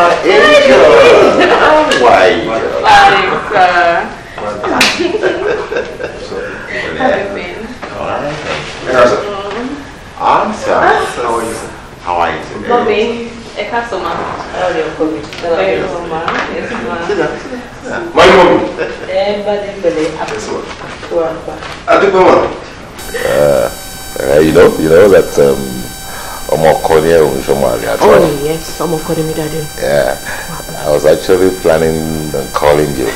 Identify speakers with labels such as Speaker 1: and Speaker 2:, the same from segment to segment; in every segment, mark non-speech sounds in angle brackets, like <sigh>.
Speaker 1: are enjoying. Why Thanks.
Speaker 2: Uh, have I'm sorry. How are you?
Speaker 3: How are you Mommy, a customer. Oh, you're coming. Yes, ma'am. Sit down. My mom.
Speaker 4: Uh, uh, you know, you know that um, ọmọ ọkọ ni ẹ òun ṣọmọ àrẹ àti ọmọ. oh
Speaker 3: yes ọmọ ọkọ ni mi dáadé. yeah
Speaker 4: wow. i was actually planning on calling you.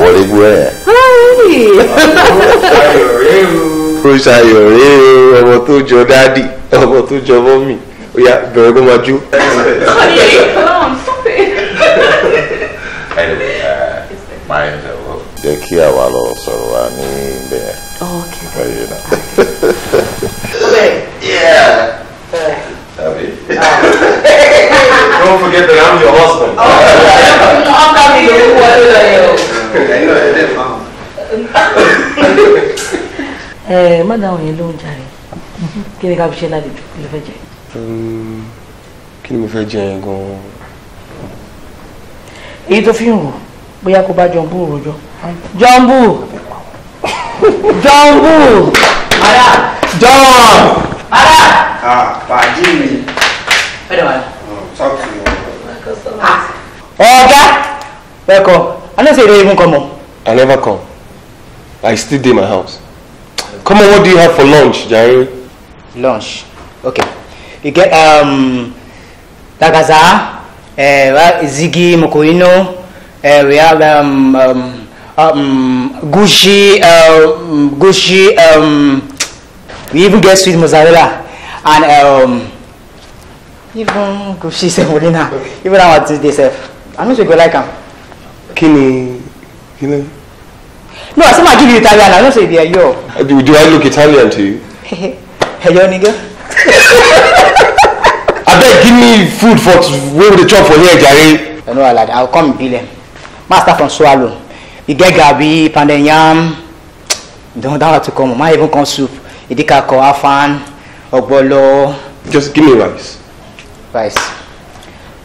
Speaker 4: wọlé gbé ẹ.
Speaker 5: kúrúṣà yọ̀rẹ́ o ọmọ tó jọ dáàdì ọmọ tó jọ mọ́mì ó yà bẹ̀rẹ̀ ló
Speaker 4: máa jó.
Speaker 5: jẹ́ kí àwa
Speaker 4: lọ.
Speaker 3: get around your husband. ọkọ mi ló ń wọlé
Speaker 6: lọ yẹ o. ẹyin náà ẹ dẹ fà wọn.
Speaker 3: ẹ mọ́dàmù yẹn ló ń jà rẹ̀ kí ni ká fi ṣe lálejò kí ló fẹ́ jẹ.
Speaker 5: kí ni mo fẹ́ jẹ yẹn gan-an.
Speaker 3: èyí tó fi ń rò bóyá kó bá jọ̀ǹbù rojọ́ jọ̀ǹbù jọ̀ǹbù jọ̀ǹ.
Speaker 7: ara. ah pàdé mi. fẹ́rẹ̀ wá. talk to you.
Speaker 3: Oga! Welcome. I know say even come home. I never come.
Speaker 5: I still dey my house. Come on, what do you have for lunch, Jerry?
Speaker 2: Lunch. Okay. You get um dagaza. uh, eh, zigi Mokoino, uh, eh, we have um, um, um, gushi um gushi um, we even get sweet mozzarella and um, even Gucci <laughs> semolina, even our
Speaker 3: Tuesday self. I know say you go like am. Kini, you know. No, I say my give you Italian. I know say they are yo.
Speaker 5: Eh, do, do I look Italian to you?
Speaker 3: Hello, nigga.
Speaker 2: <laughs> I beg,
Speaker 5: give me food for where
Speaker 2: we chop for here, Jerry. I know I like. I'll come bill them. Master from Swallow. You e get gabi, pandan yam. Don't have to come. Might even come soup. Idika ko afan, ogbolo. Just give me rice. Rice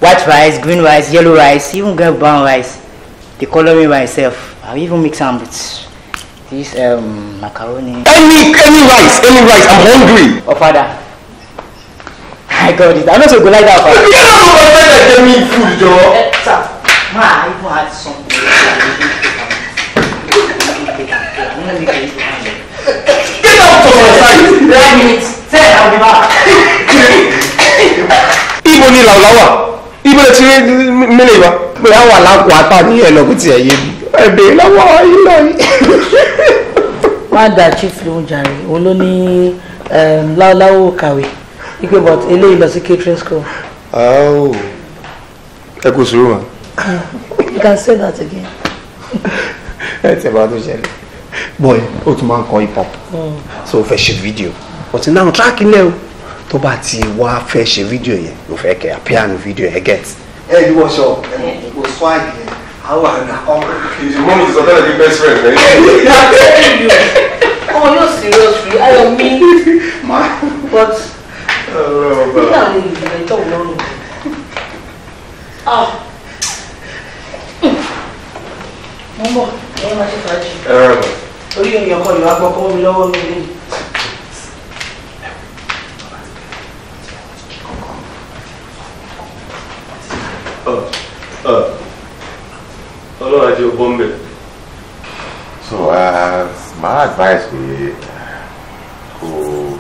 Speaker 2: white rice green rice yellow rice even get brown rice dey colour me myself i even mix some with this um, macaroni. any any rice any rice i'm hungry. oh father i got it I'm not so good like that father. you no go like that get me food jọ. ẹ eh, sir ma i even add something. get out of my sight. nine minutes
Speaker 5: ten i will be back. ibo ni laulawa ibi ló ti rí mílẹ̀ wa bóyá wà láǹkó ata ní ẹlọ́gùn tí ẹ yé mi
Speaker 3: ẹ bèèrè
Speaker 1: lọ́wọ́ yín
Speaker 3: da chief lóhùn jàre òun kàwé ipe but eléyìí lọ sí catering school. ẹ kò sùúrù wa. you can say that again.
Speaker 6: ẹ tẹ̀ bá tó ṣẹlẹ̀ boy o tún máa ń kọ hip hop hmm. so o fẹ́ ṣe fídíò but now track ilé o tó bá ti wá fẹ́ ṣe fídíò yẹn ló fẹ́ kẹ́ àpíànù fídíò yẹn get.
Speaker 5: ẹ ẹ wọ ṣọ ẹ kò sọ àyè àwọn àgbà ọmọ. ìdí mọ́ mi sọ tẹ́lẹ̀ bí best friend rẹ̀.
Speaker 1: ọmọ yóò serious rí ayọ̀ mi but
Speaker 3: nígbà wo ìgbà ìtọ́ ìlọrun. mo ń bọ̀ ẹ máa ṣe fàájì. orí èèyàn kan ìwà gbọ́kọ́ mi lọ́wọ́ mi lẹ́yìn.
Speaker 5: ọlọ́run àti ọgbọ́n bẹ̀.
Speaker 4: so uh, my advice be to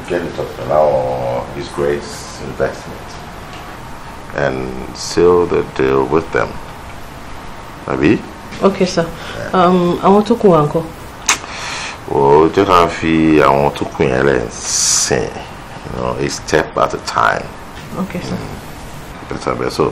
Speaker 4: get in touch with our his grace investment and seal the deal with them àbí.
Speaker 3: ok sir Um, I want tó go. wà ńkọ́.
Speaker 4: ó jẹ́ ká I want tó go. yẹn lẹ̀ you know a step at a time. ok sir. Mm, better better so.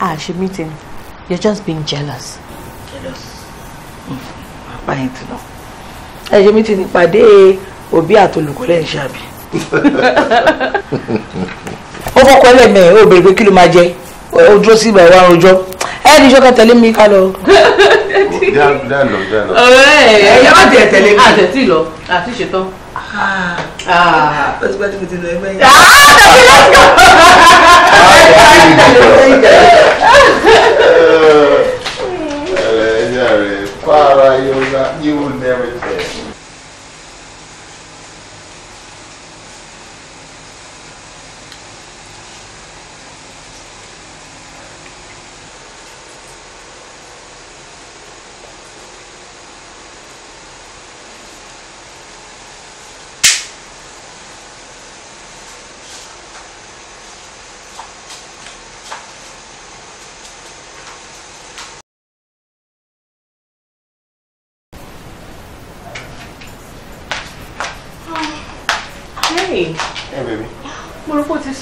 Speaker 3: a ṣe meeting you're just being jealous. jealous bàbá yẹn ti lọ ẹ ṣe meeting ìpàdé òbí àtolùkọ́ lẹ́yìn iṣẹ́ àbí. ó kọ́kọ́ lẹ́mẹ̀ ó béèrè pé kí ló máa jẹ ó dúró sí ìgbà ìwà ọjọ́ ẹ ní sọ́kà tẹ̀lé mi ká lọ. ọ̀rẹ́ ẹ̀ ẹ̀ yọ àti ẹ̀ tẹ̀lé mi. àtẹ̀tì lọ àti ṣetán. Ah. Ah. ó ti pẹ́ tí mo ti lọ ẹgbẹ́ yìí.
Speaker 8: ẹlẹ́yà rẹ̀ para yóò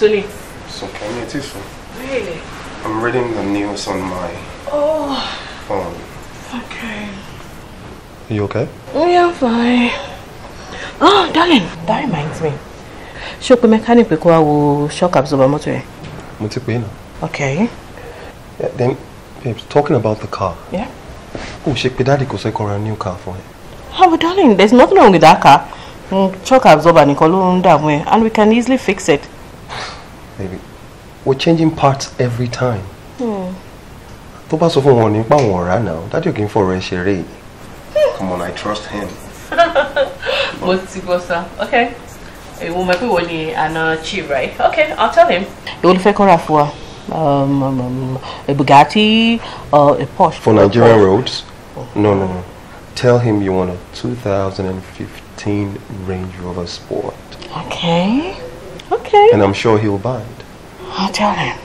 Speaker 3: Sunni?
Speaker 5: Some community Really? I'm reading the news on my
Speaker 3: oh. phone. Okay. Are you okay? Oh, yeah, I'm fine. Oh, darling, that reminds me. Ṣé o pe mechanic pé kó wá shock absorber mọ́tò yẹn? Mo ti Okay.
Speaker 5: Yeah, then, babes, talking about
Speaker 3: the car. Yeah.
Speaker 5: Oh, she pé daddy kò sọ a new car for
Speaker 3: ẹ. Oh, but darling, there's nothing wrong with that car. Mm, shock absorber nìkan and we can easily fix it.
Speaker 5: Maybe we're changing parts every time. Hmm. tó bá sọ fún wọn ní páwọn ọ̀rá náà dájú kì í fọ̀rọ̀ ẹ ṣeré yìí come on I trust him.
Speaker 3: <laughs> mo ti sir. okay èwo eh, mọ̀ pé wo ni àna right okay I'll tell him. èwo ló fẹ́ kọ́ra fún wa um, um, um, a Bugatti or uh, a Porsche.
Speaker 5: for Nigerian roads no no no tell him you want a 2015 Range Rover Sport.
Speaker 1: okay. Okay. And I'm
Speaker 5: sure he'll bind.
Speaker 3: I'll tell him.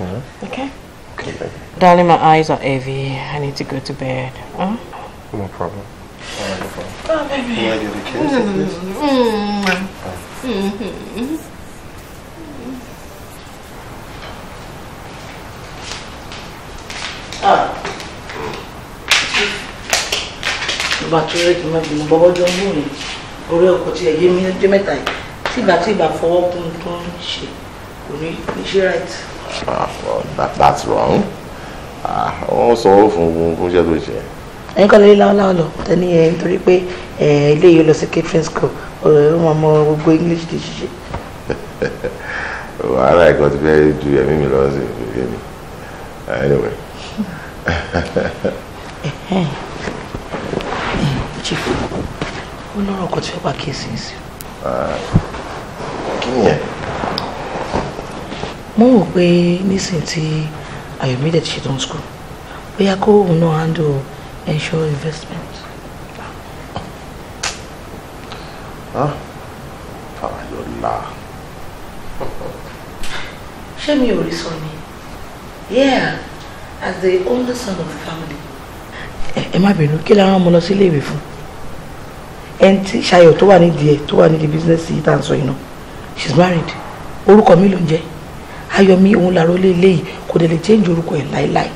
Speaker 3: Yeah. Okay. Okay, baby. Darling, my eyes are heavy. I need to go to bed. Huh?
Speaker 5: No problem. All
Speaker 3: right, Oh, baby.
Speaker 2: Can I get a kiss? Mm -hmm. Mm -hmm. Mm -hmm.
Speaker 3: Ah. Bàtúrẹ́ kì í máa bọ̀ bọ́bọ́jọ́ mú mi. Orí ọkọ̀ tí ẹ̀yẹ́ mi jẹ́ mẹ́ta yìí. tí fọwọ́ kún tó ń ṣe kò ní ṣe right.
Speaker 4: Ah, that's wrong ah, wọ́n sanwó fún fún iṣẹ́ tó ṣe.
Speaker 3: ẹ̀yin kọ́ lórí láwọ́láwọ́ lọ tẹ́ni ẹ̀ nítorí pé ilé yìí lọ sí catering school wọ́n mọ gbogbo english di ṣíṣe.
Speaker 4: wàhálà ẹ̀kọ́ ti fẹ́ ju ẹ̀mí mi lọ sí ìgbéyàwó mi anyway.
Speaker 3: chief ó lọ́rọ̀ kan tí wọ́n bá kí ẹ sí sí nìyẹn. mo rò pé nísìnyí tí ayọ̀mídẹ̀ ti ṣetán school bóyá kó òun náà handle ensure investment.
Speaker 4: Fàyọ̀lá.
Speaker 3: ṣé mi ò rí sọ ni yeah as the only son of the family. ẹ má bínú kí la rán ọmọ lọ sí iléèwé fún ẹni tí ṣayọ̀ tó wà nídìí ẹ̀ tó wà nídìí bísíǹsì yìí tá à ń sọ yìí náà she's married orúkọ mi ló ń jẹ́ ayọ̀mí òun làró lé eléyìí kò dẹ̀ lè change orúkọ ẹ̀ láéláé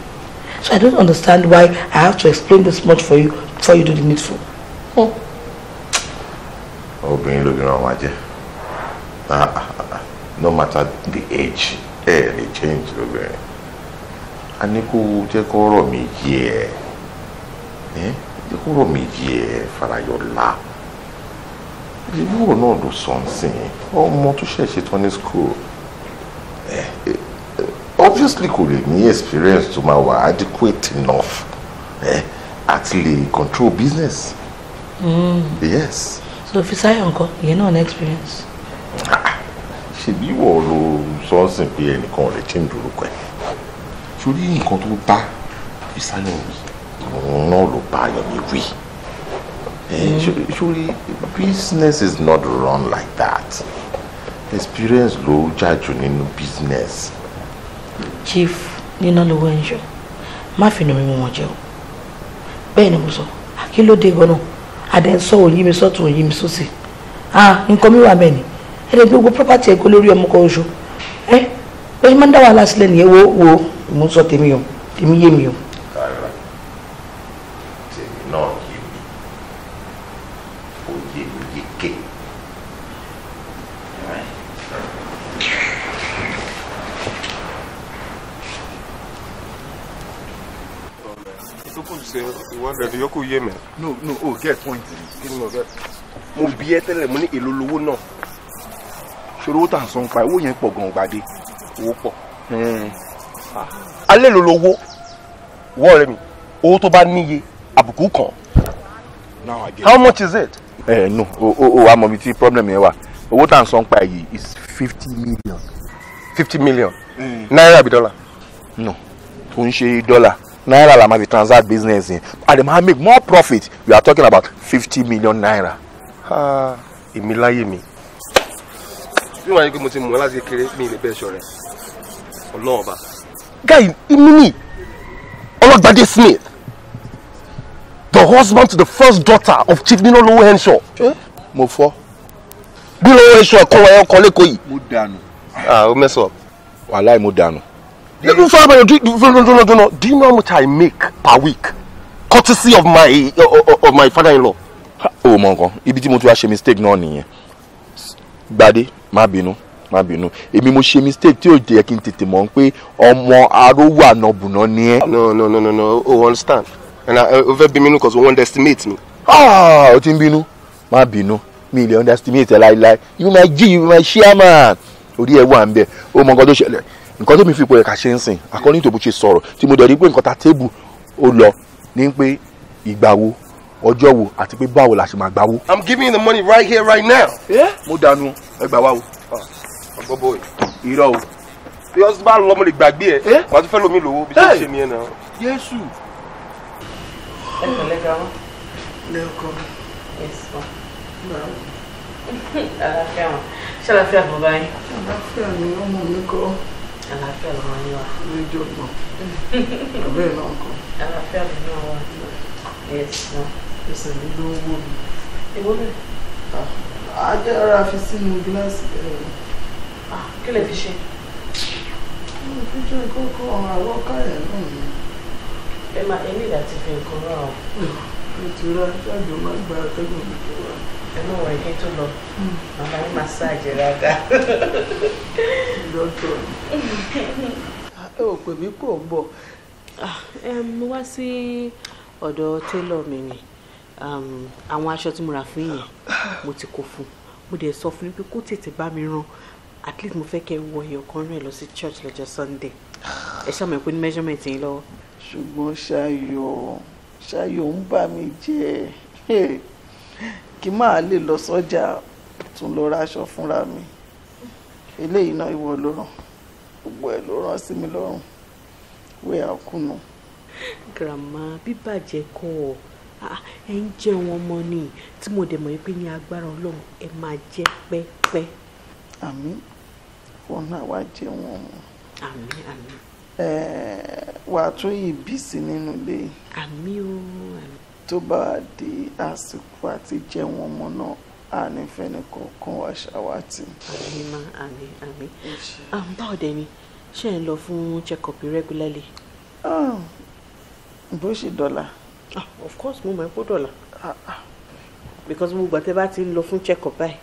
Speaker 3: so I don't understand why I have to explain this much for you before you do the needful. Hmm.
Speaker 4: obìnrin lóbìnrin ọmọ ajẹ́ ah, ah, ah, no matter the age ẹ lè change obìnrin a ní kó jẹ́ kó rọ̀ mí yé ẹ jẹ́ kó rọ̀ mí yé ẹ farayọ̀ la ìwúrò náà ló sọ nsìn ọmọ tó ṣẹ̀ṣẹ̀ tán ní school
Speaker 5: obviously kò
Speaker 4: lè ní experience tó máa wà adequate enough àti lè control business. Mm. yes.
Speaker 3: so Fisáyọ̀ ńkọ́ ìyẹn náà ní experience.
Speaker 4: Ah, ṣèbí ìwọ ló sọ ọ́ sìn pé ẹnìkan rẹ̀ ṣe ń dúró pẹ́ torí nǹkan tó bá Fisáyọ̀ wí òun náà ló bá Ayọ̀mí wí. Eh, sori business is not run like that experience ló jájú nínú business.
Speaker 3: chief níná lówó ẹ̀ ń ṣọ má fi nà mí wọn jẹ o bẹ́ẹ̀ ni mo sọ kí ló dé gan náà adé ń sọ òyìn mi sọ́tún òyìn mi sósì ah nǹkan mi wà bẹ́ẹ̀ ni ẹni gbogbo property ẹ̀kọ́ lórí ọmọ kan oṣù ẹ bẹ́ẹ̀ máa ń dá wàhálà sílẹ̀ nìyẹn wo wo mo ń sọ tèmi o tèmi yé mi o.
Speaker 5: ṣe ìwọ rẹ̀ yé mi. no no o oh, get point. kí ni mo fẹ́. mo bí ẹ tẹ́lẹ̀ mo ní èlò lowó náà. ṣòro wo tà ń san pa owó yẹn pọ̀ gan-an gbàdé owó pọ̀. Hmm. Ah, alẹ́ ló lowó wọ́ ọ̀rẹ́ mi owó tó bá níye àbùkù kan. now I how much is it. ẹ eh, no o o o àmọ́ mi ti problem yẹn Wa. owó tà ń pa yìí is fifty million. fifty million.
Speaker 1: Hmm. naira àbí
Speaker 5: dọ́là. no tó ń ṣe dọ́là naira la ma fi transact business in and dem ma make more profit we are talking about fifty million naira. èmi láyé mi bí wàá yẹ kí mo ti mọ̀ láti kékeré mi ìlẹ̀ bẹ́ẹ̀ ṣọ̀rẹ́ ọlọ́run ọba. guy imini ọlọ́gbadé smith the husband to the first daughter of chief nino lówó henshaw. mo fọ́. bí lówó henshaw ẹ̀kọ́ wọn ẹ̀kọ́ lẹ́kọ̀ọ́ yìí. mo dànù. ah o mess up. wàhálà mo dànù. No, sorry, but do, no, no, no, no, no. Do you know how much I make per week? Courtesy of my uh, uh, uh of my father-in-law. Oh, my God, ibi tí want to wá ṣe mistake No, nìyẹn. Gbadé, má bínú, má bínú. Èmi mo ṣe mistake tí ò jẹ́ kí n tètè mọ̀ pé ọmọ aróówà nàbùnà ni ẹ́. No, no, no, no, no. Oh, understand. And I, o fẹ́ bí mi nù cause o won't estimate me. Ah, o ti ń bínú. Má bínú. Mi ì lè underestimate ẹ láíláí. You my G, you my chairman. Orí ẹ wà ń bẹ̀. Ó mọ nǹkan tó ṣẹlẹ̀ nǹkan tó mi fi ipò yẹ ká ṣe ń sìn according to bó ṣe sọ̀rọ̀ tí mo dẹ̀ rí pé nǹkan ta tébù ó lọ ní pé ìgbà wo ọjọ́ wo àti pé báwo la ṣe máa gbáwó. i'm giving you the money right here right now. mo dànù ẹ gbà wá o. ọgbọ́bọ̀ ah, irọ́ o bí ọ bá lọ mo lè gbàgbé ẹ wàá tún fẹ́ lómi lówó bí ṣe ṣe nìyẹn náà.
Speaker 1: yéésù.
Speaker 3: ẹ pẹ̀lẹ́ gàmọ. lẹ́ọ̀kọ́ mi. yéésù. <laughs> àlàáfíà wọn ṣàlàáfíà bàbá yín. àlàáfíà ni ọmọ mi kọ́ àlàáfíà ló máa ń wà. ní ìjọba bàbá ẹ̀ náà kọ́. àlàáfíà ló náà wà. ẹ̀sán. Yes. mi ló ń wò mí. èwo bẹ́ẹ̀. ajé ara fi sínú gíláàsì bẹ́ẹ̀. kí lè fi ṣe. mo fi jẹ́ kókó àwọ̀ káyà náà ni. ẹ máa ẹ ní ìdá ti fi nǹkan rà o. ètò ìrajà jọ máa gba ẹnu wọn ẹgbẹ tó lọ hmm. màmá ní massage rárá. lọ́tọ̀ ẹ ò pè mí kò ń bọ̀. Ah, mo wá sí ọ̀dọ̀ télọ̀ mi ni àwọn aṣọ tí mo rà fún yẹn mo ti kó fún mo dẹ̀ sọ fún mi pé kó tètè mi rán at least mo fẹ́ kẹ́ wọ ẹyọ kan rẹ̀ lọ sí church lọ́jọ́ sunday ẹ ṣàmì pé ní measurement yín lọ́wọ́. ṣùgbọ́n ṣayọ̀ ṣayọ̀ ń bà mí jẹ́ kí máa lè lọ sọ́jà tún lọ raṣọ fúnra mi eléyìí náà ìwọ ló ràn gbogbo ẹ̀ ló ràn sí mi lọ́rùn wẹ́ àkúnú. grandma bíbàjẹ́ kọ́ ọ ẹ ń jẹun ọmọ ni tí mo dẹ̀ mọ̀ pé ní agbára ọlọ́run ẹ máa jẹ pẹ́pẹ́. àmín wọn náà wá jẹun ọmọ. àmín àmín. ẹ wàá tún yìí bí sí nínú ilé. àmín o àmín tó bá di àsìkò àti jẹun ọmọ náà àní fẹ́nìkọ̀ọ̀kan wá ṣàwátì. àmì má àmì àmì báwo dẹ̀ ni ṣé ń lọ fún check-up regularly. Ah, bó ṣe dọ́là. Ah, of course mo máa ń kó dọ́là ah, because mo gbà bá ti ń lọ fún check-up báyìí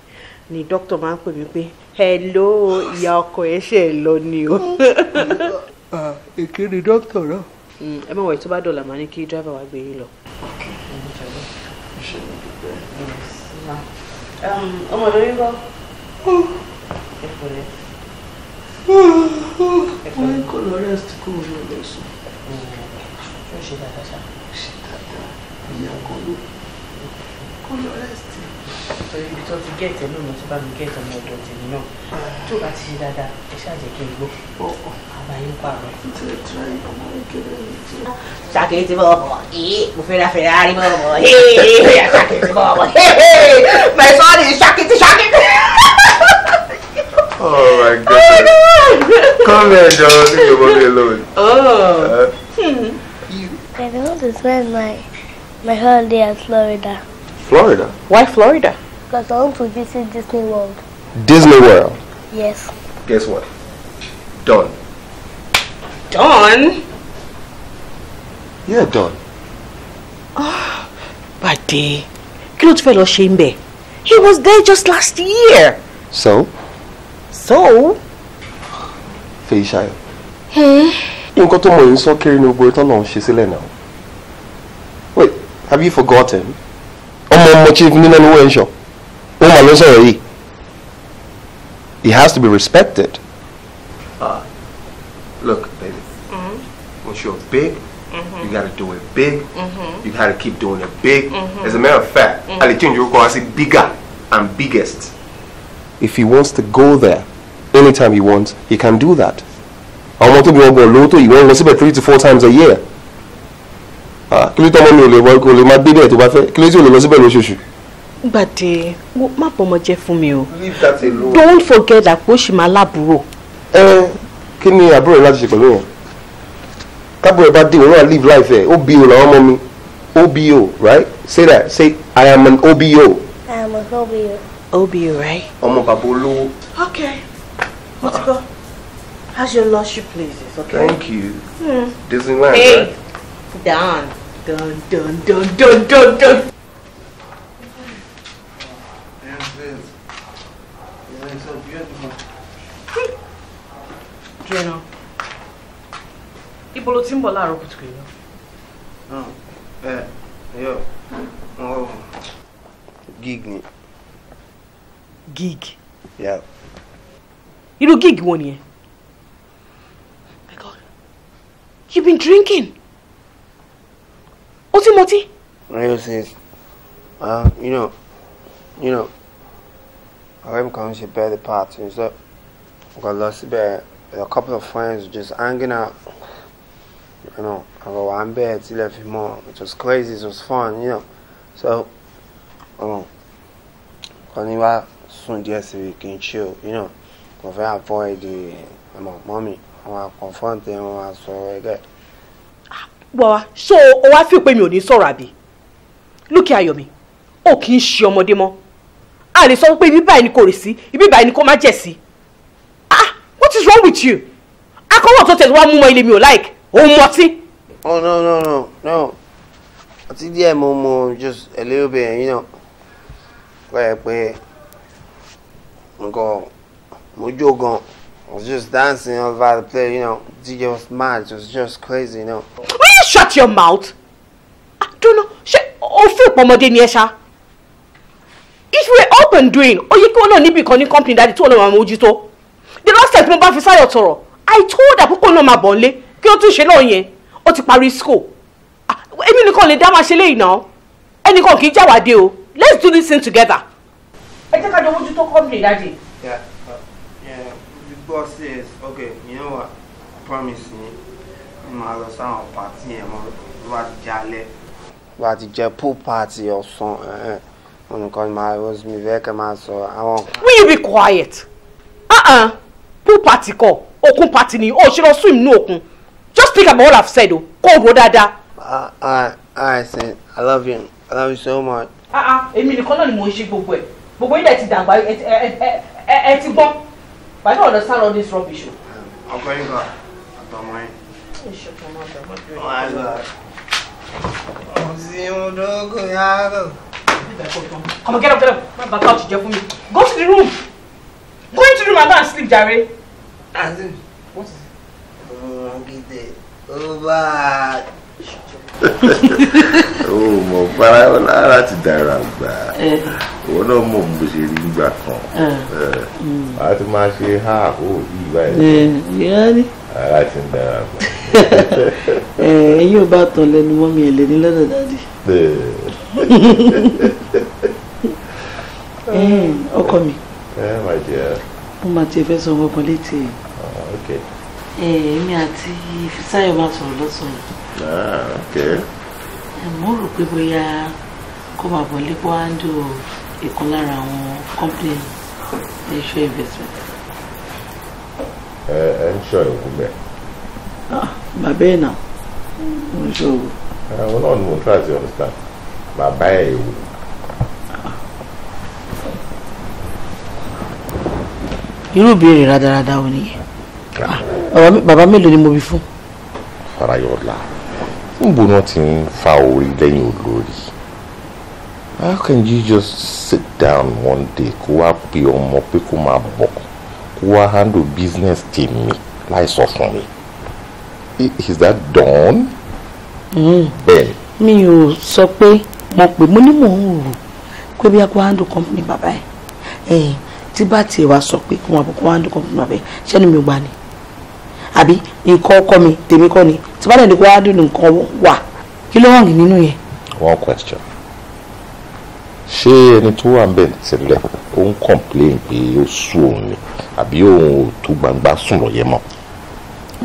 Speaker 3: ni doctor máa ń pè mí pé hello ìyá ọkọ ẹ ṣe é lọ ni o. èké ni doctor náà. Mm, ẹ má wọ̀ ẹ́ bá dọ́là máa ní kí driver wa gbé yín lọ ọmọ lórí ń bọ̀ ẹ̀kọ́ rẹ̀ ẹ̀kọ́ rẹ̀ kò lọ rest kò lọ lọ sùn. ó ṣe dáadáa ṣá. ó ṣe dáadáa ìyá kan torí ibi tó ti gẹ̀ẹ́tẹ̀ náà ló ti bá mi gẹ̀ẹ́tẹ̀ ọmọ ọ̀dọ̀ tèmi náà tó bá ti ṣe dáadáa ẹ ṣáàjẹ́ kí n gbó àbáyé pààrọ̀.
Speaker 1: ṣàkèrè ti bọ̀ ọ̀bọ̀ mo fẹ́ ra Ferrari bọ̀ ọ̀bọ̀ ṣàkèrè ti bọ̀ ọ̀bọ̀
Speaker 3: mẹ̀sọ́ọ̀nì ṣàkìtì ṣàkìtì.
Speaker 2: Oh my God!
Speaker 1: Come here, John. Leave your mommy alone. Oh.
Speaker 3: Uh, you. My oldest went my my holiday at Florida. Florida. Why Florida?
Speaker 1: Because I want to visit Disney World.
Speaker 5: Disney World? Yes. Guess what? Done.
Speaker 3: Done? Yeah, done. Ah, Bade, kí ló tún fẹ́ lọ He was there just last year. So? So? Fèyíṣayọ̀. Hmm? Nǹkan tó mọ̀ yín
Speaker 5: sọ kiri ni gbogbo ìtọ́nà ń ṣe sílẹ̀ náà. Wait, have you forgotten? he has to be respected. Uh, look baby mm-hmm. once you're big
Speaker 1: mm-hmm. you
Speaker 5: gotta do it big mm-hmm. you gotta keep doing it big mm-hmm. as a matter of fact mm-hmm. you're going to see bigger and biggest. if he wants to go there anytime he wants he can do that. I want to go won You want to yii won lo 3 to 4 times a year. Ah, kí ló tọ́ ọmọ mi ò lè wọ kó lè máa gbé dẹ̀ tó bá fẹ́ kí ló tí ò lè lọ síbẹ̀ lóṣooṣù.
Speaker 3: gbàdé má bọmọ jẹ fún mi o don't forget that òṣì máa láàbúrò.
Speaker 5: ẹ kí ni àbúrò yẹn láti ṣe pẹ̀lú yẹn kábọ̀ ẹ bá dé òun náà live life ẹ OBO làwọn ọmọ mi OBO right say that say I am an OBO.
Speaker 3: I am an OBO. OBO right.
Speaker 5: ọmọ bàbá olówó.
Speaker 3: okay mo ti gbọ́. How's your lordship places? Okay. Thank you. Hmm.
Speaker 5: Disneyland. Hey, right?
Speaker 3: Don dun dun dun dun dun dun. Jẹ́nà, ibo ló ti ń bọ̀ láàárọ̀ kùtùkùtù
Speaker 6: náà? Ẹ ẹyọ, wọ́n gig ni.
Speaker 3: Gig? Yeah. Irú gig wo nìyẹn? My God, you been drinking? ó ti mọtí.
Speaker 6: real sis uh, you know you know ọ̀rẹ́ mi kan ṣe birthday party so mo kàn lọ síbẹ̀ with a couple of friends just hanging out you know àwọn wà ń bẹ̀ tilẹ̀ fi mọ́ it was crazy it was fun you know so kàn ní wá sùn díẹ̀ sí kí n chill you know kò fẹ́ avoid the mọ́mí àwọn confront wọn wá sọ ẹgbẹ́
Speaker 3: wá ṣó o wá fi pé mi ò ní sọ̀rọ̀ àbí lókè ayọ̀mí o kì í ṣe ọmọdé mọ́ a lè sọ pé ibi báyìí ni kò rè sí ibi báyìí ni kò má jẹ̀ sí ah what is wrong with you akọ́wọ́ tó tẹ̀síwá mú mọ ilé mi ò like òun mọtí.
Speaker 6: oh no no no no ọtí díẹ̀ mo mu just a little bit you know pẹ́ pé nǹkan mo jó gan I was just dancing all over the place you know DJ was mad it was just crazy you know
Speaker 3: you shut your mouth? I don't know. Ṣé òfin ìpọ́nmọdé ni ẹ ṣá? If we open doing, ó yẹ kí wọn náà níbi kan company dáadé tí wọn náà máa mójútó. The last time tí mo bá fi sáyọ̀ tọrọ, I told her kókó náà máa bọ̀ nílé kí ó tún ṣe náà yẹn. Ó ti parí school. Ah, èmi nìkan lè dá máa ṣe léyìn náà. Ẹnìkan kì í jáwàdé o. Let's do this thing together. Ẹ jẹ́ ká jọ mójútó company dáadé.
Speaker 6: Yeah, uh, yeah, the boss says, okay, you know what, I promise you máa lọ sáwọn pàtí yẹn mọ́ ló bá ti jalẹ̀. bá jẹ pool party ọ̀sán wọn nìkan máa rose mi fẹ́ kẹ́ máa sọ àwọn.
Speaker 3: will you be quiet? Uh-uh. pool party kọ òkun party ni o ṣe lọ swim ní òkun just think about what I've said o kó o ro dáadáa.
Speaker 6: ah. ah I say I love you I love you so much.
Speaker 3: Ah, ah, èmi nìkan náà ni mò ń ṣe gbogbo ẹ̀ gbogbo yín dẹ̀ ti dàgbà ẹ ti gbọ́. But I don't understand all this rubbish.
Speaker 6: Ọkọ yín kan àtọmọ yín.
Speaker 3: Come on, get up, get up. My back out, to Jeff, for me. Go to the room. Go into the room and go and sleep, Jerry. Azim. What is it?
Speaker 6: <laughs> Oh, get there. Oh, bad.
Speaker 4: o mọ fara ti dára gbà òun eh. náà mọ bó ṣe rí gbà kan eh. Eh. Mm. a ti máa ṣe ha ó yí báyìí ara ti ń dára bọ̀.
Speaker 3: ẹ̀yin ò bá tán lẹ́nu mọ́ mi ẹ̀lẹ́ ní lọ́dọ̀ dáadé. <laughs> Eh, ọkọ mi eh, mo máa tiẹ̀ fẹ́ sọ ọkàn létí ẹ̀. Ah, eh, èmi àti Fisáyọ̀ máa sọ̀rọ̀ lọ́sàn-án.
Speaker 4: Ah,
Speaker 3: mo rò pé bóyá kó máa bọ̀ lépo áńdò ìkan lára àwọn company ẹ̀ṣọ́ investment
Speaker 4: ẹ ń ṣọ ìwú bẹ́ẹ̀.
Speaker 3: Ah, bàbá ẹ̀ náà
Speaker 4: ń ṣọ ìwú. àwọn náà ni mo try to understand bàbá ẹ̀ ìwú.
Speaker 3: irú ìbéèrè rádaràda wo nìyẹn ah, bàbá mélòó ni mo bí fún. farayọlá níbo náà
Speaker 4: ti ń fa orí lẹ́yìn olórí how can you just sit down one day kó wá pe ọmọ pé kó máa bọ̀ kó handle business tèmi láì sọ fún mi is that done.
Speaker 1: Mm.
Speaker 3: bẹ́ẹ̀ni. mi ò sọ pé mo pè mo ní mò ń rò pé bí a kó handle company bàbá ẹ̀ tí bá tiẹ̀ wá sọ pé kó wọn àbúkọ́ handle company bàbá ẹ̀ ṣẹ́ni mi ò gbà ni àbí nǹkan ọkọ mi tèmi kọ́ ni tí bá dẹ̀ ní kó handle nǹkan wà kí ló hàn nínú yẹn.
Speaker 4: one question ṣé ẹni tó wà bẹ́ẹ̀ tẹ́lẹ̀ ó ń complain pé ó sú òun ni àbí òun ò tó gbangba sùn lọ́yẹ mọ́.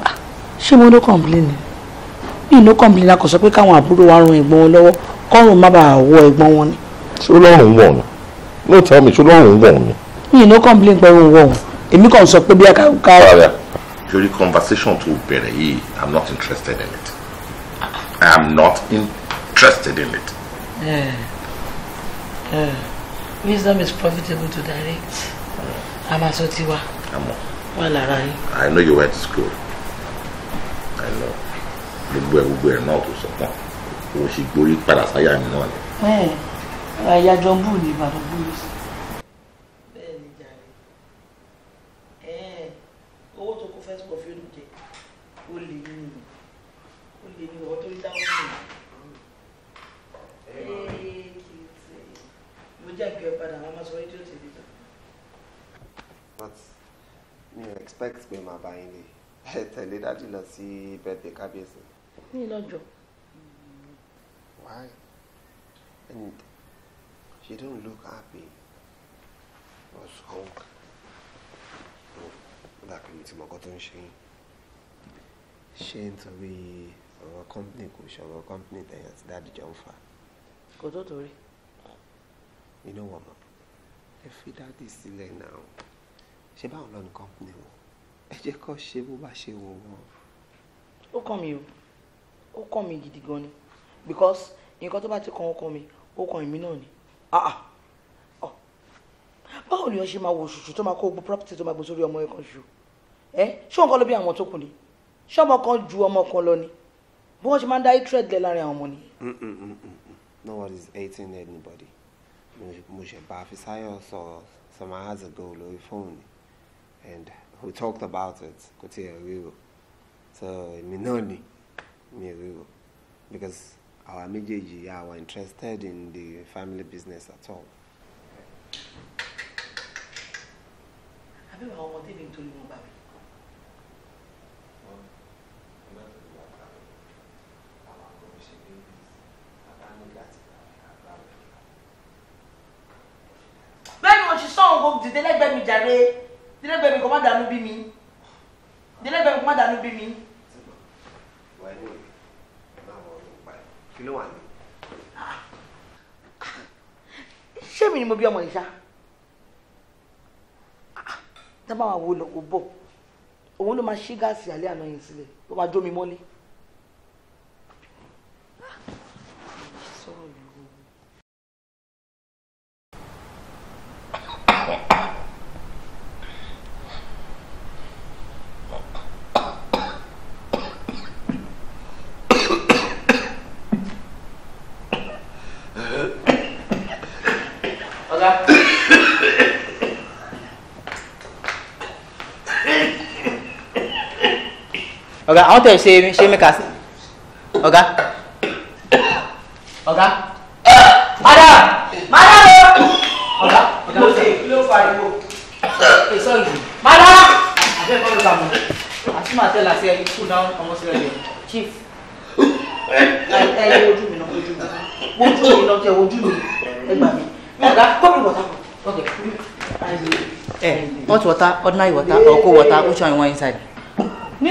Speaker 3: Ah, ṣé mo ló complain bí ló complain la kò sọ pé káwọn àbúrò wa ran ẹ̀gbọ́n wọn lọ́wọ́ kọ́run má bàa wọ ẹ̀gbọ́n wọn ni.
Speaker 4: ṣé ọlọ́run wọ̀ ni no tell me ṣé ọlọ́run wọ̀ ni.
Speaker 3: mi ló complain pé òun wọ̀ o èmi kàn sọ pé bí a ká.
Speaker 4: conversation tó bẹ̀rẹ̀ yìí i'm not interested in it ah. I am not interested in it.
Speaker 2: Yeah. Uh,
Speaker 3: wisdom is profitable to direct. Amaso tiwa. Àmọ́. Wà lára yín.
Speaker 4: I know you went to school. I know. Gbogbo ẹ̀ gbogbo ẹ̀ náà kò sọ tán. Òun ṣì gborí padà sáyà mi náà ni. Ẹ̀ẹ́n,
Speaker 3: àyájọ́ bù ní Ìbàdàn bù sí. já nǹkan
Speaker 6: but mi ò expect pé màá bá yín Tell ẹ that dájú lọ sí birthday kábíyèsí.
Speaker 3: ní ìlọ́jọ́. why
Speaker 6: and she don't look happy or strong. dàbí mi ti mọ ọkọ tó ń ṣe yín ṣé nítorí ọ̀rọ̀ company kò ṣọ̀rọ̀ company tẹ̀yàn ti dáàdì Go to Tori you know what ma ẹ fi dáàdì sílẹ̀ náà ṣe báwọn lọ ní company wọn ẹ jẹ́ kó ṣe bó bá ṣe wọ̀ wọ́n.
Speaker 3: ó kàn mí o ó kàn mí gidi gan ni because nǹkan tó bá ti kàn ó kàn mí ó kàn èmi náà ni ah, ah. Oh. báwo ni wọ́n ṣe máa wo ṣùṣù tó máa kó gbó property tó máa gbó sórí ọmọ ẹ̀kan ṣù ẹ́ ṣé wọn kọ́ ló bí àwọn tó kù ni ṣé ọmọ kan ju ọmọ kan lọ ni bí wọ́n ṣe máa ń dá hatred lẹ̀ láàrin àwọn ọmọ ni.
Speaker 6: Mm, mm, mm, no one is hating anybody mo ṣe bá some hours ago lórí fóònù and we talked about it kò tiẹ̀ so èmi náà ni mi ríro because àwa méjèèjì are wà interested in the family business at all.
Speaker 3: àbẹ̀wò àwọn ọmọdé mi ń torí wọn bá kò dìde lẹ́gbẹ̀ẹ́ mi jàre dìde lẹ́gbẹ̀ẹ́ mi kò má dànù bí mi dìde lẹ́gbẹ̀ẹ́ mi kò má dànù bí mi. ṣé mi ni mo bí ọmọ ìṣá dábàá wà wo lọ kó bọ̀ òun ló máa ṣí gáàsì alẹ́ àná yẹn sílẹ̀ ló máa jó mi mọ́lé.
Speaker 2: ọ̀gá àwọn tẹ̀ ṣe ṣe mẹ́ka sí ọ̀gá ọ̀gá madam madam o
Speaker 3: ọ̀gá ọ̀gá ló ṣe ló fa ìwò èso yìí madam àbẹ́ẹ̀kọ́ ló kàmú
Speaker 2: àtúmọ̀ àtẹ́là sí ẹni kú náà ọmọ sí ẹ̀yẹ chief ẹ ẹ
Speaker 3: ojú mi náà ojú mi ojú mi náà jẹ ojú mi ẹ gbà mí
Speaker 2: ọ̀gá kọ́bí wọ̀tá
Speaker 3: ok ẹ eh, hot water ordinary water or cold water which one you wan inside. ní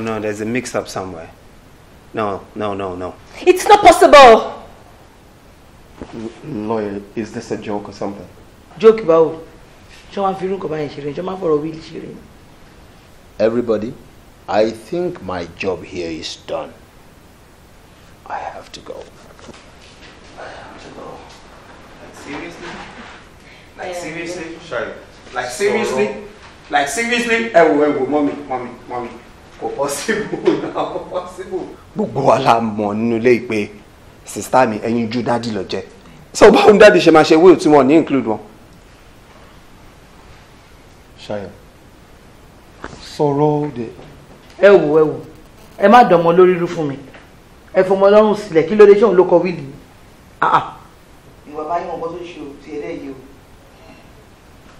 Speaker 6: no, there's a mix up somewhere. No, no, no, no.
Speaker 3: It's not possible!
Speaker 6: Lawyer,
Speaker 8: is this a joke or something?
Speaker 3: Joke about
Speaker 8: Everybody, I think my job here is done. I have to go. I have to
Speaker 3: go. Like seriously? Like yeah. seriously? Sorry. Like seriously? Sorrow. Like
Speaker 6: seriously? Hey, wo ẹ mommy, mommy, mommy. kò possible <laughs> náà kò possible. gbogbo wa la mọ̀ nínú ilé ìpè sista mi ẹyin ju dádì lọ jẹ so báwo ni dádì ṣe máa ṣe wíwò tí wọn ní include wọn. ṣayọ
Speaker 5: sọ̀rọ̀ de.
Speaker 3: ẹ wò ẹ wò ẹ má dọmọ lórí irú fún mi ẹ fọmọ lọ́rùn sílẹ̀ kí ló dé ṣóun ló kọ wíìlì mi. Ah, ah. ìwà bá yín ọkọ tó ṣe o ti ẹlẹ́yìí o.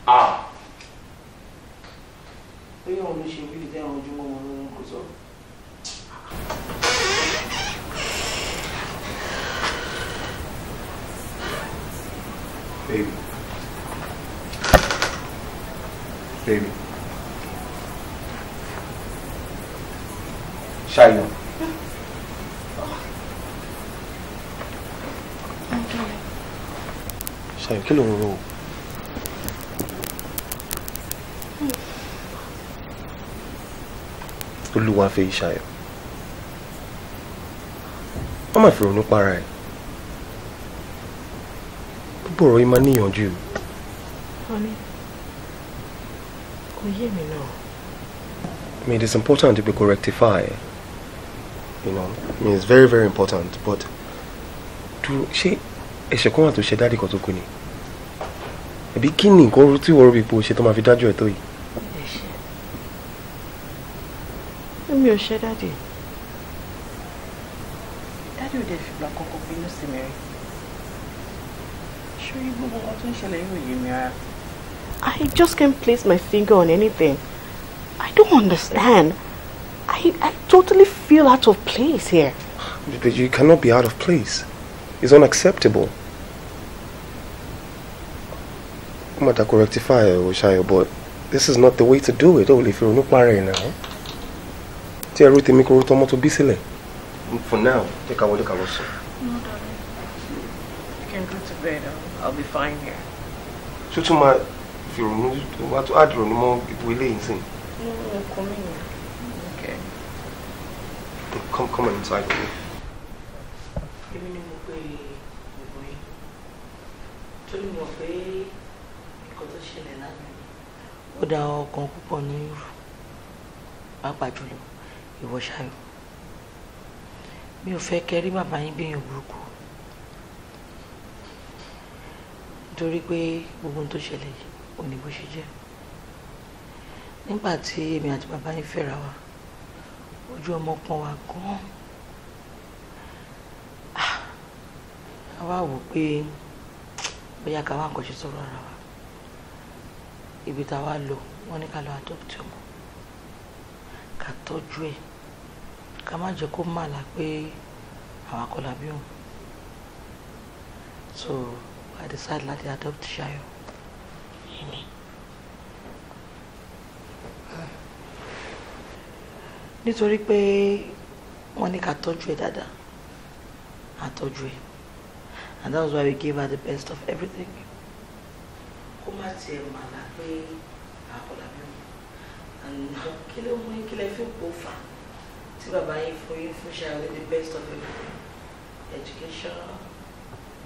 Speaker 3: ó yẹ ló ṣe wíìlì tẹ́wọ̀n ojúmọ́ wọn lọ́wọ́.
Speaker 5: baby. Baby. Ṣayọ̀. Ṣayọ̀ kí ló ń ro? Olúwa fẹ́ Ṣayọ̀. Wọ́n máa fi ronú para ẹ̀ pọ̀rọ̀ yìí máa níyànjú.
Speaker 3: honey kò yé mi
Speaker 1: náà.
Speaker 5: I mean, it's important to be rectify. You know, I mean, it's very, very important. But to ṣe ẹ̀ṣẹ̀ kan wà tó ṣe dáàdì kan tó kù ni. Ẹ̀bí kí ni nǹkan tí wọ́n rúbi ṣe tó máa fi dájọ́ ẹ̀ tó yìí?
Speaker 3: Mi ò ṣe dáàdì. Dáàdì ò dé fìgbà kankan bínú sí mi rí. I just can't place my finger on anything. I don't understand. I, I totally feel out of place here.
Speaker 5: But you cannot be out of place. It's unacceptable. I'm at to rectify but this is not the way to do it. Only if you're not married now. tó For now, take a look at us.
Speaker 3: No, darling. You can go to bed. Huh? I'll be fine here.
Speaker 5: ṣó tún máa fi ronú wá tó àdìrònú mọ be
Speaker 6: insane.
Speaker 3: No, nǹkan mi ni. okay.
Speaker 5: come come on inside with me.
Speaker 3: èmi ni mo pe ìbò yìí torí mo pé nǹkan tó ṣẹlẹ̀ lánàá ó da ọkàn púpọ̀ ní irú pàápàá jùlọ ìwọ ṣayọ mi ò fẹ́ kẹrí bàbá yín gbìyànjú burúkú nítorí pé gbogbo ohun tó ṣẹlẹ̀ yìí ò ní bó ṣe jẹ́ nígbà tí èmi àti bàbá yín fẹ́ra wa ojú ọmọ pọn wa gan-an ah, a wá wò pé bóyá ká wá nǹkan sọ̀rọ̀ ara wa ibi tá a wá lọ wọ́n ní ká lọ adopt ọmọ ká tọ́jú ẹ̀ ká má jẹ́ kó mà lá pé àwọn akọ́là òun so. I decide to adopt Shayo. nítorí pé wọ́n ní ká tọ́jú ẹ̀ dáadáa á tọ́jú ẹ̀ and that was why we gave her the best of everything. kó má tiẹ̀ mà lá pé àkọlà mi ò kí ló mú kí lè fi kó fà tí bàbá yín fún yín fún Ṣayọ̀ ní the best of everything education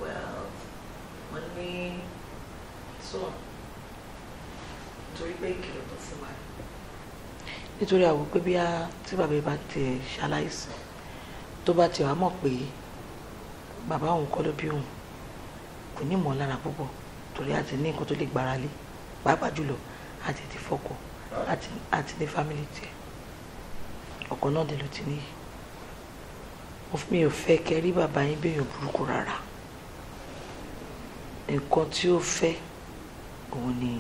Speaker 3: well wọ́n ní sọ́ọ̀ nítorí pé ìkìlọ̀ tó fún wa. nítorí àwọn pé bí a tí bàbá bá tiẹ̀ ṣaláìsí tó bá tiẹ̀ wá mọ̀ pé bàbá òun kọ́ ló bí òun kò ní ìmọ̀lára púpọ̀ torí a ti ní nǹkan tó lè gbára lé pàápàá jùlọ a ti ti fọkọ a ti ní fámìlì tiẹ̀ ọkọ náà dé ló ti níyì mi ò fẹ́ kẹ́ rí bàbá yín bẹ́ẹ̀ yàn burúkú rárá nǹkan tí ó fẹ́ òun ni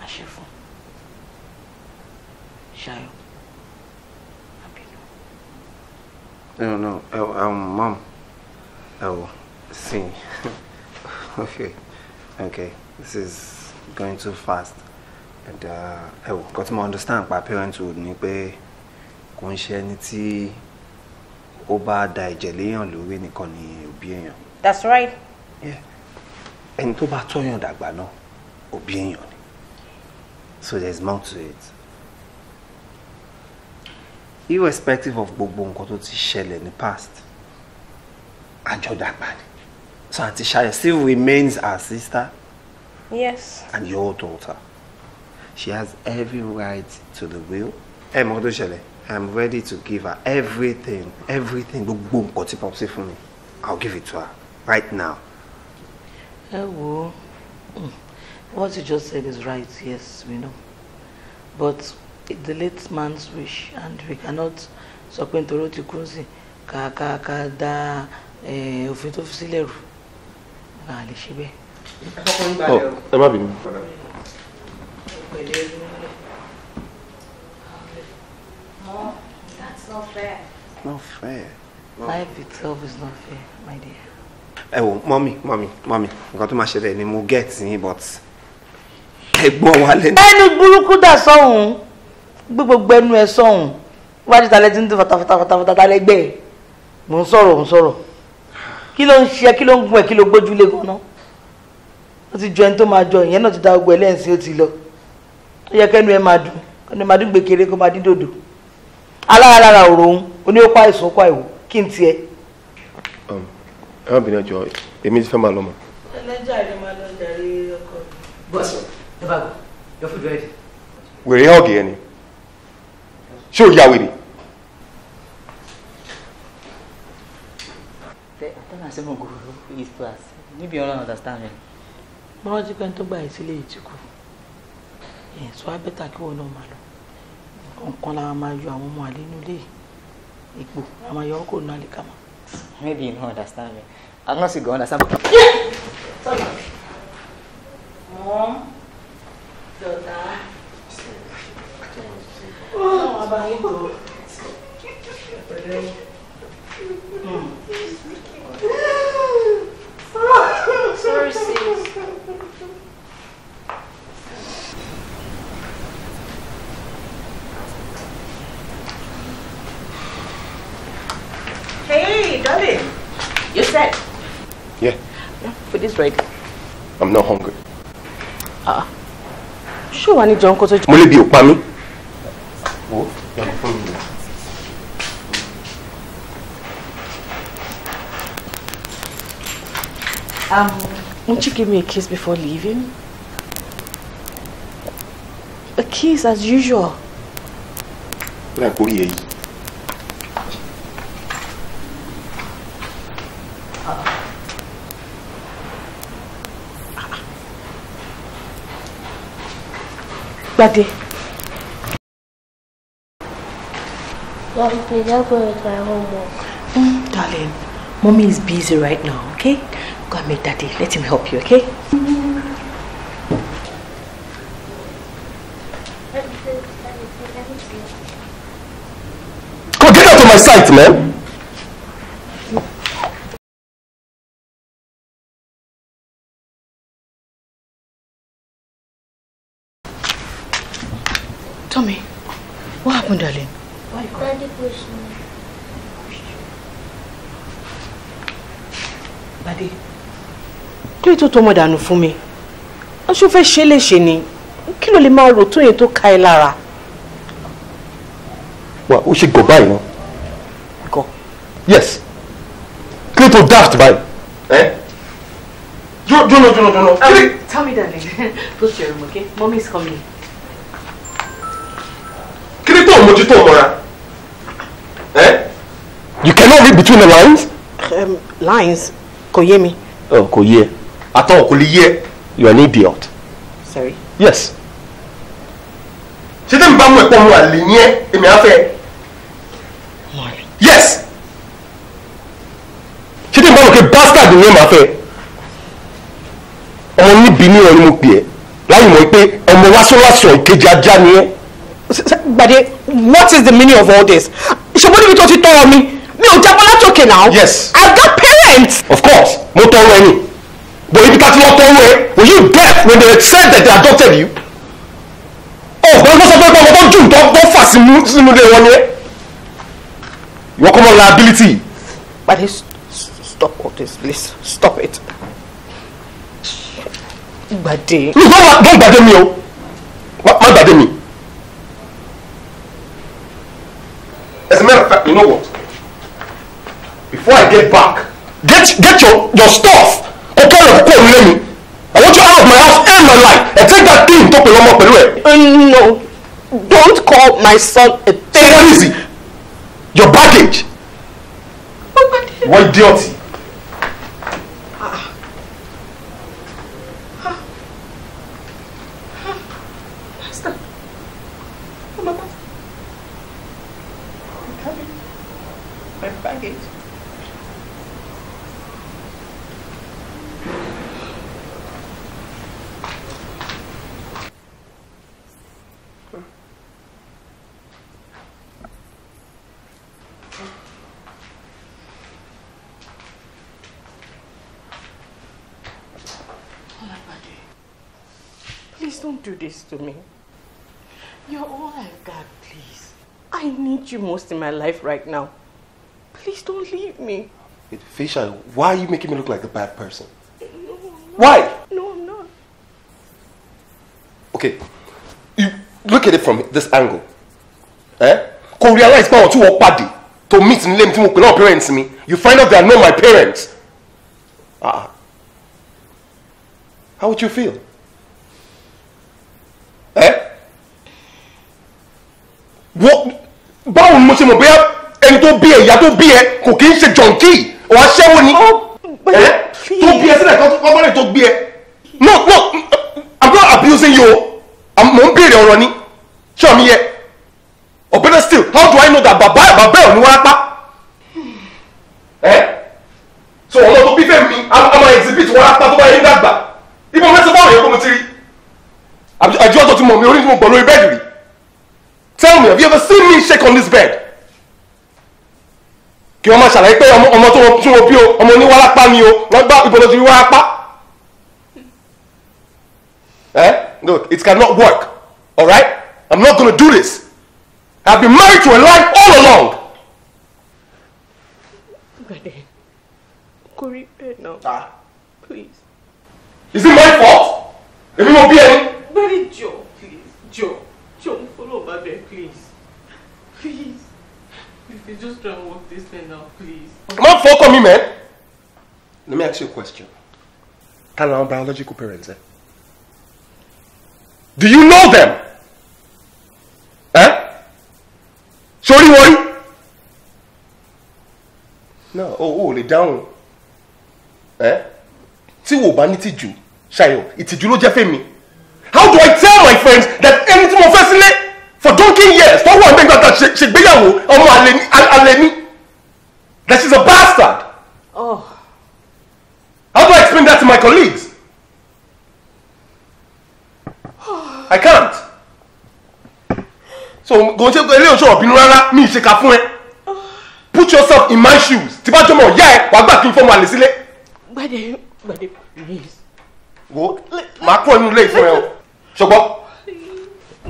Speaker 3: a ṣe fún ṣayọ
Speaker 6: no no uh, um, mom ẹ wò <laughs> okay okay this is going too fast and uh, ẹ wò nǹkan tí understand pa parents would need kò ń ṣe ẹni tí ó bá da ẹ̀jẹ̀ léèyàn that's right. Yeah ẹni tó bá tọ́yàn dàgbà náà òbí èèyàn ni so there is more to it irrespective of gbogbo nǹkan tó ti ṣẹlẹ̀ ní past àjọ dàgbà ni so Aunty Shayo still remains our sister
Speaker 1: yes and your
Speaker 6: daughter she has every right to the will ẹ mọ tó ṣẹlẹ̀ I am ready to give her everything everything gbogbo nǹkan tí popsi fún mi I will give it to her right now
Speaker 3: ẹ hmm, what you just said is right yes we know but the late man's wish and we cannot So pé nítorí ó ti kú sí kàkà ká dá òfin tó fi sílẹ̀ rù a oh, not fair. Not fair. Life itself is not fair, my dear
Speaker 6: ẹ wò mọ́mì mọ́mì mọ́mì nǹkan tó máa ṣẹlẹ̀ ni mo get yín but ẹ̀gbọ́n wa lẹ́nu.
Speaker 3: ẹnu burúkú dà sọ́hùn gbogbo ẹnu ẹ sọ́hùn wájú ta lẹ ti ń dún fatafatafatafata ta lẹ gbẹ mò ń sọ̀rọ̀ mò ń sọ̀rọ̀ kí ló ń ṣe kí ló ń gun ẹ kí ló gbójú lé gan-an ó ti jọ ẹni tó máa jọ ìyẹn náà ti da gbogbo ẹ lẹ́yìn sí ó ti lọ ó yẹ kẹ́nu ẹ máa dùn kẹ́nu ẹ máa dùn gbèkéré kó máa dín dòdò alára lára òrò òun oníyókò àìsàn kó àìwò kí n tiẹ̀.
Speaker 5: Um, ẹ má bínú èmi ti fẹ́ máa lọ mọ́.
Speaker 2: ẹlẹ́jà rẹ máa lọ darí ọkọ. bọ́sọ̀ ẹ bá gbọ́ yọ fún dúrẹ́dì.
Speaker 5: wèrè ni ṣé o ya wèrè.
Speaker 2: àtàlà ṣe mọ gòrò is class níbi ọ̀rọ̀ understand me.
Speaker 3: mo rántí pé tó gba ìsílẹ̀ ìtìkù ẹ̀ sọ abẹ́ta kí wọn náà máa lọ nǹkan máa yọ àwọn ọmọ ipò àwọn
Speaker 2: maybe you no understand me. I'm not going to somebody. Yeah. Somebody. Mom, daughter. Oh, Abaito.
Speaker 1: Hmm. Sorry, sis.
Speaker 3: Hey, darling. You said Yeah. Yeah, food is ready. I'm not hungry. Ah. Ṣé wàá ní jẹun kó tó jẹun? Mo lè bi òpá mi. Um, won't you give me a kiss before leaving? A kiss as usual.
Speaker 5: Bẹ́ẹ̀ kórìí èyí.
Speaker 3: Daddy.
Speaker 1: Mommy, I'm going with my homework.
Speaker 3: Mm, darling, mommy is busy right now, okay? Go and meet daddy. Let him help you, okay? Mm-hmm.
Speaker 1: Go get out of my sight, man!
Speaker 3: tọmọ dànù fún mi aṣọ fẹ́ ṣe lè ṣe ni kí ló lè máa rò tó yẹn tó ka ẹ lára.
Speaker 5: wà ó ṣe gọ̀ báyìí ná. gọ̀. yes kí ló tó daft báyìí. ẹ jóná jóná jóná. Um,
Speaker 3: tell me darling close <laughs> your room okay mommy is coming. kí ni tó o mọ́ra.
Speaker 5: ẹ. you cannot read between the lines.
Speaker 3: Um, lines kò yé mi.
Speaker 5: ọ oh, kò yé ẹ at all kò lè you are an idiot.
Speaker 3: sorry. yes. ṣé tẹ́mi
Speaker 5: bá mú ẹ̀pọ̀ mu àlè ní ẹ èmi á fẹ́. yes. ṣé tẹ́mi bá mú ẹ̀pọ̀ bastard ní ẹ máa fẹ́. ọmọ níbi ní ọ̀rẹ́ mo pè ẹ́ láyé mọ̀ pé ọmọ wáṣọwáṣọ ìkejì ajá ni ẹ.
Speaker 3: Gbade, what is the meaning of all this? Ṣùgbọ́n níbi tó ti tọrọ mi, mi ò jábọ́ látòkè náà. Yes. I got parents. Of course, mo tọrọ ẹni but if you a ti lọ
Speaker 5: tọrọ were you deaf when they said that they adopted you ọ̀pọ̀ ẹgbẹ́ sọ pé ọmọ tó
Speaker 3: jù tó tó fà sínú ilé wọn ni ẹ ìwọ kọ́ mọ liability. Padé stop all this please stop it. Gbàdé. Ní ìgbà wọ́n gbàdé mi o wọ́n gbàdé mi.
Speaker 5: As a matter of fact you know what before I get back get get your your stuff Caleb kúrò nílé mi
Speaker 2: I want you out of my house
Speaker 5: and my life and take that thing to Peloma ọmọ pẹ̀lú mm, No, don't call my son a thing. Say what is it? Your baggage. Wọ́n di ọtí.
Speaker 3: this to me. You're all I've got, please. I need you most in my life right now. Please don't leave me.
Speaker 5: It, Fisha, why are you making me look like a bad person? No,
Speaker 3: why? No, I'm not.
Speaker 5: Okay, you look at it from this angle. Eh? Kò realize pé to tí to meet nílé mi tí parents Me, You find out they are not my parents. Ah, uh, how would you feel? ẹ́ eh? wọ́n báwo ni mo ṣe mọ̀ bóyá ẹni tó bí ẹ ìyá tó bí ẹ kò kí ń ṣe jọ̀ǹkì wà á ṣẹ́wó ni ẹ́ eh? tó bí ẹ sílẹ̀ kan tó tó bí ẹ no no i'm not abusing you mo ń béèrè ọ̀rọ̀ ni ṣé ọ̀mi yẹ or better still how do i know that Baba Baba ẹ̀ ò ní wá pa ẹ́ eh?
Speaker 6: so ọ̀nà tó bí fẹ́ mi a máa exhibit wá
Speaker 5: pa tó bá yẹ ń dàgbà ibo mẹ́sàn-án báwo yẹ kó mo ti rí. I just want to mi orí tí mo gbọ́ lórí bẹ́ẹ̀dì rí tell me have you ever seen me shake on this bed kí wọ́n máa ṣàlàyé pé ọmọ tó wọ́n tún wọ́n bí o ọmọ oníwálápá ni o wọ́n gbá ìbọ̀lọ́ ti rí wárápá eh no it cannot work All right? I'm not going to do this I've been married to a lie all along. Gbẹ̀dẹ̀,
Speaker 3: kò rí bẹ́ẹ̀ náà. Ah. Please.
Speaker 5: Is it
Speaker 1: my fault? Èmi mo bí ẹni.
Speaker 3: Daddy Joe, please Joe, Joe, follow fọlọ́ ọba bẹ́ẹ̀ please please please just try and work this thing out please.
Speaker 5: Come on, fuck on me, man. Let me ask you a question. Ta our biological parents Eh? Do you know them? Eh? Sorry, wọ́n No, oh, o ò lè dáhùn ẹ tí wò bá ní tìjú ṣayọ ìtìjú ló jẹ́ fèmí
Speaker 2: how do I tell my
Speaker 5: friends that anything tí mo fẹ́ sílé for donkey years tó wà nígbà tá a ṣègbéyàwó ọmọ àlè Aleni? that she's a bastard. Oh. How do I explain that to my colleagues? I can't. So go ṣe ilé oṣù ọ̀bìnú rárá mi ì ṣe ká fún ẹ. Put yourself in my shoes. Tí bá jọmọ ìyá ẹ, wàá gbà kí n fọmọ àlè sílé.
Speaker 3: Gbàdé, gbàdé, please.
Speaker 5: Wo, màá kúrò nínú ilé ìfún ẹ o ṣọgbọ́.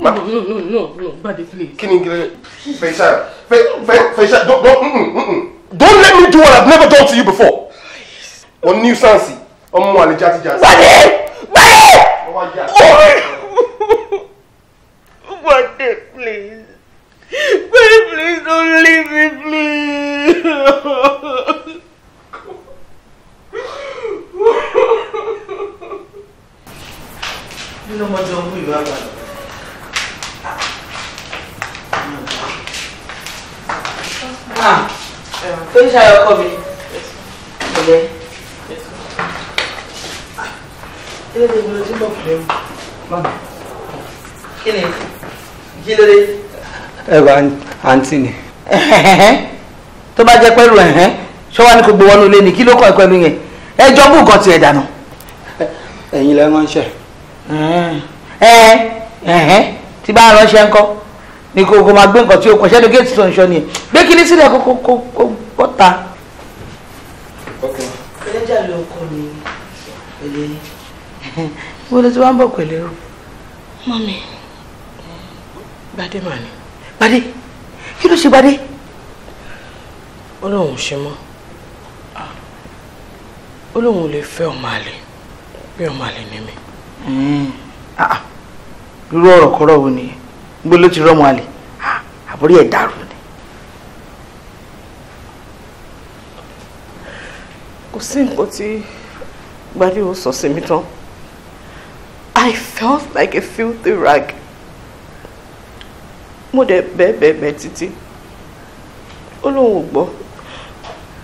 Speaker 5: no no no no no gbade please. kí ni gílẹ̀ fẹ̀yìsà fẹ̀yìsà don don don let me do what I've never done to you before. on nuisance ọmọ àlè játijàti. gbade
Speaker 1: gbade. gbade please. Babe, please don't leave me, please
Speaker 3: nínú ọmọdé ọmọ ìlú àgbàdo. oníṣẹ́ ayọ̀kọ́ mi ọ̀lẹ́ ilé ní ìgbìmọ̀ tí mo fi lẹ́wọ̀ mọ́mí kí ni kí ló dé. ẹ bá àǹtí ni. tó bá jẹ́ pẹ́lú ẹ̀hẹ́n ṣé wàá ní kó gbowó nulẹ̀ ni kí ló kọ́ ẹ pẹ̀lú yẹn ẹ jọ bú nǹkan
Speaker 2: ẹ̀yin lẹ́ ránṣẹ́
Speaker 3: ẹ ẹ tí bá ránṣẹ́ ńkọ́ ni kò kò máa gbé nǹkan tí ó kọ ṣẹ́ni géètì tó ń ṣọ ni gbé kí ní sílẹ̀ kó kó kó bọ́ta. ẹlẹ́jà ló kọ ní pẹ̀lẹ́ yìí. <laughs> wo ló ti wá ń bọ̀ pẹ̀lẹ́ o. mọ́mi gbadé màá ní. gbadé kí ló ṣe gbadé. ó lóun ò ṣe mọ́ ó lóun ò lè fẹ́ ọmọ àlè bí ọmọ àlè ni mi. Eh, ah, ah. irú ọ̀rọ̀ kọ́rọ̀ wo nìyẹn níbo ló ti rọ́mọ àlè ah, àbúrí ẹ̀ dàrú ni. kò sí nǹkan tí Gbadebo sọ sí mi tán I felt like a filthy rag mo dẹ̀ bẹ́ẹ̀ bẹ́ẹ̀ bẹ́ẹ̀ títí ó lóun ò gbọ́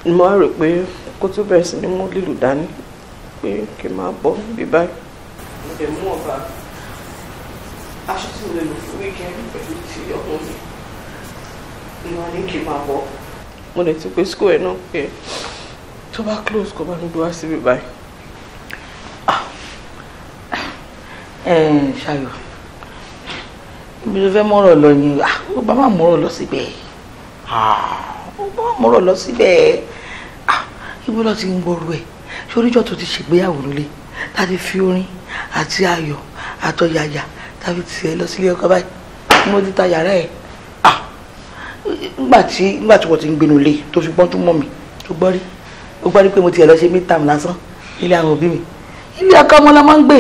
Speaker 3: ni mo rò pé kó tó bẹ̀rẹ̀ sí ni mo lílù dání pé kí n máa bọ́ bí báyìí mo dẹ̀ mú ọba aṣọ tí mo lè lò fún wíkẹ́ndì pẹ̀lú ti ọkùnrin mi ni wọ́n ní kí n máa wọ̀ mo dẹ̀ ti pé school ẹ̀ náà pé tó bá close kó bá mi gbé wá síbi báyìí. Ah. Eh, ṣayọ̀ ibi ló fẹ́ mọ̀rọ̀ lọ yín ah, ó bá má mọ̀rọ̀ lọ síbẹ̀ ah, ó bá mọ̀rọ̀ lọ síbẹ̀ ibi ló ti ń gbọ́rú ẹ̀ ṣoríjọ́ tó ti ṣègbéyàwó lólè tàbí fi orin àti ayọ̀ àtọ̀yàyà tàbí tiẹ̀ lọ sílé ọkọ báyìí mo ti ta yàrá ẹ̀ ah nígbà tí nígbà tí wọ́n ti ń gbénu lé tó fi gbọ́n tó mọ̀ mí tó gbọ́ rí ó gbọ́ rí pé mo tiẹ̀ lọ ṣe mí tàm lásán ilé àwọn òbí mi ilé ọkọ ọmọ la máa ń gbé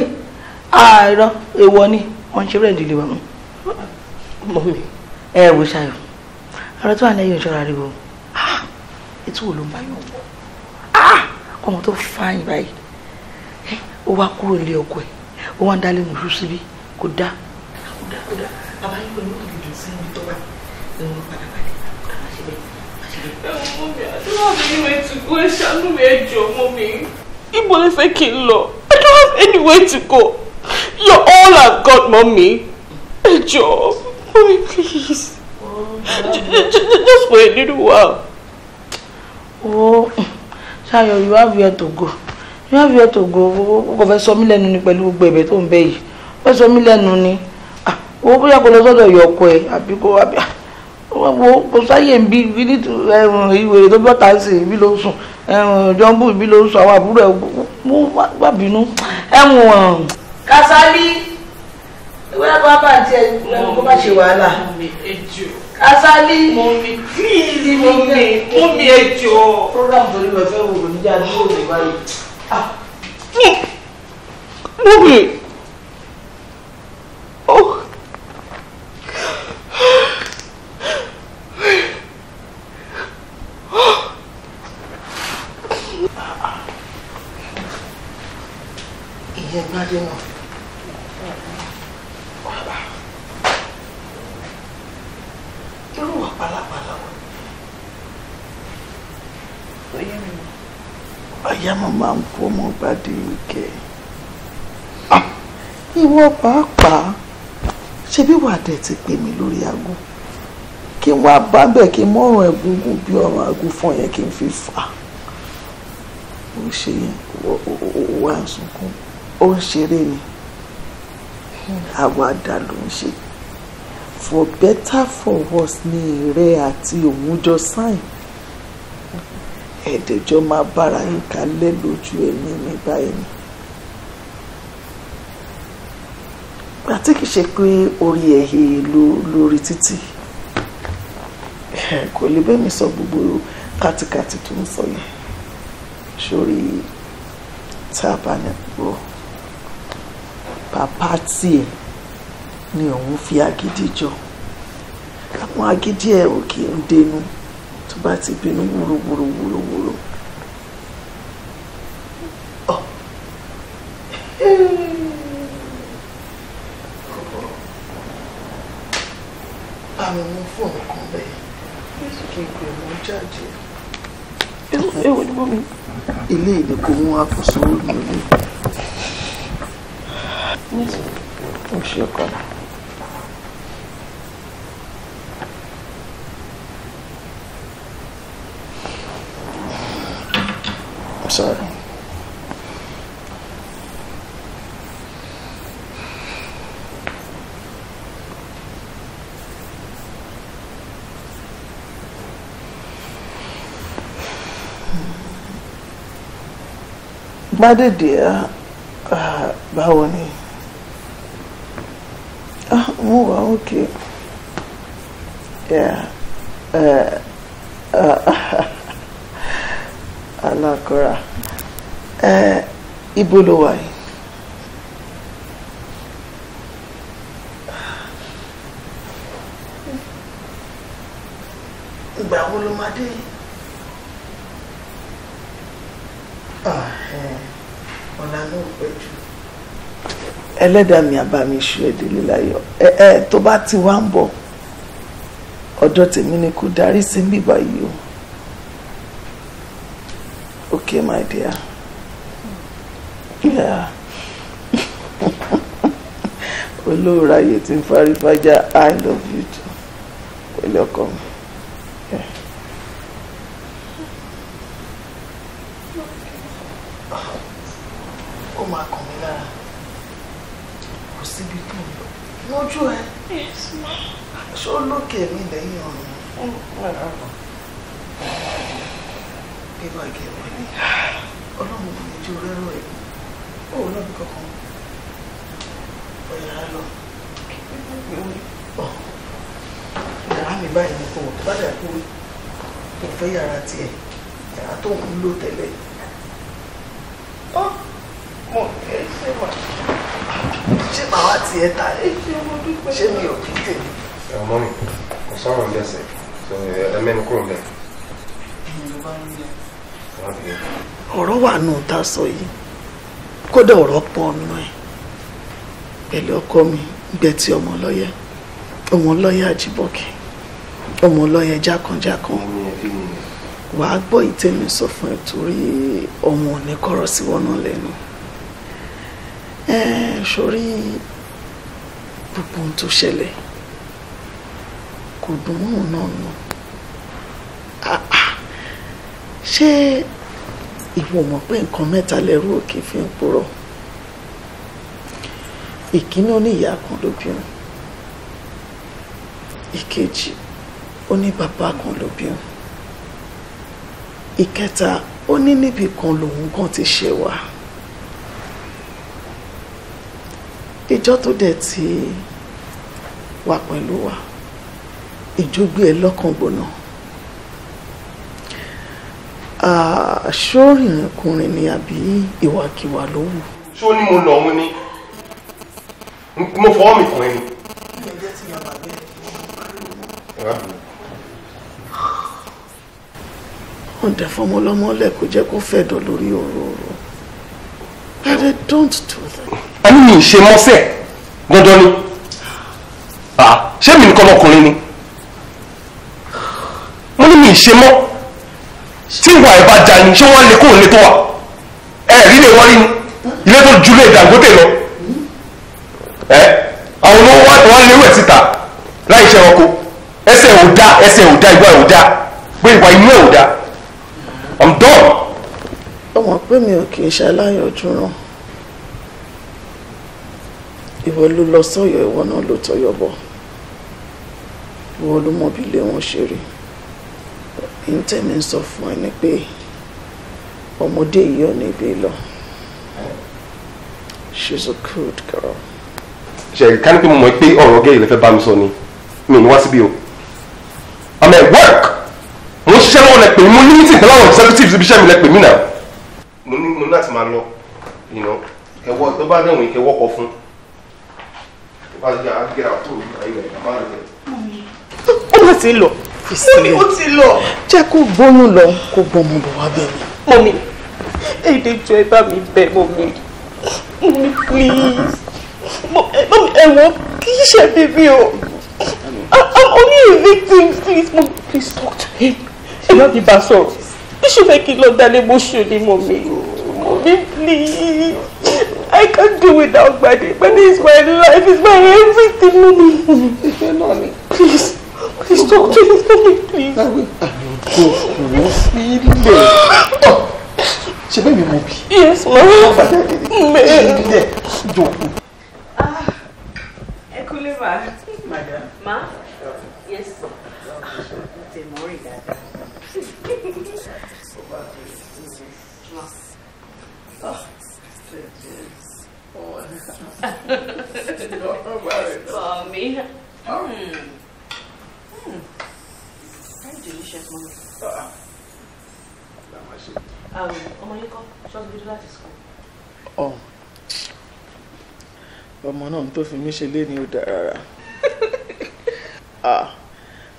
Speaker 3: àárọ̀ èèwọ̀ ni wọ́n ń ṣe rẹ̀ ìdílé wa mú. mọ̀ mi. ẹ wo ṣayọ ọ̀rọ̀ tó wà lẹ́yìn ìṣọ́ra rí wo ètò wo ló ń bá yàn wọ̀ ọmọ tó fáyìn báyìí ó wá kúrò nílé ọkọ ẹ̀ ó wá ń dálé nùsù síbí kò dá. kódà mi
Speaker 1: àdúrà mi ti kú ẹ ṣàánú mi ẹ jọ mọ mi.
Speaker 3: ibo lè fẹ́ kí n lọ I don't have anywhere to go you're all I've got mommy ẹ jọ
Speaker 1: mommy please just wait a little while.
Speaker 3: oh mm. Ṣayọ̀ you have where to go you have here to go o kò fẹ́ sọ mí lẹ́nu ni pẹ̀lú gbogbo ẹ̀bẹ̀ tó ń bẹ yìí fẹ́ sọ mí lẹ́nu ni ah, owó bóyá kò lọ sọ́dọ̀ ìyọ̀kọ ẹ̀ àbí kò àbí ah, wo kò sáyè ń bí ní ìwèrè tó bọ́ta ń sè bí ló ń sùn jọ́ǹbù bí ló ń sùn àwọn àbúrò ẹ̀ mú wà bínú ẹ̀wọ̀n. Kasali ìwé ẹ̀kọ́ bá ti ẹ̀ kó má ṣe wàhálà. Kasali mo mi fíìlì mo mi mo mi ẹjọ́. program torí wẹ̀ fẹ́ wò lóníjà ní òde báyìí. 你，你，哦，
Speaker 1: 啊！你先哪
Speaker 3: 里呢？ọ̀yá màmá ń kú ọmọ bá dé ike ìwọ pàápàá ṣebí wàá dẹ̀ ti pè mí lórí aago kí n wá bá bẹ̀ kí n mọ̀ràn ẹ̀gúngún bí ọ̀ràn agúnfọ̀n yẹn kí n fi fà á ó ṣe wá sunkún ó ń ṣeré ni àwàdà ló ń ṣe for better for worse ni ìrẹ́ àti òun jọ sáìn ẹ̀dẹ̀jọ́ máa bára yín kalẹ̀ lójú ẹ̀mí mi báyìí ni. gbà tí kìí ṣe pé orí ẹ̀hìn ló lórí títì kò lè bẹ́ẹ̀ mi sọ gbogbo kátikàti tó ń sọ yìí sórí tá a bá yẹn gbọ́ bàbá ni òun fi agídí jọ àwọn agídí ẹ̀ ò kì í tó bá ti bínú wúro wúro wúro wúro. bá mi mú fóònù kan bẹ́ẹ̀ yéésù kí n pè mọ́ jáde. ewo ni mọ́ mi. ilé ìdè kò mú àkóso olùmọ̀lẹ́. yéésù ò ṣe kọ́ra. sorry. gbadé díẹ̀ báwo ni mo wà okay. Yeah. Uh, uh, uh àkọ́rà ẹ ibo ló wà yìí. ìgbà wo ló máa dé ah, ọ̀nà náà pẹ́ jù. ẹlẹ́dàá mi àbá mi ṣú ẹ̀dínlé láyọ̀ ẹ ẹ tó bá ti wá ń bọ̀ ọ̀dọ̀ ni kò darí sí bíbá yìí o. Okay, my dear. Yeah. Olóòrà yìí ti ń fárífájá I love you too. Pẹ̀lú ọkọ mi. Ó máa kàn mí lára.
Speaker 1: Kò síbi tó ń lọ.
Speaker 3: Lójú ẹ. Ṣó lókè mi lẹ́yìn ọ̀run? Bí bá gẹ̀ tí o rẹ́rọ ẹ̀ ó ò náà bí kankan Oh, yàrá lọ ọ yàrá mi báyìí ni kò bá dà kó kò fẹ́ yàrá tiẹ̀ yàrá tó ń lò tẹ́lẹ̀ ọ mọ ẹ ṣe mà ṣé màá tiẹ̀ ta ẹ ṣé mi ò kí tèmi.
Speaker 5: ọmọ mi kò sọ̀rọ̀ lẹ́sẹ̀ ẹ mẹ́nu kúrò lẹ́yìn. ẹ̀yin ló bá ń
Speaker 3: lẹ́yìn ọ̀rọ̀ wà nù tá a sọ yìí kódà ọ̀rọ̀ pọ̀ nù ẹ̀ pẹ̀lú ọkọ mi gbẹ̀tì ọmọ lọ́yẹ ọmọ lọ́yẹ àjíbọ̀kẹ́ ọmọ lọ́yẹ jákànjákàn wàá gbọ́ ìtẹ́mi sọ fún ẹ torí ọmọ òní kọ́rọ̀ sí wọn lẹ́nu ẹ sórí gbogbo tó ṣẹlẹ̀ kò dùn mọ́ òun náà ah, ah. ṣé ìwọ mọ̀ pé nǹkan mẹ́ta lẹ́rú òkè fi ń purọ́ ìkíní oníyà kan lóbìnrin ìkejì ó ní bàbá kan lóbìnrin ìkẹta ó ní níbi kan lòun kan ti ṣe wá ìjọ tó dẹ̀ ti wà pẹ̀lú wa ìjó gbé ẹ e lọ́kàn gbóná. Uh, ṣóòrìn ọkùnrin ni àbí ìwàkiwà ló wù.
Speaker 5: ṣó ni mo lọ òun ni mo fọwọ́ mi kàn ẹ́ ni.
Speaker 3: wọ́n dẹ̀ fọmọ lọ́mọ lẹ̀ kó jẹ́ kó fẹ̀dọ̀ lórí òróró but they don't do that.
Speaker 5: a ní mi ṣe mọ́sẹ̀ dandan ni ah, ṣé mi nìkan ọmọkùnrin ni mo ní mi ṣe mọ́ tí wà ni ṣé wọ́n lè kó òun tó wà ẹ̀ rí lè wọ́n rí ni ilé tó ju lè Dangote lọ ẹ̀ àwọn olówó wọn lérò ẹ̀ síta láì ṣe ọkọ ẹsẹ̀ ò dá ẹsẹ̀ ò dá ìwà ò dá pé ìwà inú ẹ̀ ò dá I'm
Speaker 3: done. ọmọ pé mi ò kì í ṣe aláyọjú rán ìwọ ló lọ sọyọ ìwọ náà ló tọyọ bọ ìwọ ló mọ bí ilé wọn ṣe rí ìntẹ́mi sọ fún ẹ ni pé ọmọdé yìí ò ní ibi lọ she's a good girl.
Speaker 5: ṣe ká ní pé mo mọ̀ pé ọ̀rọ̀ gẹ́gẹ́ lè fẹ́ bá mi sọ ni mi ò ní wá síbí o i'm at work mo ń ṣiṣẹ́ lọ́wọ́ lẹ pè mí mo ní meeting pẹ̀lú àwọn executives ibi iṣẹ́ mi lẹ pè mí náà. mo ní mo láti máa lọ ẹwọ tó bá dẹ̀wọ̀n ìkẹ́ wọ́kọ̀ fún tó bá dẹ̀ àgẹ́rà tó ayé
Speaker 3: ó mà ti lọ fi sílẹ̀ ó ti lọ jẹ́ kó gbónú lọ kó gbọ́mọ bọ̀ wá bẹ̀ mí. mọ́mí èdè jọ ẹ bá mi bẹ̀ mọ́mí
Speaker 1: mọ́mí please mọ́mí ẹ̀wọ̀n kì í ṣe bíbí o I'm only a victim please mọ́mí please talk to
Speaker 3: him ẹ má fi bá sọ̀rọ̀ bíṣù fẹ́ kí n lọ dalé bó ṣe ní mọ́mí mọ́mí
Speaker 1: please.
Speaker 3: I can't do without Gbade. Gbade is my life, is my everything. Mommy, mommy, please.
Speaker 1: Estou tentando aguentar o gosto
Speaker 3: do filho.
Speaker 1: Você vai me mover? Yes, ma'am.
Speaker 5: Vou Do. Ah, é culivar. Madame. Ma?
Speaker 3: Yes. Você morre, gata. Nossa. Oh, my God. Oh, my God. Oh, my God. delicious mommy. Ah. Ah ọmọ yín kọ́ ṣọ́ọ̀bù dídú láti sọ. Oh. ọmọ náà tó fi mí ṣe lé ní ọ̀dà rárá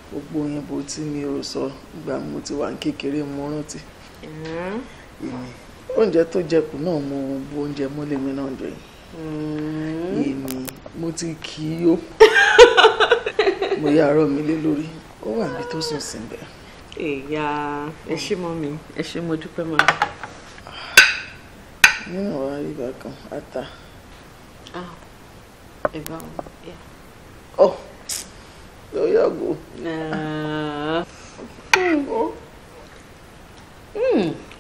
Speaker 3: gbogbo òyìnbó tí mi ò sọ ìgbà mo ti wà ní kékeré mo rántí mm-hmm. èmi oúnjẹ tó jẹkù náà mo bu oúnjẹ mọ́lẹ̀ mi náà jọ yìí mm-hmm. èmi mo ti kì í yó <laughs> mo yà rọ mi lé lórí ó wà níbi tó sùn sí bẹ́ẹ̀. ìyá ẹ ṣé mọ́ mi ẹ ṣé mo dúpẹ́ mọ́. nínú wa rí bákan ata. ẹ bá wọn. ọ lọ yàgò.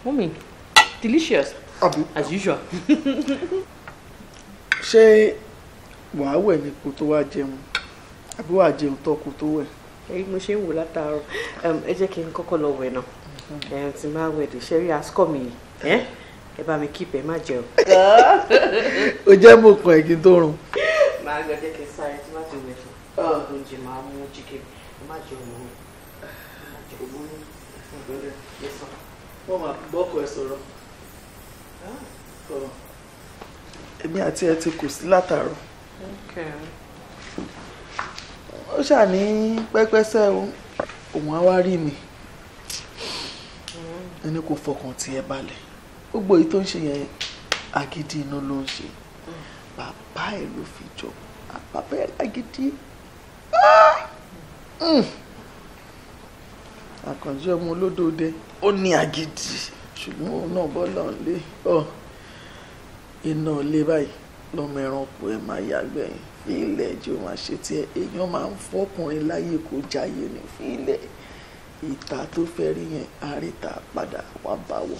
Speaker 3: mọ́mí delicious as usual. ṣé wàá wẹ̀ ni kó tó wá jẹun àbí wàá jẹun tó kó tó wẹ̀ èyí mo ṣe ń wò látàárọ̀ ẹ jẹ́ kí n kọ́kọ́ lọ wẹ̀ náà ẹ ti máa wẹ̀ dé ṣẹ́rí asukọ̀ mi yìí ẹ bá mi kíp ẹ má jẹ o.
Speaker 1: o
Speaker 3: jẹ́ mo kàn ẹ́ kí n tó run. màá lọ jẹ́ kí n sáré tí wọ́n ti wẹ̀ fún ọ̀hún jì máa mú jíkẹ́ ẹ má jẹ òun ẹ má jẹ òun ìgbọ́dọ̀ ẹ sọ. wọ́n máa bọ́kọ̀ ẹ sọ̀rọ̀ èmi àti ẹ ti kù sí látàárọ̀. Okay ó ṣà ní pẹ́pẹ́sẹ́ òun á wá rí mi ẹni kò fọkàn tiẹ̀ balẹ̀ gbogbo èyí tó ń ṣe yẹn agídí inú ló ń ṣe bàbá ẹ̀ ló fi jọ bàbá ẹ̀ lágídí ah! hmm. àkànjí ọmọ olódòde ó ní agídí ṣùgbọ́n òun náà bọ́ lọ́n lé iná ilé báyìí lọ́mọ ẹranko ẹ̀ máa yàgbẹ́yìn fi ilẹ̀ jẹ́ òun àṣetí ẹ̀ èèyàn máa ń fọkùnrin láyé kó jáyé ní fi ilẹ̀ ìta tó fẹ́ rí yẹn àríta padà wá bá wọ.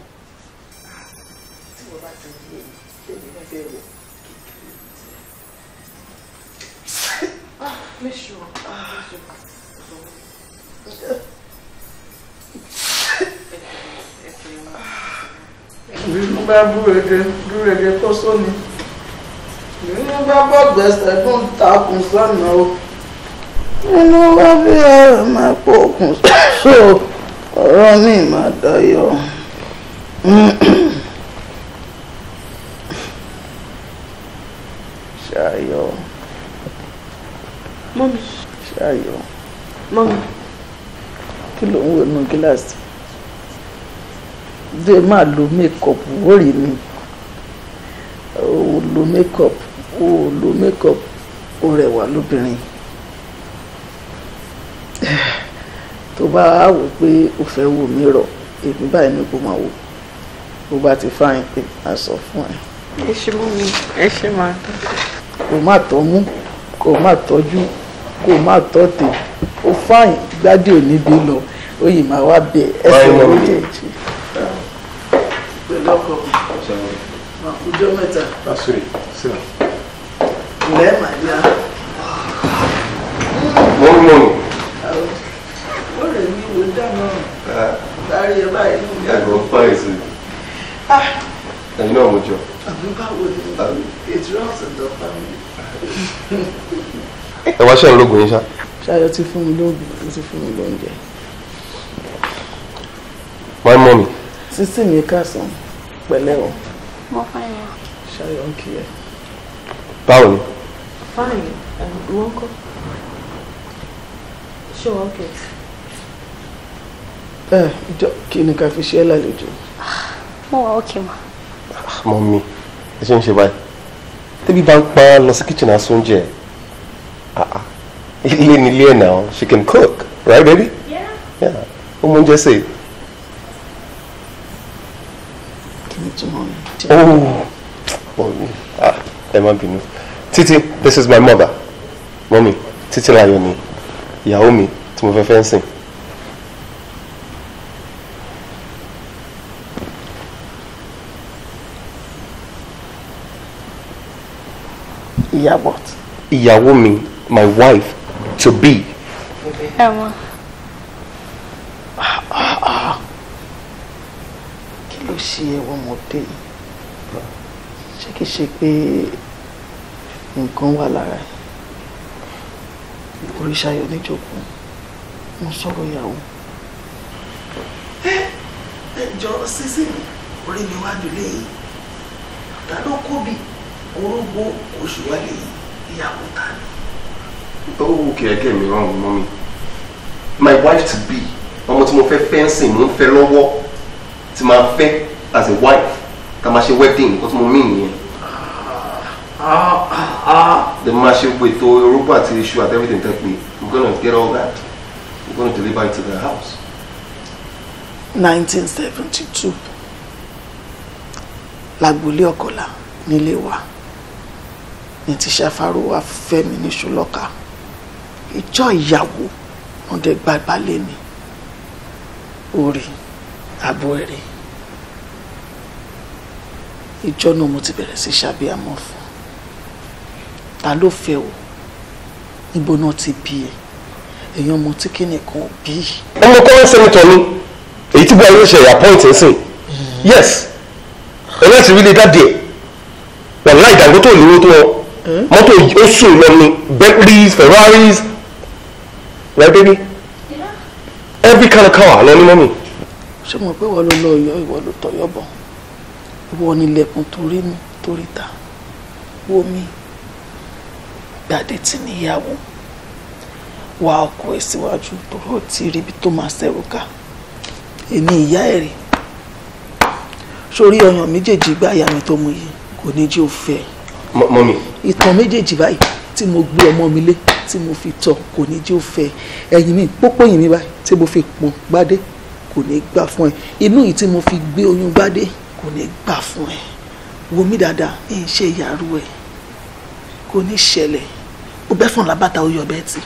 Speaker 3: tí wọ́n bá ti rí èmi èmi náà bẹ́ẹ̀ wọ kékeré ti rẹ̀. ah mẹ́sàn-án mẹ́sàn-án ìlú bá búrẹ́dẹ búrẹ́dẹ tó sóni nínú bá bọ́ gbẹ̀sẹ̀ tó ń takùn sọ́nà o
Speaker 1: nínú bá bí
Speaker 3: ọ̀rọ̀ máa pọ̀ òkun so ọ̀rọ̀ mi máa dayọ̀. ṣayọ̀. mọ́mí. ṣayọ̀. mọ́mí. kí ló ń wo inú gíláàsì dé máa lo mékọ̀pù ó mi ó lo mékọ̀pù o ò lo makeup o rẹwà lóbìnrin tó bá wò pé o fẹ́ wò mí rọ̀ èmi báyìí ni kò máa wò bó bá ti fáyín pé a sọ fún ẹ. ẹ ṣe mú mi ẹ ṣe máa tán. kò má tọ́ mú kò má tọ́jú kò má tọ́ tè ó fáyín gbádì òní bí lọ ó yìí máa wá bẹ ẹsẹ̀ méjèèjì. pẹ̀lú ọkọ̀ ọjọ́ mẹ́ta. Ah, Ǹlẹ́ màdíà. Mo ń mọ̀.
Speaker 1: Ó lè ní ìwé dáná. Lárí ẹ báyìí. Ẹ̀gbọ́n fáyì
Speaker 5: sí. Ẹ̀yin náà mo jọ.
Speaker 1: Àbí báwo ni? Ètò ọ̀sẹ̀
Speaker 5: dọ̀pá mi.
Speaker 3: Ẹ wá ṣẹ́yìn lóògùn yín ṣá. Ṣayọ̀ ti fún mi lóògùn, ó ti fún mi lóúnjẹ. My mommy. Sísìn mi kásán, pẹ̀lẹ́ o. Mo fẹ́ yẹn. Ṣayọ̀ ń kí ẹ báwo fine wọn kọ ṣé wọn kẹ. ẹ jọ kí ni ká fi ṣe é lálejò. mo wà ókè mà.
Speaker 5: mọ mi ẹ ṣe ń ṣe báyìí tẹ́bí bá ń pa lọ sí kitchen àṣọ oúnjẹ ah, ah. ilé ni ilé ẹ̀ náà she can cook right baby. yeah. yeah. ó mú oúnjẹ sè é.
Speaker 3: kí ni túmọ̀ mi.
Speaker 5: ó mọ̀ mi ẹ má bínú. Titi, this is my mother mọ́mi Titi, láyọ̀ ni ìyàwó mi tí mo fẹ́ fẹ́ ń sìn. ìyàwó. ìyàwó mi my wife to be.
Speaker 3: ẹ mọ. kí ló ṣe ẹwọ́n ọmọdé
Speaker 1: yìí
Speaker 3: ṣé kìí ṣe pé nǹkan wà lára oríṣayọ níjòkó ń sọ̀rọ̀ ìyàwó. ẹ jọ sísìn orí mi wá dùlé yìí ta ló kóbi orógbó
Speaker 1: oṣù wálé ìyàwó ta ni.
Speaker 5: owó kẹ̀kẹ́ mi ràn mọ́ mi my wife to be ọmọ tí mo fẹ́ fẹ́ǹsìn mo ń fẹ́ lọ́wọ́ tí máa fẹ́ as a wife ta máa ṣe wedding nǹkan tí mo mí nìyẹn. Ah, ah, ah the mashup with the robot issue and everything that we we're gonna get all that we're gonna deliver it to the house
Speaker 3: 1972 lágbolé ọ̀kọ̀lá nílé wa ní ti ṣàfàrọwà fẹ́mi ní ṣùlọ́ka ìjọ ìyàwó wọn dẹ̀ gbàgbà lé mi orí mo ti bẹ̀rẹ̀ sí ṣàbíàmọ́ fún ta ló fẹ́ o ibo náà ti bí ẹ èèyàn ọmọ tí kìnìún kan bí.
Speaker 5: ọmọ kọ́lá sẹ́nitọ̀ ni èyí tí buhari ṣe àpọ́ǹtì ń sìn mm. yes ẹ̀rọ ti rí lè dáàdì ẹ̀ wọ́n láì Dangote olówó tó wọn mm. mọ́tò ó sùn lọ ní Bentleys Ferraris right baby
Speaker 3: every kind of car lọ ní mọ́mì. ṣé mo pé ìwọ ló lọ yọ ìwọ ló tọyọ bọ ìwọ nílẹ̀kùn torí mi torí ta wo mi jáde tì níyàwó wa ọkọ ẹ̀ síwájú tóró ti rí ibi tó máa ṣẹ́rù ká èmi ìyá ẹ̀ rè sórí ọyàn méjèèjì gbá ìyá mi tó mu yìí kò ní jí o fẹ́ mọ́mí ìtàn méjèèjì báyìí tí mo gbé ọmọ mi lé tí mo fi tọ́ kò ní jí o fẹ́ ẹ̀yìn mi pópó yìí mi báyìí tí mo fi pò gbádé kò ní gbà fún ẹ inú yìí tí mo fi gbé oyún gbádé kò ní gbà fún ẹ wo mi dáadáa ẹ ń ṣe ìyàrú ẹ kò ní ṣẹlẹ̀ ó bẹ́ fún làbàtà ó yọ bẹ́ẹ̀ tì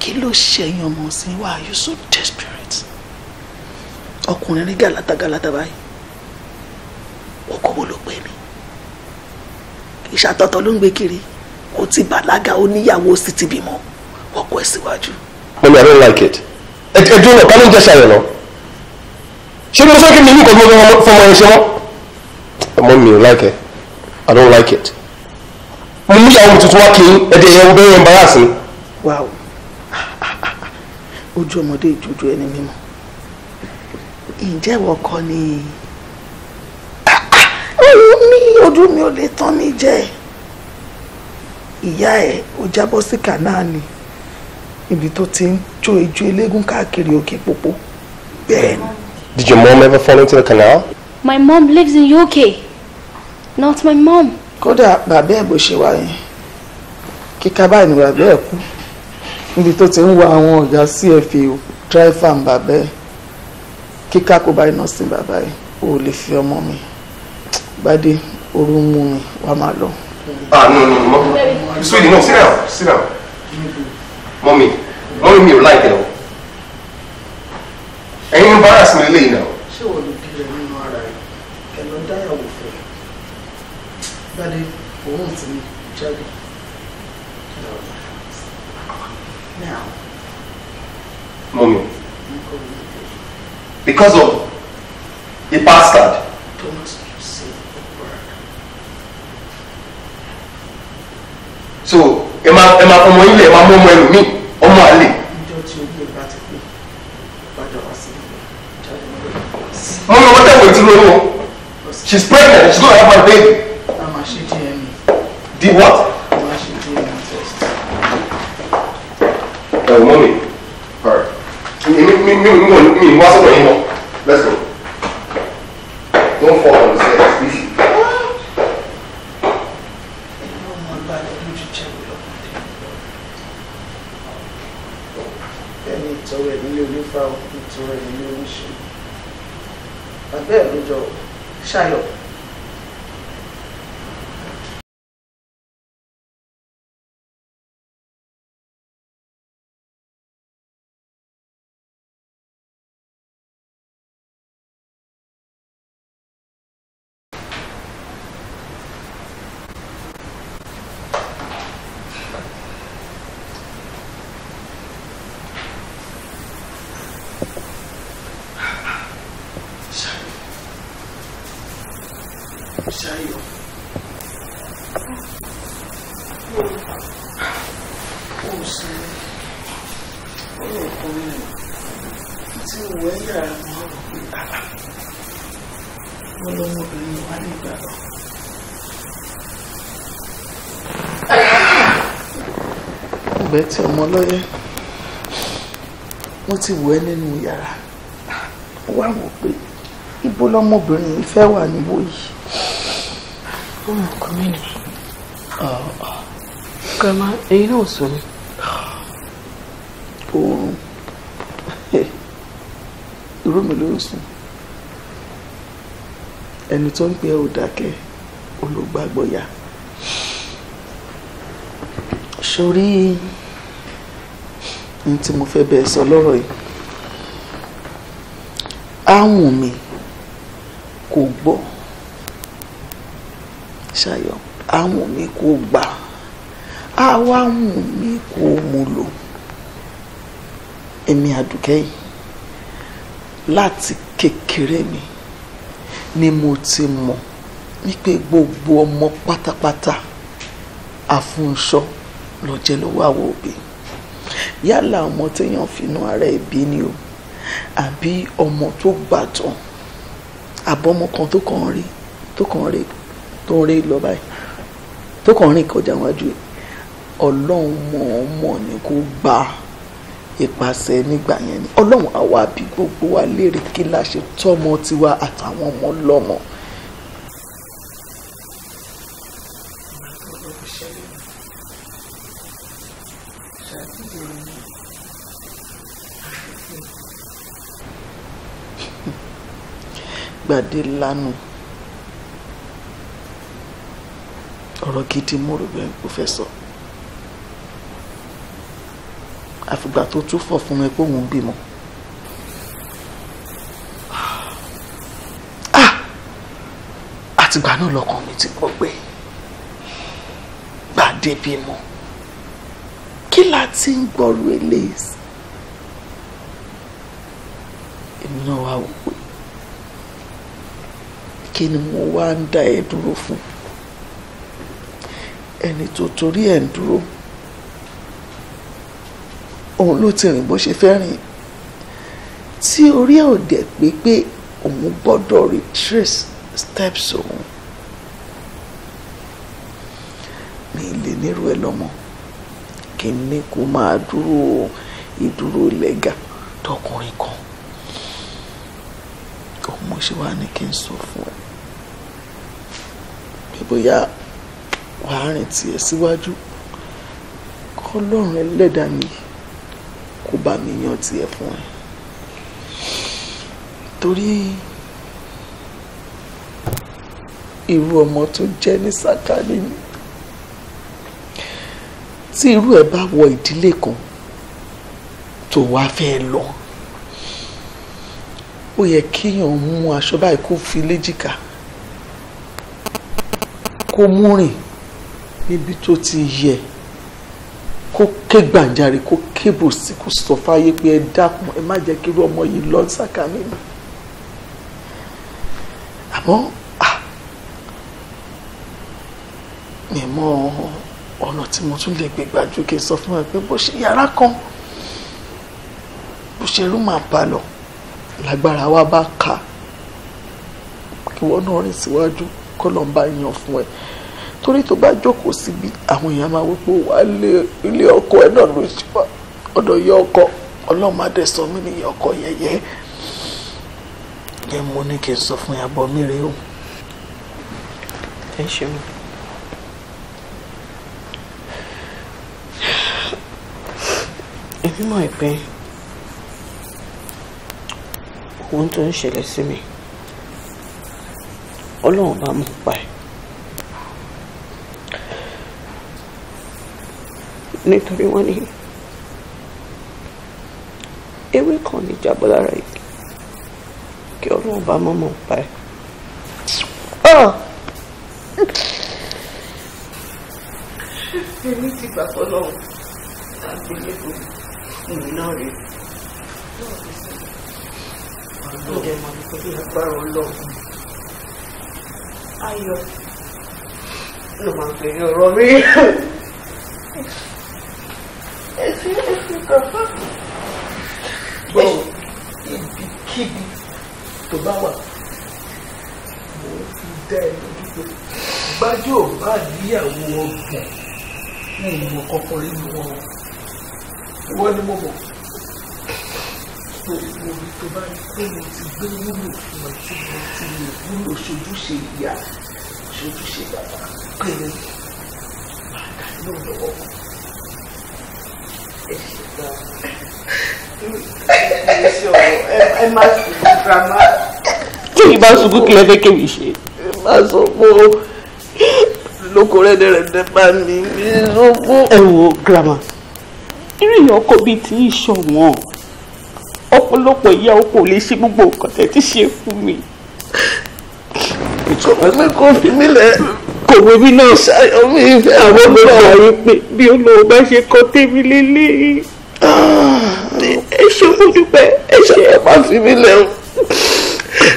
Speaker 3: kí ló ṣẹyìn ọmọ sí why are you so desperate ọkùnrin rí gàlátà gàlátà báyìí ọkọ wo ló pè mí ìṣàtọ̀tọ̀ ló ń gbé kiri ó ti bàlágà ó níyàwó ó sì ti bímọ ọkọ ẹ̀ síwájú.
Speaker 5: mo i don't like it ẹ dúró náà pálọ̀ ń jẹ́ ṣàyẹ̀nà
Speaker 1: ṣé mo fẹ́ kí mi ní kò fún ọmọ ẹ ṣe mọ́
Speaker 5: ọmọ mi like it i don't like it
Speaker 3: mo mú ìyàwó tuntun wá kí ẹdẹ ẹ̀rọ bẹ́ẹ̀ embarrass mi. ojú ọmọdé ìjọjọ ẹni mímọ́ ǹjẹ́ ìwọ kọ́ ni mi ojú mi ò lè tán mi jẹ́ ìyá ẹ̀ ó jábọ́ sí kànáà ibi tó ti ń jó ijó eléégún káàkiri òkè pópó bẹ́ẹ̀ ni.
Speaker 5: Did your mom ever fall into
Speaker 3: the canal? My mom lives in UK, not my mom kódà bàbá ẹ̀ bó ṣe wà yẹn kíkà báyìí ni bàbá ẹ̀ kú níbi tó ti ń wọ àwọn ọ̀gá cfa dráìfà ń bàbá ẹ̀ kíkà kó báyìí náà sí bàbá ẹ̀ ò lè fi ọmọ mi gbádé oru mú mi wàá máa lọ.
Speaker 5: ah no no no sweetie no sit down sit down mọ́mí mọ́mí mi ò láìpẹ́ o ẹ̀yin ń bára náà. ṣé wọ́n
Speaker 3: lè bí rẹ̀ nínú ara rẹ̀ kẹ̀lọ́ dáyàwó studied for once
Speaker 1: in
Speaker 5: Because of a bastard. So, ẹ máa ẹ máa ọmọ ilé ẹ máa mú ọmọ ẹlòmíì
Speaker 3: ọmọ àlè. Ìjọ tí o tẹ̀wé tí lóyún o. She's pregnant, she's gonna have a baby. Did what? Ẹ wọ́n mi.
Speaker 5: Me, me, me, me, me, me. soro sọ̀rọ̀ yín mọ̀. Let's go. Don't fall on this.
Speaker 3: lọ́yẹ́ wọ́n ti wọ̀ ẹ́ nínú yàrá wọ́n wá wò pé ibo lọ́mọbìnrin yìí fẹ́ wà níwò yìí. ó mọ ọkọ mi ni grandma èyí náà sọ ni. oorun irú mi ló ń sùn ẹni tó ń pè ẹ́ ò dákẹ́ olùgbàgbọ́ ya sórí ní tí mo fẹ́ bẹ́ẹ̀ sọ lọ́rọ̀ yìí áwùn mi kò gbọ́ ṣayọ áwùn mi kò gbà áwáwùn mi kò múlò èmi àdùkẹ́ yìí láti kékeré mi ni mo ti mọ̀ wípé gbogbo ọmọ pátápátá àfúnṣọ ló jẹ́ lọ́wọ́ àwọn òbí yálà ọmọ téèyàn finú ara ẹ̀ bí ni o àbí ọmọ tó gbàtàn àbọ̀mọ kan tó kàn rí tó kàn rí tó ń rí lọ báyìí tó kàn rìn kọjá wájú ẹ̀ ọlọ́run mọ̀ ọ́n mọ̀ ni kó gbà á ìpàṣẹ nígbà yẹn ni ọlọ́run àwa bí gbogbo wa léèrè kí la ṣe tọ́mọ tiwa àtàwọn ọmọ lọ́mọ. gbàdé lanu ọ̀rọ̀ gidi mo rò bẹ́ẹ̀ kó fẹ́ sọ àfìgbà tó tún fọ̀ fún mi pé òun bímọ. Ah! àtìgbà náà lọkàn mi ti gbọ́ pé gbàdé bímọ kí la ti ń gbọ́rú eléyìí èmi náà wá wò pé kí ni mo wá ń dá ẹ dúró fún ẹni tó torí ẹ̀ ń dúró òun ló ti rìn bó ṣe fẹ́ rìn tí orí ẹ̀ pé pé òun gbọ́dọ̀ retrace steps òun mi lè nírú ẹ lọ́mọ kí n ní kó máa dúró ìdúró lẹ́gà tọkùnrin kan òun mo ṣe wá ní kí n sọ fún ẹ
Speaker 8: bóyá wàá
Speaker 3: rìn tiẹ̀ síwájú kọ́lọ́run ẹlẹ́dàá mi kó bá mi yan tiẹ̀ fún ẹ torí irú ọmọ tó jẹ́ ní sàkání mi tí irú ẹ̀ bá wọ ìdílé kan tó wá fẹ́ lọ ó yẹ kéèyàn mú aṣọ báyìí kó fi léjìká kó mú rìn
Speaker 8: níbi tó ti yẹ kó ké gbàǹjarè kó kébù sí kó sọ
Speaker 3: fáyé pé ẹ dákun ẹ má jẹ́ kí ọmọ yìí lọ sàkání mi àmọ́ mi mọ ọ̀nà tí mo tún lè gbé gbàjú kí n sọ fún ẹ pé bó ṣe yàrá kan bó ṣe rú màá bá lọ lágbára wa bá kà kí wọ́n náà rìn síwájú. Si kọ́lọ̀ ń bá yan fún ẹ torí tó bá jókòó síbi àwọn èèyàn máa wí pé wà á lé ilé ọkọ ẹ náà ló ṣe wá ọ̀dọ̀ yẹ ọkọ ọlọ́run má dẹ̀ ní ọkọ yẹyẹ yẹ mo ní kí n sọ fún yàbọ̀ mi rèé o. ẹ ṣeun. èmi mọ̀ ẹ́ pé ohun tó ń ṣẹlẹ̀ sí mi ọlọ́run bá mọ̀ pa ẹ̀. nítorí wọ́n ní ewé kan ní jábọ́ lára igi kí ọlọ́run bá mọ̀ mọ̀ pa ẹ̀. Ah! èmi ti gbà fọlọ́run àgbélébò mi náà rèé. ọlọ́run ọlọ́run agbára ọlọ́run ayọ̀ ló máa ń pè é ọ̀rọ̀ mi.
Speaker 1: ẹsẹ̀ ẹsẹ̀ kàfá.
Speaker 3: bọ́ọ̀ ibikíbi tó bá wà mò ń fi dá ẹ lójú pé gbájú ò bá níyàwó ní ìmọ̀ kọ̀ọ̀kan nínú wọn. ìwọ ni mo mọ̀ pé mo rí tó bá pé mo ti gbé wúlò mo ti mo ti lè wúlò ṣojúṣe ìyá ṣojúṣe bàbá péré bàtà yóò lọ́wọ́ ẹ ṣe gbà ẹ ṣe ọ̀rọ̀ ẹ má sùn grandma. tí ìbá ṣubú kí lè fẹ́ kéwì ṣe má sọ pé ó lóko rẹ́dẹ̀rẹ́dẹ́ bá mi mi sọ pé. ẹ wo grandma irú ìyọkọ bíi ti í ṣọ̀wọ́n ọ̀pọ̀lọpọ̀ ìyá o kò lè ṣe gbogbo nǹkan tẹ́ ti ṣe fún mi.
Speaker 1: ìtumọ̀ pé kò fi mí lẹ̀ kò bíbí náà ṣayọ mi ìfẹ́ àwọn ọmọ ààyè pé bí olóòwò bá ṣe kọ́ tèmi lélẹ̀. Ah, ẹ ṣe mo dúpẹ́ ẹ ṣe ẹ má fi mí lẹ̀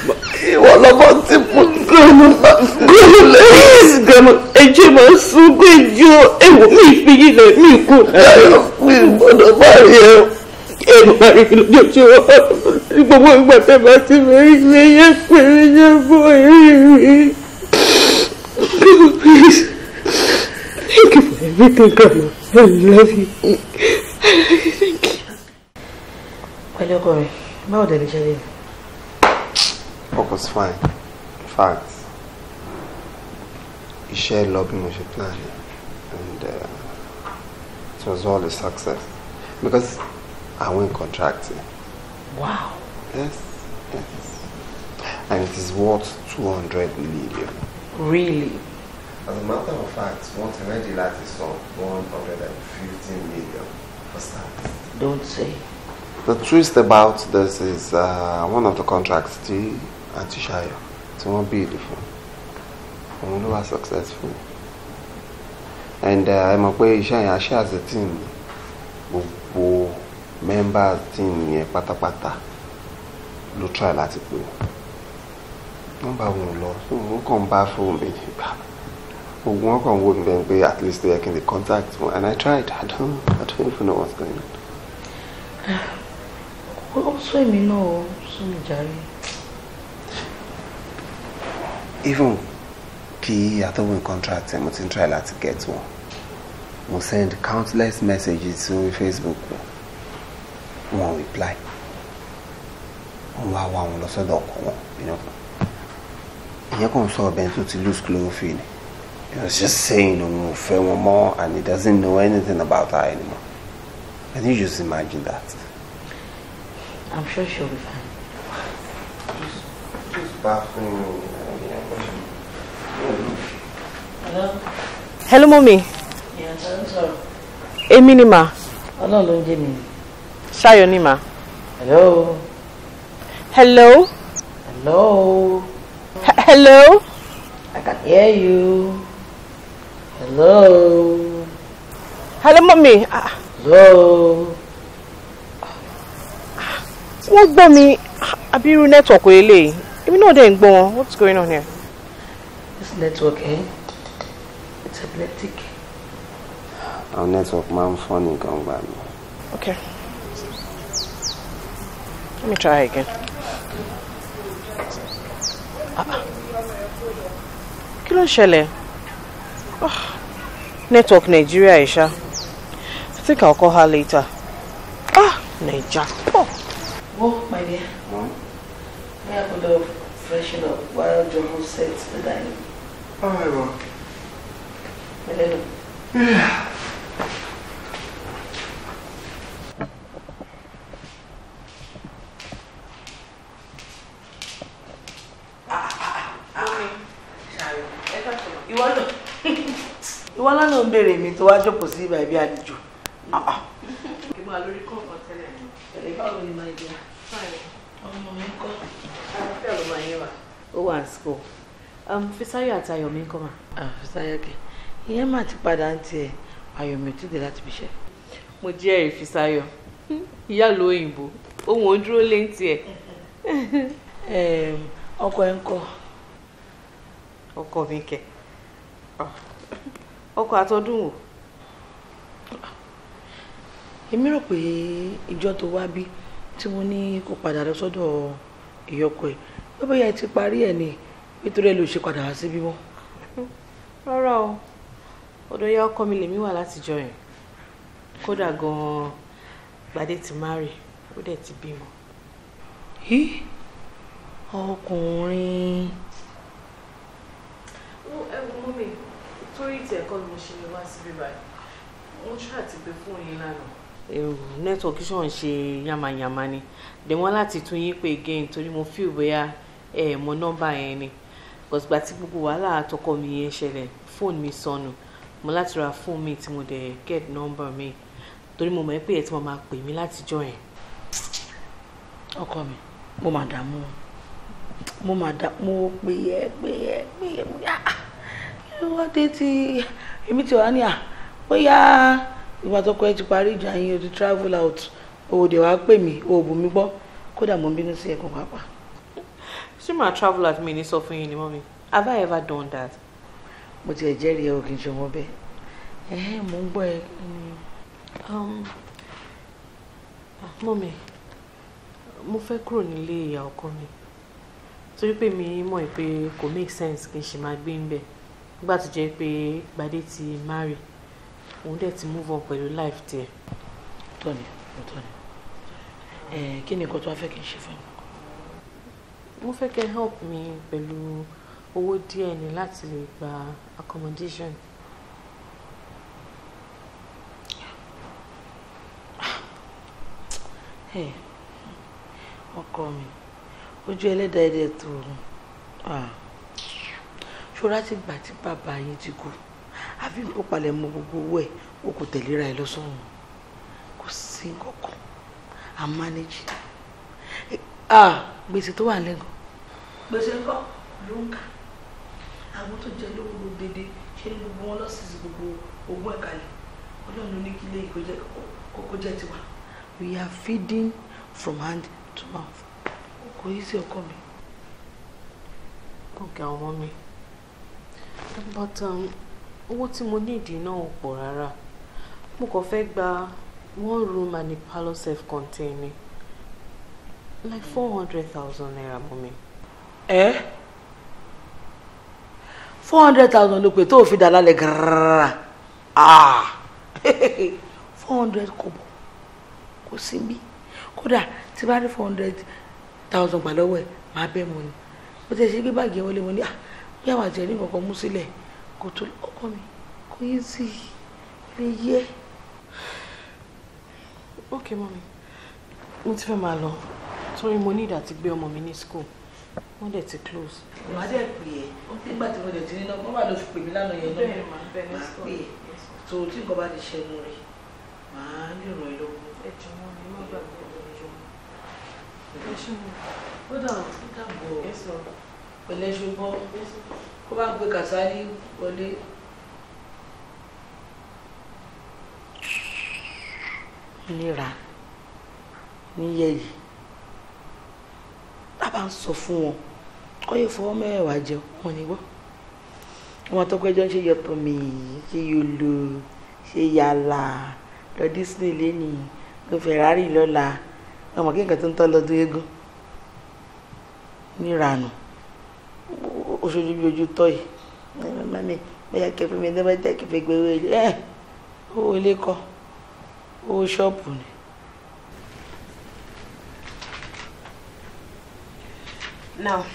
Speaker 1: o ìwọ lọ́mọ tí mo gbọ́nù bá gbọ́nù lẹ́yìn gbọ́nù ẹjẹ́ máa sunkún ẹjọ́ ẹ̀wọ̀n mi ìfiyín lẹ̀ mí kú dáyọ̀ mi ìgbọ́dọ̀ bá rí ẹ̀ o ẹnu ariwo lójú ọ̀rọ̀ gbogbo ìgbà tẹ́ bá ti mẹ́rin ṣe yẹ pé yẹ bọ́ ẹ̀rín mi. Please, thank you everything, I love you. Thank you.
Speaker 3: Pẹ̀lú ọkọ rẹ̀, báwo dẹ̀ lè ṣe lè?
Speaker 6: Purpose fine, fact, iṣẹ́ lọ bí mo ṣe plan and uh, it was all a success because I went contracting. Wow. Yes, yes. And it is worth 200 million. Really? As a matter of fact, one light is on 150 million for start. Don't say. The twist about this is uh, one of the contracts, T. Antishayo, it's more beautiful. Òun ló wá successful. And I'm uh, pé iṣẹ́ yẹn aṣẹ́ àti tíìmù members team yẹn pátápátá ló try láti pè wọ́n nọ́mbà wọn lọ fún wọn kàn bá fóònù méjì gbà ogun wọn kàn wò mí bẹ́ẹ̀ pé at least they can dey contact wọn and I tried I don't I don't even know what's going on.
Speaker 3: ó sún èmi náà ó sún mi jàre.
Speaker 6: even kí atọ́wọ́n contract ẹ̀ mo ti ń try láti get one mo send countless messages to Facebook wọn wọn reply wọn wá wá wọn lọ sọ́dọ̀ ọkọ wọn ìyẹn kò ń sọ̀rọ̀ bẹ́ẹ̀ tó ti lose chlorophyll he was just saying òun oh, ò fẹ́ wọn mọ́ and he doesn't know anything about her anymore can you just imagine that.
Speaker 3: I'm sure she'll be fine. Hello. Hello, mommy.
Speaker 2: Yeah, I'm sorry.
Speaker 3: Èmi ni mà.
Speaker 2: Ọlọ́run ló ń jẹ́ mi ni.
Speaker 3: Ṣayọ̀ ni hello. hello. hello. H hello. I can hear you. hello. hello mommy. Ah, ah. hello. wọ́n gbọ́ mi àbí irú nẹ́tíwọ̀kì eléyìí èmi náà dẹ̀ ń gbọ́ wọn what's going on here. this network eh? it's epileptic.
Speaker 6: our network máa ń fọ́ nìkan gbà mí.
Speaker 3: okay. Let me try again. Kí Shelley. ṣẹlẹ̀? Network Nigeria Isha. I think I'll call her later. Ah, Nigeria. Oh. Well, my dear. Hmm? May I could have freshen up while Jomo sets the dining? All right, my Meleno. <sighs> Yeah. ìwọ náà ló ń béèrè mi tó wá jókòó sí ibà ibi àlejò. ìgbà ah, ah. lórí kọ̀ọ̀kan mi um, àti Ayọ̀mí ń kọ́ mà. Ah, Fisáyọ̀ kẹ́ ìyẹn ti padà ń tiẹ̀ Ayọ̀mí láti mo jẹ́ ẹ̀rí Fisayo. ohun lé ń tiẹ̀. <laughs> ọkọ ọkọ mi ọkọ àtọdún wò. èmi rò pé ìjọ tó wá bí tí mo ní kó padà lọ sọ́dọ̀ ìyọkọ ẹ̀ bóyá ìyá ti parí ẹ̀ ni nítorí ẹ̀ ló ṣe padà wá síbí mọ́. rárá o ọ̀dọ̀ ìyá ọkọ mi lèmi wà látijọ́ yẹn kódà gan-an gbadé ti márì ó dẹ̀ ti bímọ. hí ọkùnrin. ẹ wo mọ́mí torí tí ẹ̀kọ́ ni mo ṣe lè wá síbí báyìí wọ́n ṣáà ti gbé fóònù yín lánàá. nẹ́tíwọ̀kì ṣàn ń ṣe yamayama ni dẹ̀ wọ́n láti tún yín pé again torí mo feel bóyá ẹ̀ mọ nọ́mbà yẹn ni gbọ̀sìgbà tí gbogbo wàhálà àtọkọ mi yẹn ṣẹlẹ̀ fóònù mi sọnù mo láti ra fóònù mi tí mo dẹ̀ get nọ́mbà mi torí mo mọ̀ pé ẹ̀ tí mo máa pè mí látijọ́ yẹn. ọkọ mi mo máa dààmú mo máa dààmú pé ẹ pé ẹ pé ẹ mo ní ah, ah ló wá dé tí èmi ti wá ní à bóyá ìwà tọkọ ẹ ti parí ìjà yín o ti travel out òde wàá pè mí òòbù mi gbọ́ kódà mo ń bínú sí ẹ̀gbọ́n pàápàá. ṣé màá travel out mi ní sọ fún yín ni mọ́mi have I ever done that. mo ti ẹ̀ jẹ́rìí ẹ ò kì í ṣe ọmọ bẹ́ẹ̀ ẹ̀hẹ́ mò ń gbọ́ ẹ. mọ́mi um, mo fẹ́ kúrò nílé ìyá ọkọ mi torí pé mi mọ̀ pé kò make sense kí n ṣe máa gbé ń bẹ̀ nígbà tó jẹ́ pé Gbadé ti marry òun dẹ̀ ti move on pẹ̀lú life tiẹ̀. tọ́ni tọ́ni ẹ kí ni nǹkan tó wá fẹ́ kí n ṣe fún mi. mo fẹ́ kẹ́ help mi pẹ̀lú owó díẹ̀ ni láti lè gba accommodation. ọkọ mi ojú ẹlẹ́dàá ẹ̀dẹ̀ tó o. Ah ṣọ́ra ti gbà tí bàbá yín ti kú àfi ń kó mọ gbogbo owó ẹ̀ o kò tẹ̀léra ẹ̀ lọ́sọ̀rùn kò sí nǹkan à ń mánéjì gbèsè tó wà lẹ́gàn. gbèsè ńkọ́ ló ń kà àwọn tó jẹ lówó ló dédé ṣé ní gbogbo wọn lọ́sìsì gbogbo owó ẹ̀ kalẹ̀ ọlọ́run ló ní kí ilé ìkọjẹ́ kókó jẹ́ tiwa. we are feeding from hand to mouth kò yí sí ọkọ mi. kò kí àwọn ọmọ mi but um, owó tí mo ní ìdí náà ò pọ̀ rárá mo kàn fẹ́ gba one room and a parlour self contained like four hundred thousand naira mọ́ mi. ẹ four hundred thousand ló pè tó fi dà lálẹ́ gàràrà ah <laughs> four hundred kò bọ̀ kò sí bí kódà tí bá rí four hundred thousand gbà lọ́wọ́ ẹ̀ máa bẹ́ mu ni bó ti ṣe gbé báàgì ẹ̀ wọlé mo ní ah yàwá àjẹrí nǹkan mú sílẹ̀ kò tó ọkọ mi kò yé sí i lè yé. ok mọ́mi mo ti fẹ́ máa lọ torí mo ní ìdá ti gbé ọmọ mi ní school wọ́n dẹ̀ ti close. màá dẹ̀ pè é nígbà tí mo dẹ̀ ti ní náà bọ́bá ló fi pè mí lánàá yẹn náà màá pè é tó tí nǹkan bá ti ṣẹnu rẹ̀ màá lè ràn ẹ́ lọ́wọ́. ẹ jọ̀ọ́ mọ́ mi má gbàgbọ́ ọ̀rọ̀ ìjọba. ẹ ṣe mo ó dà ó dà bọ̀ pẹ̀lẹ́ ṣùgbọ́n kó bá ń pe Kàsálí wọlé. nira níyẹyì bàbá ń sọ fún wọn ó yẹ fọwọ́ mẹ́wàá jẹ wọn ni gbọ́ wọn tó péjọ ń ṣe yọtọ̀ mi ṣe yòlò ṣe yàlà lọ Disney lẹ́nìí lọ Ferrari lọ́la ọmọ kí nǹkan tó ń tọ́ lọ́dún eégún nírànù. No tọ́ mi mi tẹ́ kọ́ ni. Now,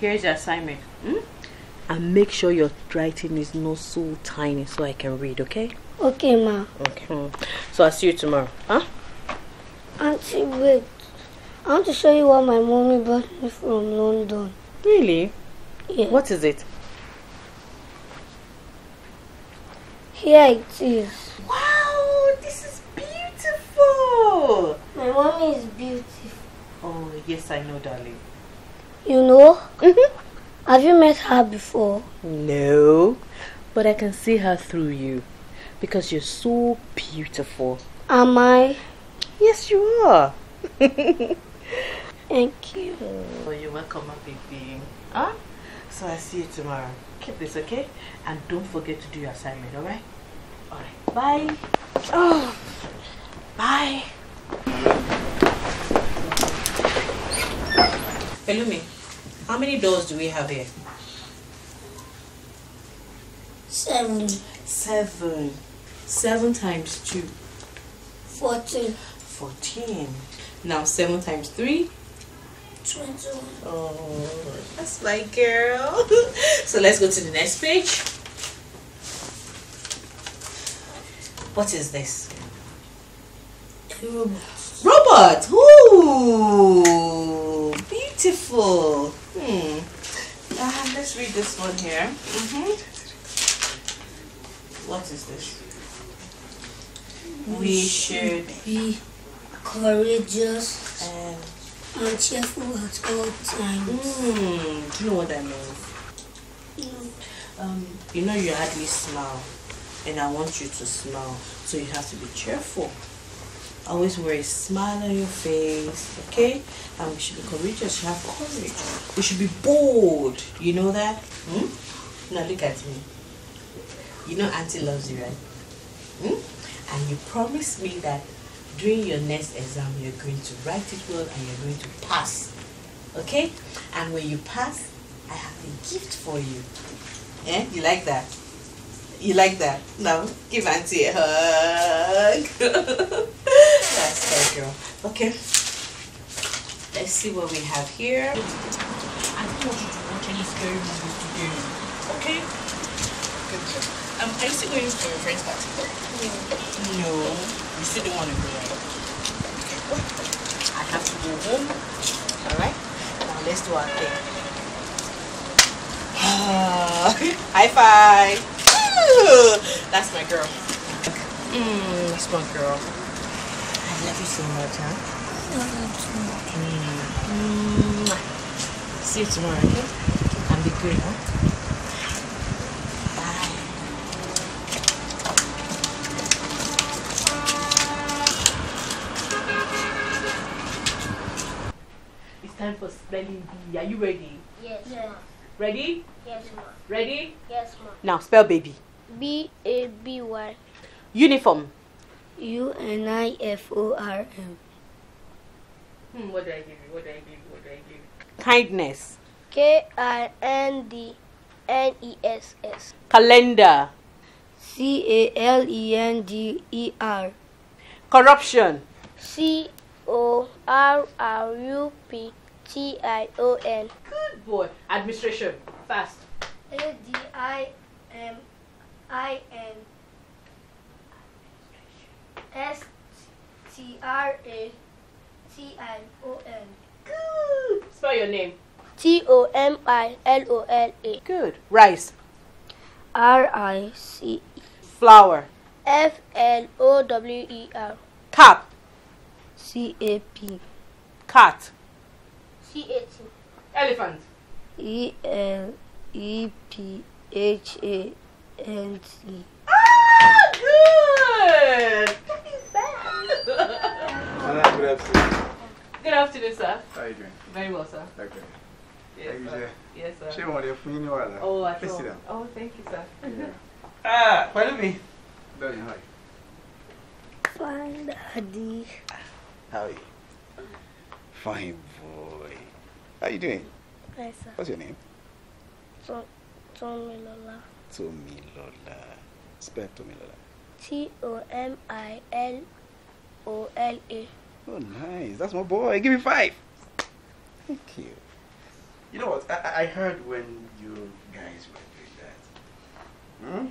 Speaker 3: here's your assignment. Hmm? And make sure your writing is not so tiny so I can read, okay? Okay, ma. Okay. Hmm. So I'll see you tomorrow, huh?
Speaker 1: Auntie, wait. I want to show you what my mommy brought me from London.
Speaker 3: Really? What is it? Here it is. Wow, this is beautiful. My mommy is beautiful. Oh, yes, I know, darling. You know? Mm-hmm.
Speaker 6: Have you met her before?
Speaker 3: No, but I can see her through you because you're so beautiful. Am I? Yes, you are. <laughs> Thank you. Oh, you're welcome, my baby. Huh? So I see you tomorrow. Keep this, okay? And don't forget to do your assignment, alright? Alright, bye. Oh, bye. Elumi, how many doors do we have here? Seven. Seven. Seven times two.
Speaker 1: Fourteen.
Speaker 3: Fourteen. Now seven times three. Oh, that's my girl. <laughs> so let's go to the next page. What is this? Robot. Robot. Ooh, beautiful. Hmm. Uh, let's read this one here. Mm -hmm. What is this?
Speaker 2: We, we should
Speaker 3: be courageous and I'm cheerful at all times. Mm, do you know what that means? No. Um, you know you hardly smile, and I want you to smile, so you have to be cheerful. Always wear a smile on your face, okay? And we should be courageous, you have courage. We should be bold, you know that? Hmm? Now look at me. You know Auntie loves you, right? Hmm? And you promised me that during your next exam, you're going to write it well and you're going to pass. Okay? And when you pass, I have a gift for you. Yeah? You like that? You like that? No? Give Auntie a hug. <laughs> That's that girl. Okay. Let's see what we have here. I
Speaker 1: Okay? Um, are you still going for your friend's party? No. No.
Speaker 2: You still don't want to go right? I have to go home. Alright? Now let's do our thing.
Speaker 1: Ah, <sighs> high five. <laughs> that's my girl. Mmm, that's my girl. I love you so much, huh? I mm. Mm. mm.
Speaker 3: See you tomorrow, okay? And be good, huh? for spelling Are you ready? Yes. Ready? Yes, ma'am. Ready? Yes, ma'am. Now spell baby. B A B Y. Uniform. U N I F O R M. Hmm, what did I give you? What did I give you? What did I give you? Kindness. K I N D N E S S. Calendar. C A L E N D E R. Corruption. C O R R U P T I O N. Good boy. Administration. Fast. A D
Speaker 2: I M I N.
Speaker 3: S T R A
Speaker 2: T I O N. Good. Spell
Speaker 3: your name. T O M I L O L A. Good. Rice. R I C E. Flower. F L O W E R. Cap. C A P. Cat. T-H-A. Elephant. E
Speaker 2: L E P H A N T. Ah, good. That
Speaker 1: is bad. good afternoon. Good afternoon, sir. How are you doing? Very well, sir. Okay. Yes, Thank sir. yes, sir. She wanted
Speaker 7: to you know Oh, I Please
Speaker 1: Oh, thank you, sir. Yeah.
Speaker 7: <laughs> ah, pardon me. you? hi.
Speaker 1: Fine, Daddy.
Speaker 7: How are you? Fine, how are you doing?
Speaker 3: Hi, sir. What's your name? Tomilola.
Speaker 7: Tomilola. Spell Tomilola.
Speaker 3: T O M I L O L A. Oh,
Speaker 7: nice. That's my boy. Give me five. Thank you. You know what? I, I heard when you guys were doing that. Hmm?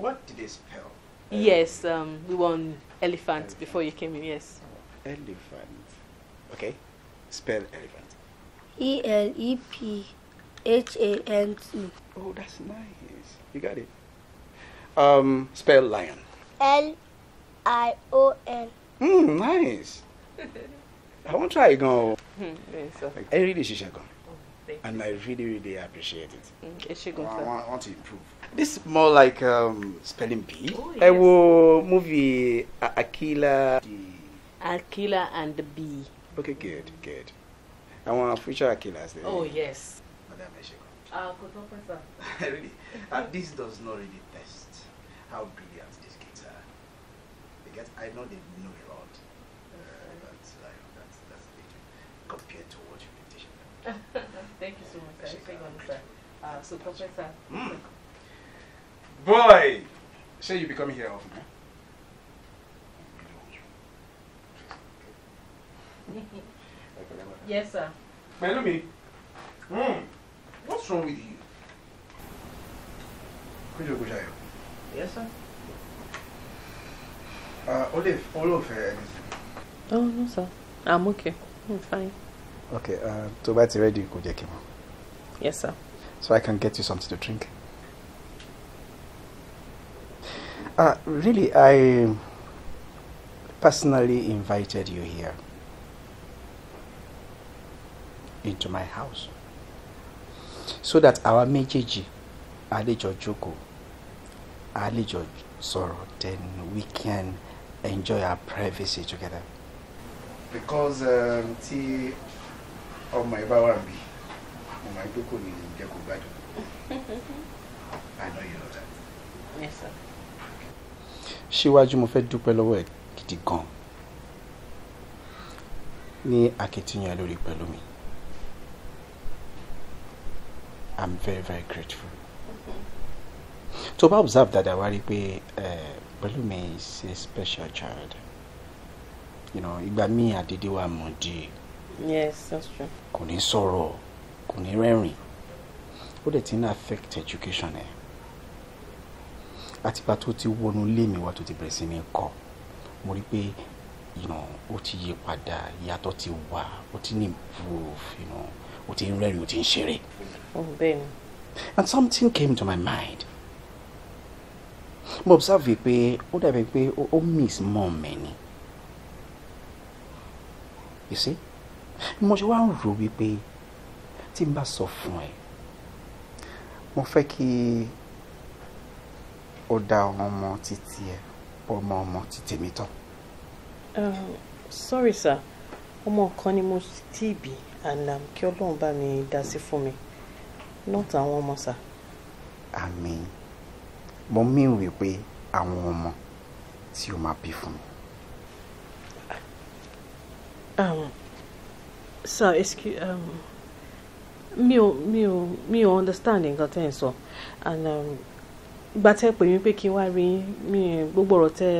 Speaker 7: What did they spell?
Speaker 3: Yes, um, we were on elephant, elephant before you came in. Yes. Elephant.
Speaker 7: Okay. Spell elephant.
Speaker 3: E L E P H A N T. Oh, that's nice.
Speaker 7: You got it. Um, spell lion.
Speaker 2: L I O N.
Speaker 7: Mm, nice. I won't try again. Hmm, I really should go. Oh, and I really, really appreciate
Speaker 3: it. Mm, I, want, I want to improve.
Speaker 7: This is more like um, spelling bee. Oh, yes. I will movie Akila.
Speaker 3: Akila and the bee. Okay, good, good
Speaker 7: àwọn future killers. oh
Speaker 3: yes. madam ẹ ṣe kan. ah kò tó pẹ́ sá.
Speaker 7: really and this does not really test how brilliant these kids are because I know they know a lot uh, but like, that's that's
Speaker 3: little compared to what you have been teaching them. <laughs> thank you so much sir ẹ ṣe kan sir ah so professor.
Speaker 7: Mm. boy say you will be coming here often. Eh? Yes, sir. Melanie, Hmm. what's wrong with you? Kujo Kujayo. Yes, sir. Uh, Olive, Olive, anything?
Speaker 3: Oh, no, sir. I'm okay. I'm fine.
Speaker 7: Okay, uh, so Could you come? Yes, sir. So I can get you something to drink. Uh, really, I personally invited you here. into my house so that our méjèèjì a lè jọ jókòó then we can enjoy our privacy together. because um, tí ọmọ ẹ bá wà bí mo máa jókòó
Speaker 3: I know you know that. Yes, sir.
Speaker 7: síwájú mo fẹ́ dúpẹ́ lọ́wọ́ ẹ̀ gidi gan-an ní akitiyan lórí pẹ̀lú mi i'm very very grateful tó bá observe dada wá rí pé eh, Pẹ̀lúmi is a special child you know ìgbà míì àdédé wa mọ̀ di
Speaker 3: yes that's true
Speaker 7: kò ní sọ̀rọ̀ kò ní rẹ́rìn ó dẹ̀ ti ń affect education ẹ̀ àtìgbà tó ti wọnú ilé mi wá tó ti bẹ̀rẹ̀ sí ní kọ́ mo rí pé you know ó ti yí padà ìyàtọ̀ ti wà ó ti ní improve you know o ti ń rẹ́rìn o ti ń ṣeré. Oh, and something came to my mind mo observe pé ó dàbí pé ó miss mom mi ni you see mo ṣe wá ń rò wípé tí n bá sọ fún ẹ mo fẹ́ kí o da ọmọ títí ẹ ọmọ ọmọ títí mi tán.
Speaker 3: Um, sorry sir ọmọ kan ni mo ti bí and um, kí ọlọ́run bá mi dá sí fún mi not àwọn ọmọ sà.
Speaker 7: àmín mo mìíràn wípé àwọn ọmọ tí o máa bí fún mi.
Speaker 3: Um, sir excuse um, mi ò mi ò mi ò understand nǹkan tẹ́ ẹ̀ sọ and um, gba tẹ́ pè mí pé kí n wá rí mi gbogbo ọ̀rọ̀ tẹ́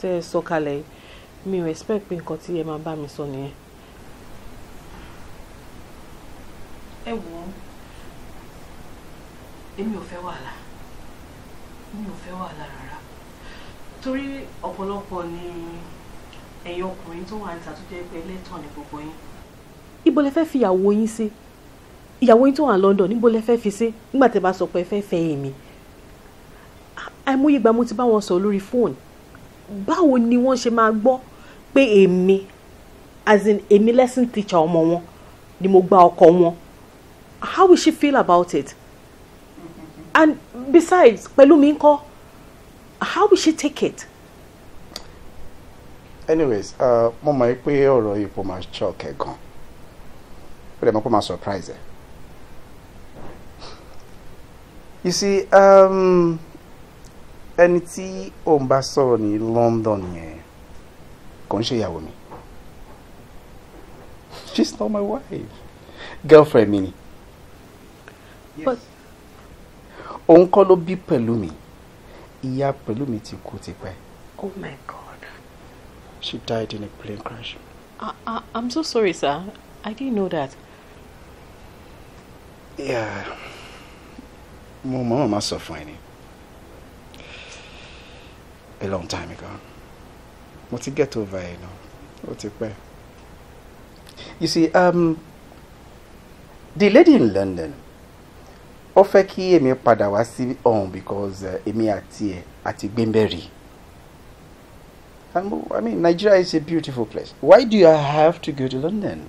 Speaker 3: tẹ́ sọ kalẹ̀ mi ò expect pé nǹkan tí ẹ máa bá mi sọ nìyẹn. ẹ wò ó èmi ò fẹ́ wàhálà èmi ò fẹ́ wàhálà rárá torí ọ̀pọ̀lọpọ̀ ni ẹ̀yin ọkùnrin tó wà níta tó jẹ́ pé ẹlẹ́tàn ni gbogbo yín. ibo lẹ fẹ́ fi ìyàwó yín sí ìyàwó yín tó wà London níbo lẹ fẹ́ fi sí nígbà tẹ́ bá sọ pé ẹ fẹ́ fẹ́ èmi àìmọye ìgbà mo ti bá wọn sọ lórí fóònù báwo ni wọ́n ṣe máa gbọ́ pé èmi as in èmi lesson teacher ọmọ wọn ni mo gba ọkọ wọn how will she feel about it and besides Pelumi ńkọ́ how will she take it.
Speaker 7: anyways uh, mo mọ̀ pé ọ̀rọ̀ yìí kò máa shock ẹ̀ gan ó dẹ̀ mọ̀ kó máa surprise ẹ̀ you see um, ẹni tí òun bá sọ̀rọ̀ ní London yẹn kò ń ṣe ìyàwó mi she's not my wife girlfriend mi ni but òun kọ́ ló bí Pẹ̀lúmi ìyá Pẹ̀lúmi ti kú tipẹ́. oh my god. she died in a plane crash.
Speaker 3: I, I, i'm so sorry sir i didn't know that.
Speaker 7: yeah mo mọ̀ ma sọ fún ẹ ni a long time ago mo ti get over ẹ nà ó ti pẹ́. you see um, the lady in London ó fẹ́ kí èmi padà wá sí ọ̀hún because eh, èmi àti ẹ̀ àti gbẹ̀mbẹ̀rì. I mean, Nigeria is a beautiful place. Why do I have to go to London?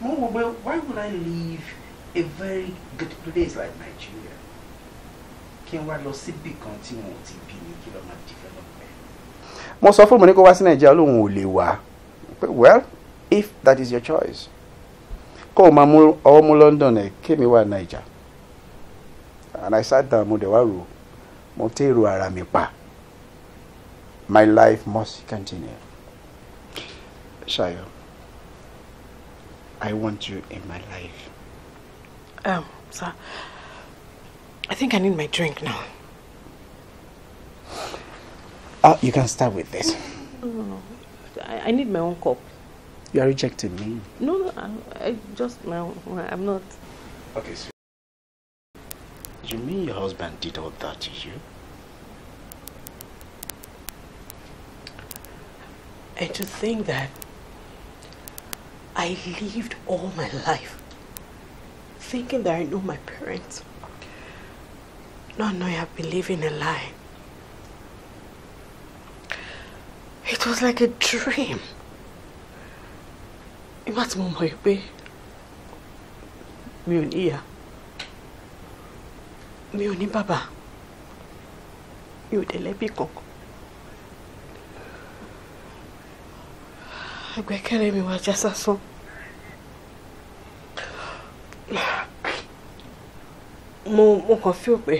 Speaker 3: Mo wò pé why would I leave
Speaker 7: a very good place like Nigeria? Kí n wá lọ síbì kan tí
Speaker 1: wọn ò ti bí mi kí lọ́ọ́ máa develop
Speaker 7: ẹ̀. Mo sọ fún mi ní kó wá sí Nàìjíríà lóun ò lè wá. Well, if that is your choice kó o máa mú ọwọ́ mú London ẹ̀ kémi wà Naija and I sat down mo dẹ̀ wá rò mo tẹ́ èrò ara mi pa my life must continue Ṣayọ̀ I want you in my life.
Speaker 3: Um, sir, I think I need my drink now.
Speaker 7: Uh, you can start with this.
Speaker 3: No, no, no. I, I need my own cup.
Speaker 7: You are rejecting me.
Speaker 3: No, no, I, I just, no, I'm not.
Speaker 7: Okay, so you mean your husband did all that to you?
Speaker 3: And to think that I lived all my life thinking that I know my parents, not knowing I've been living a lie. It was like a dream. nígbà tí mo mọ̀ yìí pé mi ò ní ìyá mi ò ní bàbá mi ò dẹ̀ lẹ́bí kankan àgbẹ́kẹ̀lé mi wá já sásán. mo mo kàn fí ò pé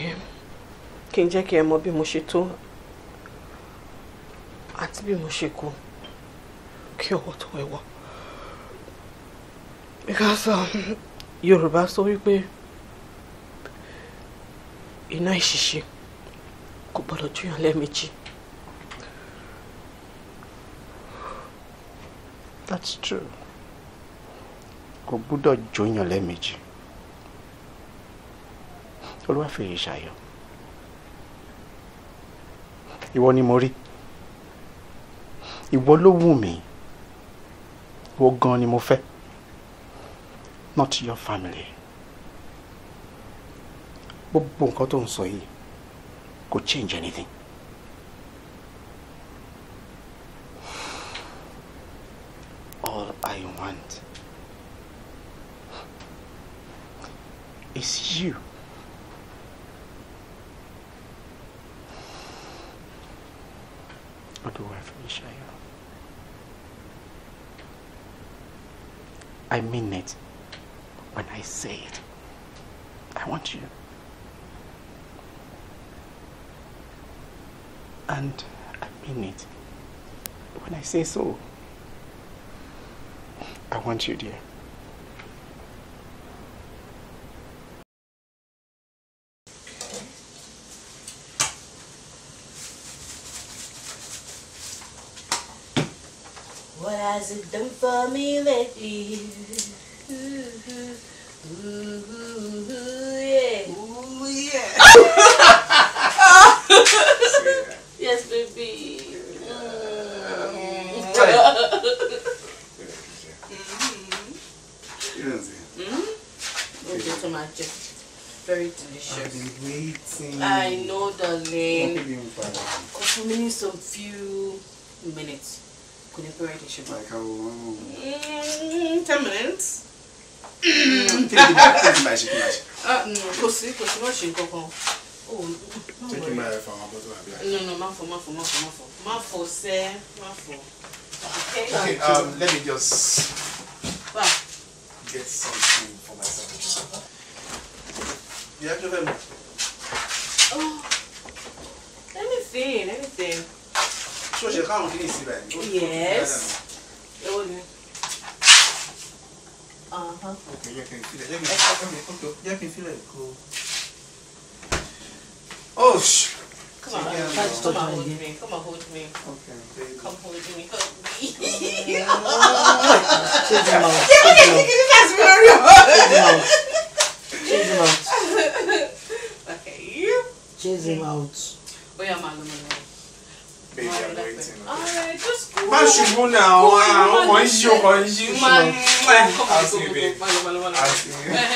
Speaker 3: kí n jẹ́ kí ẹ mọ bí mo ṣe tó àti bí mo ṣe kú kí ọwọ́ tó ẹwọ́. E because um, Yorùbá sọ wípé iná ìṣiṣẹ́ kò gbọ́dọ̀ júyàn lẹ́ẹ̀mejì.
Speaker 7: that's true. kò gbọ́dọ̀ júyàn lẹ́ẹ̀mejì. olúwàfẹ̀yẹ ṣayọ ìwọ ni mo rí ìwọ ló wù mí ìwọ gan ni mo fẹ́. not your family but nǹkan tó ń sọ change anything all I want is you. I, Felicia. I mean it when I say it. I want you. And I mean it. When I say so, I want you, dear.
Speaker 3: What
Speaker 2: has it done for me lately? Ooh, yeah. Ooh, <laughs> yeah. yes, baby. Mm-hmm. Mm.
Speaker 3: Mm-hmm. mm. mm. Okay, to my chest. Very delicious. I've been
Speaker 1: waiting. I
Speaker 3: know, darling. Because we need some few minutes. Could you ready, Shabba? Like how long? Mm, 10 minutes. let me just get
Speaker 7: something for myself. ìyá tó fẹ́ mọ̀. anything anything. ṣé o ṣe káwọn kí ni ìsinmi ẹ̀ ní. yes.
Speaker 3: Uh-huh.
Speaker 8: Okay, yeah, I can feel it. Yeah, can, okay,
Speaker 3: okay. Yeah, can feel it. Cool. Oh, sh
Speaker 2: Come on, yeah, come, come on, hold me.
Speaker 3: Come on, hold me. Okay, baby. Come hold me. Hug me.
Speaker 1: <laughs> <laughs> yeah, we can take it. That's very hard.
Speaker 2: Cheese him out.
Speaker 3: Okay, you. Cheese him out. Oh, yeah, my
Speaker 2: pay their rent. Má ṣubú
Speaker 3: náà àwọn
Speaker 6: àwọn kan ń ṣe ọkọ̀ ń ṣe ń ṣe. Ask me babe. Ask me. <laughs>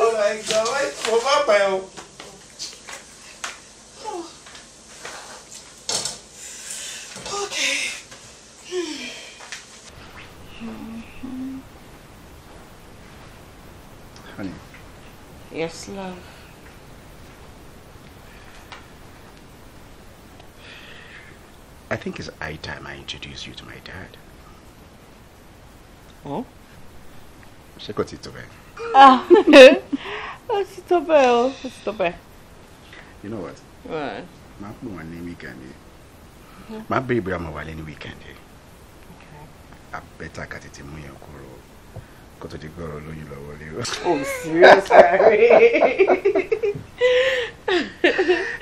Speaker 1: Oh my God, mo bá bẹ̀ o. Okay. Honey. Yes, love.
Speaker 7: I think it's high time I introduce you to my dad. Oh? Ṣé kò ti tó bẹ́ẹ̀?
Speaker 3: Ah! <laughs> Ó ti tó bẹ́ẹ̀ o, ó ti tó bẹ́ẹ̀.
Speaker 7: You know what? What? My pè wọ́n ní weekend yìí.
Speaker 1: Mm-hmm.
Speaker 7: Máa bẹ̀rẹ̀ bóyá mo wà I better yìí. Okay. Abẹ́ta kàtìtì mú kó tó di pé ọ̀rọ̀ lóyún lọ
Speaker 5: wọlé o.
Speaker 1: oh <laughs> <laughs> serious Larry.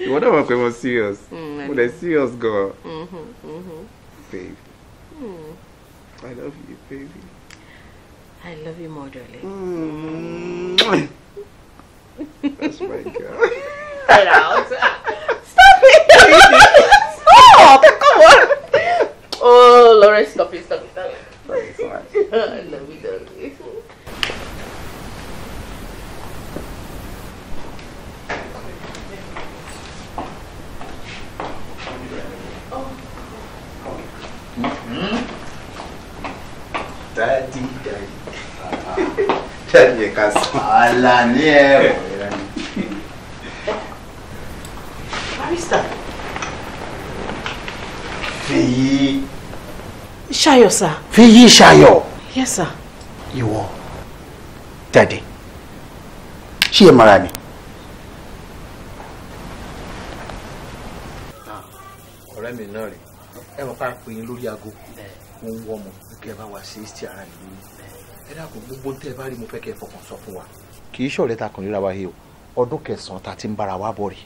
Speaker 1: ìwọ náà mọ̀ pé mo serious mo dẹ̀ serious gan.
Speaker 5: babe
Speaker 3: I love you baby. I love you more darling.
Speaker 1: Mm.
Speaker 2: That's my <laughs> girl. Get out.
Speaker 1: Stop it. Stop. Come on. Oh,
Speaker 3: Lauren, stop it, stop it, stop it. so much. I love you,
Speaker 1: darling.
Speaker 7: Daddy, daddy,
Speaker 6: daddy, yẹ ká sọ.
Speaker 7: ala ni ẹ wọ.
Speaker 3: barista.
Speaker 8: fèyí. ṣayọ sá. fèyí ṣayọ. yes sir. You,
Speaker 7: dadi ṣé ẹ mara ni.
Speaker 8: let me know it ẹ mọ̀ ká pè é lórí aago mo ń wọ ọmọ kí ẹ bá wa ṣe é sí ara ìlú ẹ dàpọ̀ gbogbo tẹ́ ẹ bá rí mo fẹ́ kẹ́ ẹ fọkàn sọ fún wa. kì í ṣọ̀rẹ́ ta kàn ríra wa yìí o ọdún kẹsàn-án ta ti ń bára wa bọ̀ rí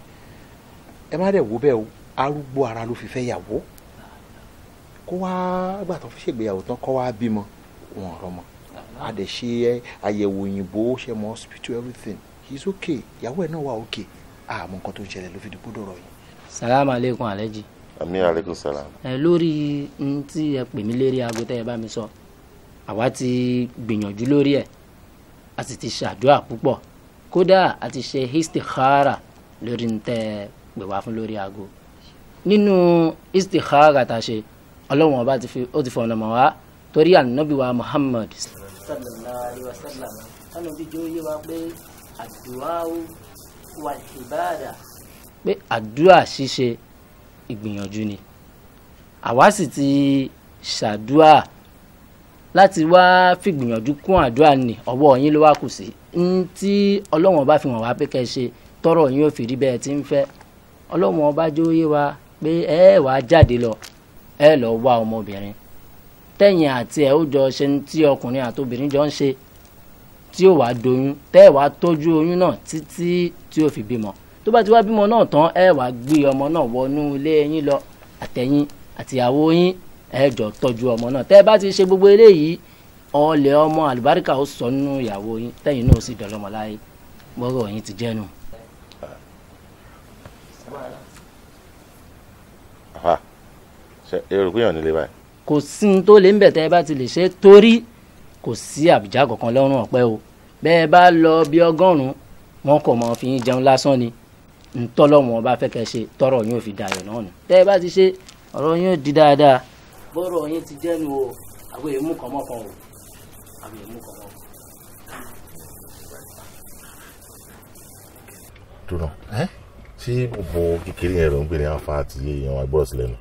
Speaker 8: ẹ má dẹ̀ wo bẹ́ẹ̀ o arúgbó ara ló fi fẹ́ yàwó kó wá gbà tó fi ṣègbéyàwó tán kó wá bímọ wọn rọmọ a dẹ̀ ṣe àyẹ̀wò òyìnbó ṣe mọ hospital everything he's okay ìyàwó ẹ̀ náà wà okay àmọ́ nǹkan tó ń ṣẹlẹ̀ ló fi
Speaker 2: dìbò dọ̀rọ̀ yìí. salaam aleykum alẹ́jì ami aleykum salam. ẹ lórí n tí ẹ pè mí lérí aago tẹ́ ẹ bá mi sọ àwa ti gbìyànjú lórí ẹ̀ a sì ti ṣàdúrà púpọ̀ kódà a ti ṣe istikhara lórí n tẹ́ ẹ pè wá fún lórí aago nínú istikhara tá a ṣe ọlọ́run ọba ó ti fọ̀nà mọ́ wa torí ànábì wa Muhammad. sallallahu alayhi wa sallam sanu bí jẹ́ wa pé àdúrà wà ìbáàdà. pé àdúrà ṣíṣe ìgbìyànjú ni àwa sì ti ṣàdúà láti wá fìgbìyànjú kún àdúà ni ọwọ́ yín ló wá kù sí n tí ọlọ́wọ́n bá fi hàn wá pé kẹ́ ẹ ṣe tọrọ yín ò fi rí bẹ́ẹ̀ tí ń fẹ́ ọlọ́wọ́n bá jó wa pé ẹ wàá jáde lọ ẹ lọ wá ọmọbìnrin tẹ̀yìn àti ẹ̀ ó jọ ṣe ń tí ọkùnrin àtobìnrin jọ ń ṣe tí ó wàá doyún tẹ́ ẹ̀ wàá tọ́jú oyún náà títí tí ó fi bímọ tó bá ti wá bímọ náà tán ẹ wá gbé ọmọ náà wọnú ilé yín lọ àtẹ̀yìn àtìyàwó yín ẹ jọ tọ́jú ọmọ náà tẹ́ ẹ bá ti ṣe gbogbo eléyìí ọlẹ̀ ọmọ àlùbáríkà ó sọ nínú ìyàwó yín tẹ́yìn náà sì dọ̀lọ́mọ láyé gbọ́rọ̀ yín ti jẹ́nu.
Speaker 4: èrò kúnyàn nílé báyìí.
Speaker 2: kò sí ní tó lè ń bẹ̀ tẹ́ ẹ bá ti lè ṣe torí kò sí àbíjà kankan lọ́rùn ọ̀pẹ o bẹ́ẹ̀ bá lọ bí ọgọ́rùn-ún wọn kò mọ̀ fi jẹun lásán ni ntọ́lọ́wọ́n bá fẹ́ kẹ́ ṣe tọrọ yín ò fi dayọ̀ náà nù. tẹ́ ẹ bá ti ṣe ọ̀rọ̀ yín ò di dáadáa. bọ́rọ̀ yín ti jẹ́ nu o àwọn èèmú kan mọ́ kan o àwọn èèmú kan mọ́ kan.
Speaker 4: dùnà tí bòbò kékeré yẹn ló ń gbèrè àfa àti èèyàn àgbọ̀rọ̀ sílẹ̀ nù.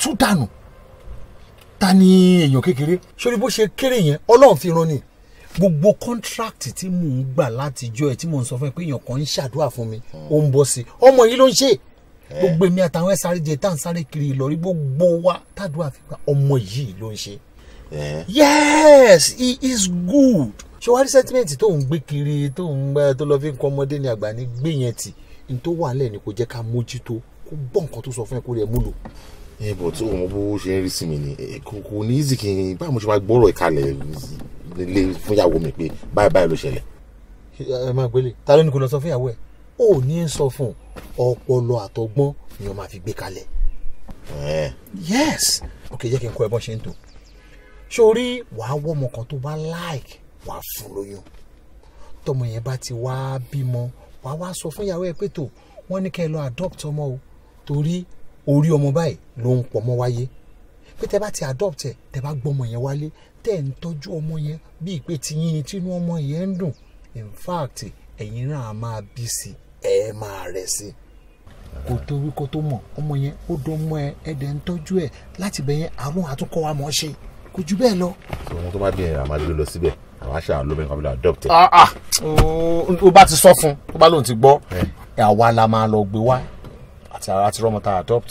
Speaker 8: tún dànù ta ni èèyàn kékeré sórí bó ṣe kéré yẹn ọlọ́run fi ran ni gbogbo contract tí mò ń gbà látijọ́ ẹ̀ tí mò ń sọ fún ẹ pé èèyàn kan ń ṣàdúrà fún mi ó ń bọ̀ sí ọmọ yìí ló ń ṣe gbogbo èmi àtàwọn ẹ̀ sáré jẹ tá à ń sáré kiri ìlọrí gbogbo wa tàdúrà fipá ọmọ yìí ló ń ṣe. yes he is good ṣé wàá rí sentiment tó ń gbé kiri tó ń gbẹ tó lọ fi ń kọ ọmọdé ní àgbà ní gbé yẹn tì ní tó wà lẹ́ẹ̀ ni kò jẹ́ ká mójútó kó bọ́ nǹkan tó sọ fún ẹ kó rẹ̀ mú lò
Speaker 4: ẹ bọ̀ tí òun bó ṣe ń rí sí mi ni kò ní í sì kí n báwo ṣe máa gbọ́rọ̀ ìkàlẹ̀ lè fún mi pé báyìí báyìí ló ṣẹlẹ̀.
Speaker 8: ẹ máa gbélé ta ló ní kó lọ sọ fún ìyàwó ẹ ò ní í sọ fún ọpọlọ àtọgbọ́n ni wọn máa fi gbé kalẹ̀. yes ok jẹ́ kí n kọ́ ẹ bọ́n ṣe ń tò sórí wàá wọ́ ọmọ kan tó bá like wàá fún lóyún tọmọ yẹn bá ti wá bímọ wàá wá sọ fún ìyàwó ẹ pé tó wọn ní kẹ́ ẹ lọ adopt ọmọ o torí orí ọmọ báyìí ló ń pọ̀ mọ́ wáyé pé tẹ bá ti adopt ẹ tẹ bá gbọ́mọ yẹn wálé tẹ̀ ń tọ́jú ọmọ yẹn bíi pé tiyín ni tínú ọmọ yẹn ń dùn in fact ẹ̀yin náà a máa bí sí ẹ máa rẹ̀ sí i kò tó orúkọ tó mọ̀ ọmọ yẹn ó dọ́mọ ẹ ẹ̀dẹ̀ ń tọ́jú ẹ̀ láti bẹ̀ yẹn àwọn àtúnkọ́ wa mọ̀ ọ́ ṣe kò jù bẹ́ẹ̀ lọ. ohun tó bá
Speaker 4: bí yẹn a máa gbé lọ síbẹ̀ àwọn aṣáà lómi kan bí lọ adopt o ah,
Speaker 8: ah. bá ti sọ fún un tó bá lóun ti gbọ́ àwa la máa lọ gbé wá àti àrà ti rọ́mọ tá adopt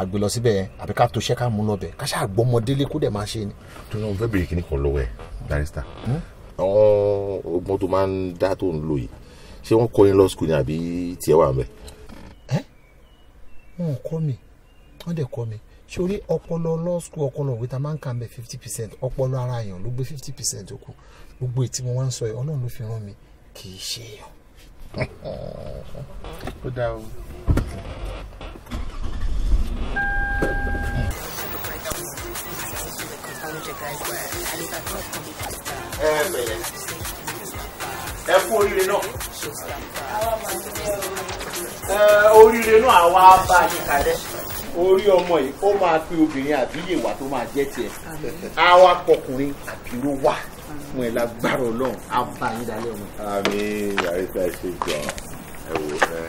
Speaker 8: àgbè lọ síbẹ̀ yẹn àbí ká to iṣẹ́ ká mú lọ bẹ̀ ká ṣáà gbọ́mọdélé kó dẹ̀ máa ṣe ni. tó náà fẹ́ bèrè kíní kan lọ́wọ́ ẹ̀ barista hmm?
Speaker 4: ọgbọ́n tó máa ń dá tó ń lò yìí ṣé wọ́n kọ́ yín lọ skul ni àbí tiẹ̀ wà ń ẹ
Speaker 8: wọn ò mi wọ́n dẹ̀ kọ́ mi sórí ọpọlọ law school ọpọlọ òwe ta máa ń kà bẹ fifty percent ọpọlọ ara èèyàn ló gbé fifty percent òkú gbogbo ètí mo wá ń sọ yìí ọlọ́run ló fi rán mi kì í ṣe èèyàn. ó dáa o. ẹ bẹ̀rẹ̀ ẹ fún oríire náà ẹ oríire náà
Speaker 2: àwa bá a ṣe
Speaker 8: kalẹ̀ orí ọmọ yìí ó máa pe obìnrin àbíyèwà tó máa jẹ́ tiẹ̀ àwa kọkùnrin àbíró wà fún ẹ lágbára Ọlọ́run á bá yín dalẹ̀
Speaker 4: ọmọ. àmì àríkà ṣe jọ ẹ wò ẹ.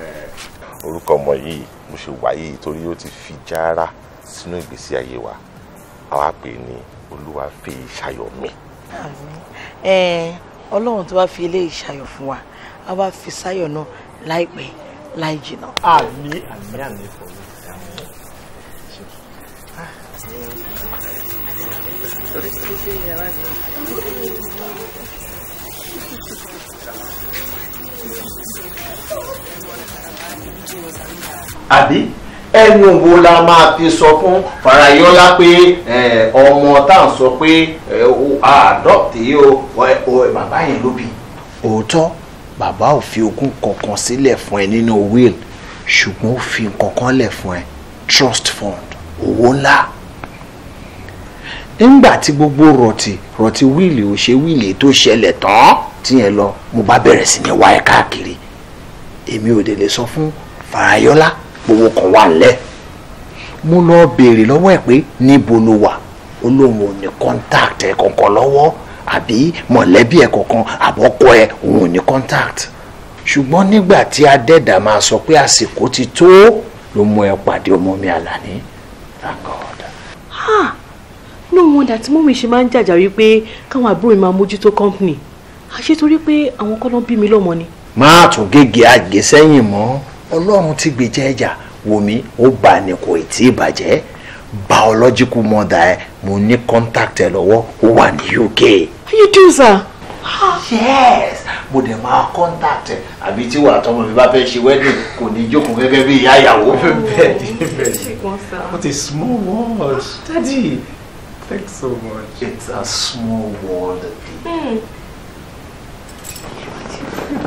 Speaker 4: orúkọ ọmọ yìí mo ṣe wáyé torí ó ti fi jára sínú ìgbésí ayé wa àwa pè ní olúwa fi ṣayọ̀ mi.
Speaker 3: ọlọ́run tó bá fi eléyìí ṣayọ̀ fún wa a bá fi ṣayọ̀ náà láìpẹ́ láì jìnnà. àmì
Speaker 6: àmì àmì fún
Speaker 8: mi. àbí ẹnu wo la máa fi sọ fún farayọlá pé ọmọ tá à ń sọ pé àádọ́tì o bàbá yẹn ló bí. òótọ́ bàbá ò fi ogún kankan sílẹ̀ fún ẹ nínú will ṣùgbọ́n ó fi nǹkan lẹ̀ fún ẹ trust fund owó ńlá nígbà tí gbogbo rọ̀tì rọ̀tì wíìlì ò ṣe wíìlì tó ṣẹlẹ̀ tán tíyẹn lọ mo bá bẹ̀rẹ̀ sí ní wá káàkiri èmi ò dé lè sọ fún farayọlá gbowó kan wà nílẹ̀ mo lọ béèrè lọ́wọ́ ẹ̀ pé níbo ló wà ó ò ní contact ẹ̀ kankan lọ́wọ́ àbí mọ̀lẹ́bí ẹ̀ kankan àbọ̀kọ ẹ̀ òun ò ní contact ṣùgbọ́n nígbà tí adẹ́dà máa sọ pé àsìkò ti tó ló mú ẹ pàdé ọmọ mi àlàní thank
Speaker 1: God. ah
Speaker 3: no wonder tí mọ́mí ṣe máa ń jàjà wípé káwọn àbúrò mi máa mójútó company àṣetorí pé àwọn kọ́ ló ń bí mi lọ́mọ ni.
Speaker 8: má tún gègé àgé sẹ́yìn mọ́ ọlọ́run ti gbèjà ẹja wòmí ó bà ní kò tí ì bàjẹ́ biological mother ẹ mo ní contact ẹ lọ́wọ́ ó wà ní UK.
Speaker 3: how you do sir. yes
Speaker 8: mo dẹ̀ máa contact ẹ àbí tí wàá tọmọ mi bá fẹ́ ṣe wedding kò ní jókòó gẹ́gẹ́ bí ìyá ìyàwó. bẹ́ẹ̀ oh, bẹ́ẹ̀ ni
Speaker 3: what
Speaker 8: a small world daddy thanks so much. it's a small world.
Speaker 1: Mm.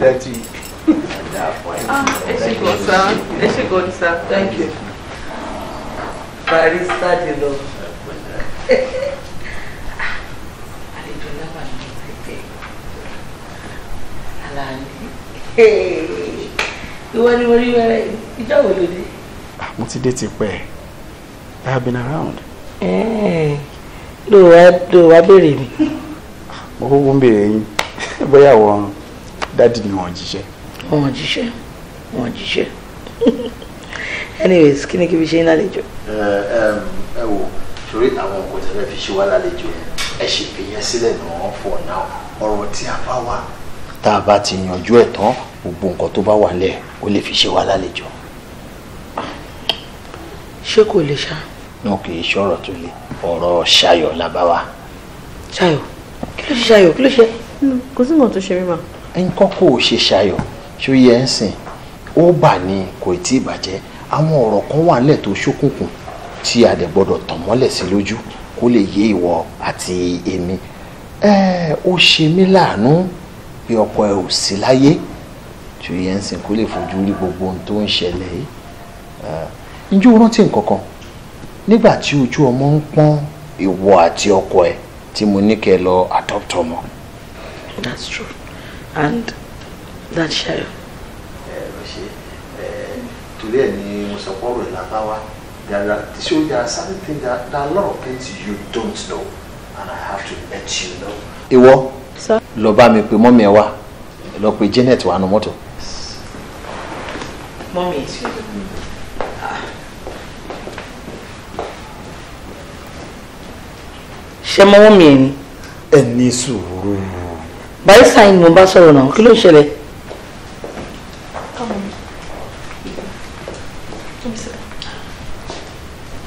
Speaker 3: daddy. At that point. Ah, it should good, sir. It should go, sir. Thank you. Barista de lo. Àlejò láwà ní ìpè. Àlàní. Ìwọ ni mo rí wẹ́rẹ́ yìí. Ìjọ́ wo ló dé?
Speaker 7: Mo ti dé tipẹ́. I have been around.
Speaker 3: Lò wá lò I béèrè mi.
Speaker 7: Mo kúkú ń béèrè yín. <laughs> Bóyá àwọn
Speaker 3: dádì ni wọ́n jíṣẹ́ wọn jíṣẹ́ wọn jíṣẹ́ anyways kí ni kí fi ṣe ń lálejò.
Speaker 8: ẹ wo torí àwọn nǹkan tẹ́lẹ̀ fi ṣe wá lálejò yẹn ẹ ṣì fi yẹn sílẹ̀ náà for now ọ̀rọ̀ tí a bá wà. tá a bá ti yanjú ẹ̀ tán gbogbo nǹkan tó bá wà lẹ̀ ó lè fi ṣe wá lálejò.
Speaker 3: ṣé kò lè ṣá.
Speaker 8: náà kì í ṣọ̀rọ̀ tó le ọ̀rọ̀ ṣayọ̀ la bá wa.
Speaker 3: ṣayọ̀ kí ló ṣe ṣayọ̀ kí ló ṣe. kò sí nǹkan tó ṣe mí mà.
Speaker 8: ẹnì kan kò ṣe ṣayọ̀ ṣó yẹ ń sìn ó bà ní kò tí ì bàjẹ́ àwọn ọ̀rọ̀ kan wà nílẹ̀ tó ṣókùnkùn tí a dẹ̀ gbọ́dọ̀ tàn mọ́lẹ̀ sí lójú kó lè yé ìwọ àti èmi ó ṣe mí láàánú pé ọkọ ẹ ò sí láyé ṣó yẹ ń sìn kó lè fojú rí gbogbo ohun tó ń ṣẹlẹ̀ yìí ǹjẹ́ rántí nǹkan nígbà tí ojú ọmọ ń pọ́n ìwọ àti ọkọ ẹ tí mo ní kẹ́ lọ
Speaker 3: adopt ọmọ. that's true and Dáníṣayọ̀. ẹ lọ ṣe ẹ torí ẹ ní
Speaker 8: mo sọ there are so there are certain things that there are a lot of things you don't know and I have to let you know. ìwọ lọ bá mi pé mọ́mí ẹ wá lọ pé Janet wà nù mọ́tò.
Speaker 3: mọ́mí ẹ̀ ṣe é. ṣe mọ́wọ́ mi ẹ̀ ni. ẹ ní sùúrù. barista yìí ni mo bá sọ̀rọ̀ náà kí ló ń ṣẹlẹ̀.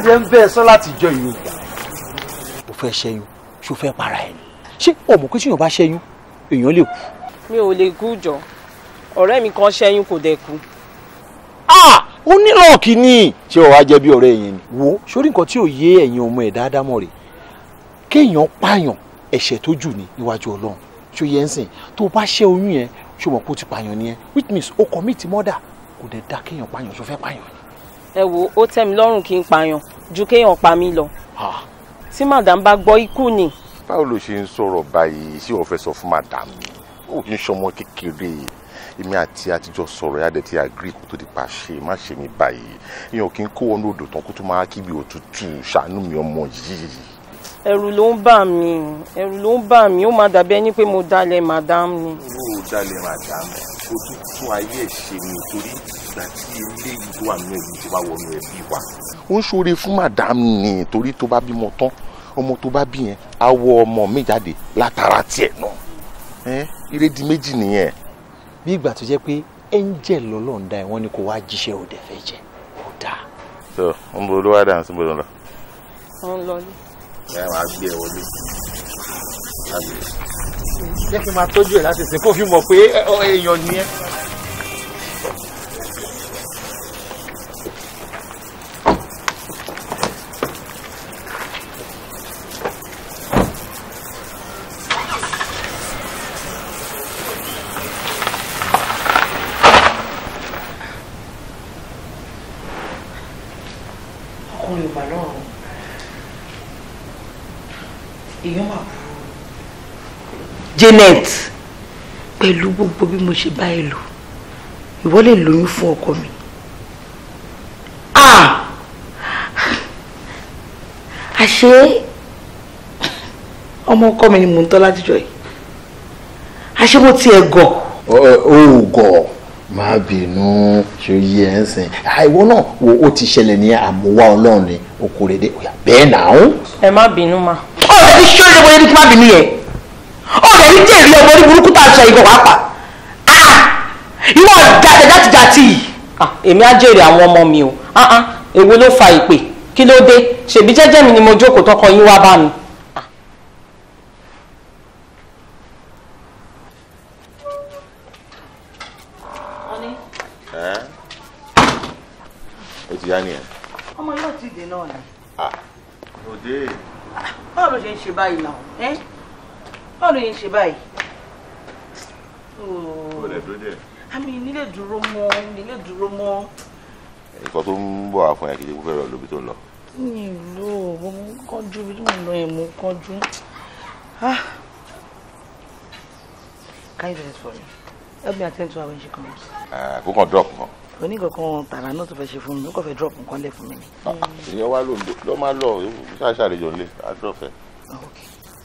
Speaker 8: àdé ń bẹ́ẹ̀ sọ láti jọ ìyó gbà ó fẹ́ ṣẹ́yún ṣó fẹ́ para ẹ̀ ni ṣé ọmọ pé tíyàn bá ṣẹ́yún èèyàn lè kú.
Speaker 3: mi ò lè kú jọ ọ̀rẹ́ mi kan ṣẹ́yún kò dẹ̀ kú.
Speaker 8: ó ní lọ́ọ̀kì ṣé o wá jẹ́ bí ọ̀rẹ́ yẹn ni. wo sórí nǹkan tí ò yé ẹ̀yin ọmọ ẹ̀ dáadáa mọ̀ rẹ̀ kéèyàn pààyàn ẹ̀ṣẹ̀ tó jù ní níwájú ọlọ́run ṣó yẹ ń sìn tó bá ṣẹ́ oyún yẹn ṣó mọ̀ kó ti pààyàn nìyẹn which means ó commit murder kò dẹ̀ dá kéèyàn
Speaker 3: pààyàn ṣó fẹ́ pààyàn ni ẹ wo ó tẹ́ mi lọ́rùn kí n pààyàn ju kéèyàn pa mí lọ. tí madam bá gbọ́ ikú ni.
Speaker 4: báwo ló ṣe ń sọ̀rọ̀ báyìí ṣé o fẹ́ sọ fún madam ó kì í ṣọmọ kékeré èmi àti àtijọ́ sọ̀rọ̀ ẹ̀ àdẹ̀tí àgírí kó tó di pa ṣe má ṣe mi báyìí èèyàn kì í kó wọnú odò tán kó tó máa kíbi òtútù ṣàánú mi ọmọ yìí.
Speaker 3: ẹ̀rù ló ń bà mí ẹ̀rù ló ń bà mí ó máa dàbí ẹni pé mo dalẹ̀ madam ni.
Speaker 4: ó dalẹ̀ madam òtútù ayé ẹ̀ ṣe mi torí ìgbà tí eléyìí tó wà nínú ẹbí tó bá wọnú ẹbí wa. ó ń ṣoore fún madam ni torí tó bá bímọ
Speaker 8: tán ọmọ tó bá bí yẹn á wọ ọmọ mi jáde látara
Speaker 4: tiẹ̀ náà
Speaker 8: ìrèdí méjì nìyẹn. bí ìgbà tó jẹ́ pé angel lọ́lọ́run dá ẹ wọ́n ní kó wá jíṣẹ́
Speaker 3: òde fẹ́ jẹ ó
Speaker 4: dáa. so ń bo olúwa dáhùn sí bọ́dọ̀ lọ.
Speaker 2: ó lọ
Speaker 8: ní. ẹ wàá gbé ẹ wọlé jẹ́ kí n máa tọ́jú ẹ̀ láti sìn kó fi mọ̀ pé èèyàn nìyẹn.
Speaker 3: Janet pẹ̀lú gbogbo bí mo ṣe bá ẹ lò ìwọ lè lóyún fún ọkọ mi ah àṣé ọmọ ọkọ mi ni mò ń tọ́ látijọ́ yìí àṣé mo tiẹ̀ gọ̀. ó
Speaker 8: gọ̀ má bínú ṣe yí ẹ ń sìn àìwọ náà wo ó ti ṣẹlẹ̀ ní àmúwá ọlọ́run ni okòrèdè bẹ́ẹ̀ náà.
Speaker 3: ẹ má bínú ma.
Speaker 1: ọ̀rẹ́ mi ṣé ó ṣe bóyá ní kí má bínú yẹn jèrè ọmọ orí tá a sọ ìgbọ̀n pàápàá ìwọ jàtẹ̀ játi jàti
Speaker 3: èmi á jèrè àwọn ọmọ mi o èwo ló fa ìpè kí ló dé ṣèbí jẹ́jẹ́ mi ni mo jókòó tọkọ yín wá bá mi. ọmọ yóò ti dè náà báwo ló ṣe ń ṣe báyìí náà báwo ló yẹn ṣe báyìí. ó lè dúró díẹ̀. àmì nílé dúró mọ́ nílé dúró mọ́.
Speaker 4: nǹkan tó ń bọ̀ wá fún ẹ kìí fẹ́ lọ lóbi tó ń lọ.
Speaker 3: mi ì lò ó mo ń kánjú bí mo lọ yẹn mo ń kánjú. kindness ah! for me help me attend to her when she comes.
Speaker 4: kó kàn drop kan
Speaker 3: oníkankan tààrà náà tó fẹ́ ṣe fún mi ó kàn fẹ́ drop nǹkan lẹ́ fún mi ni.
Speaker 4: ìyẹn wá ló máa lọ ṣáṣàlejò ńlẹ̀ á drop ẹ. Ah,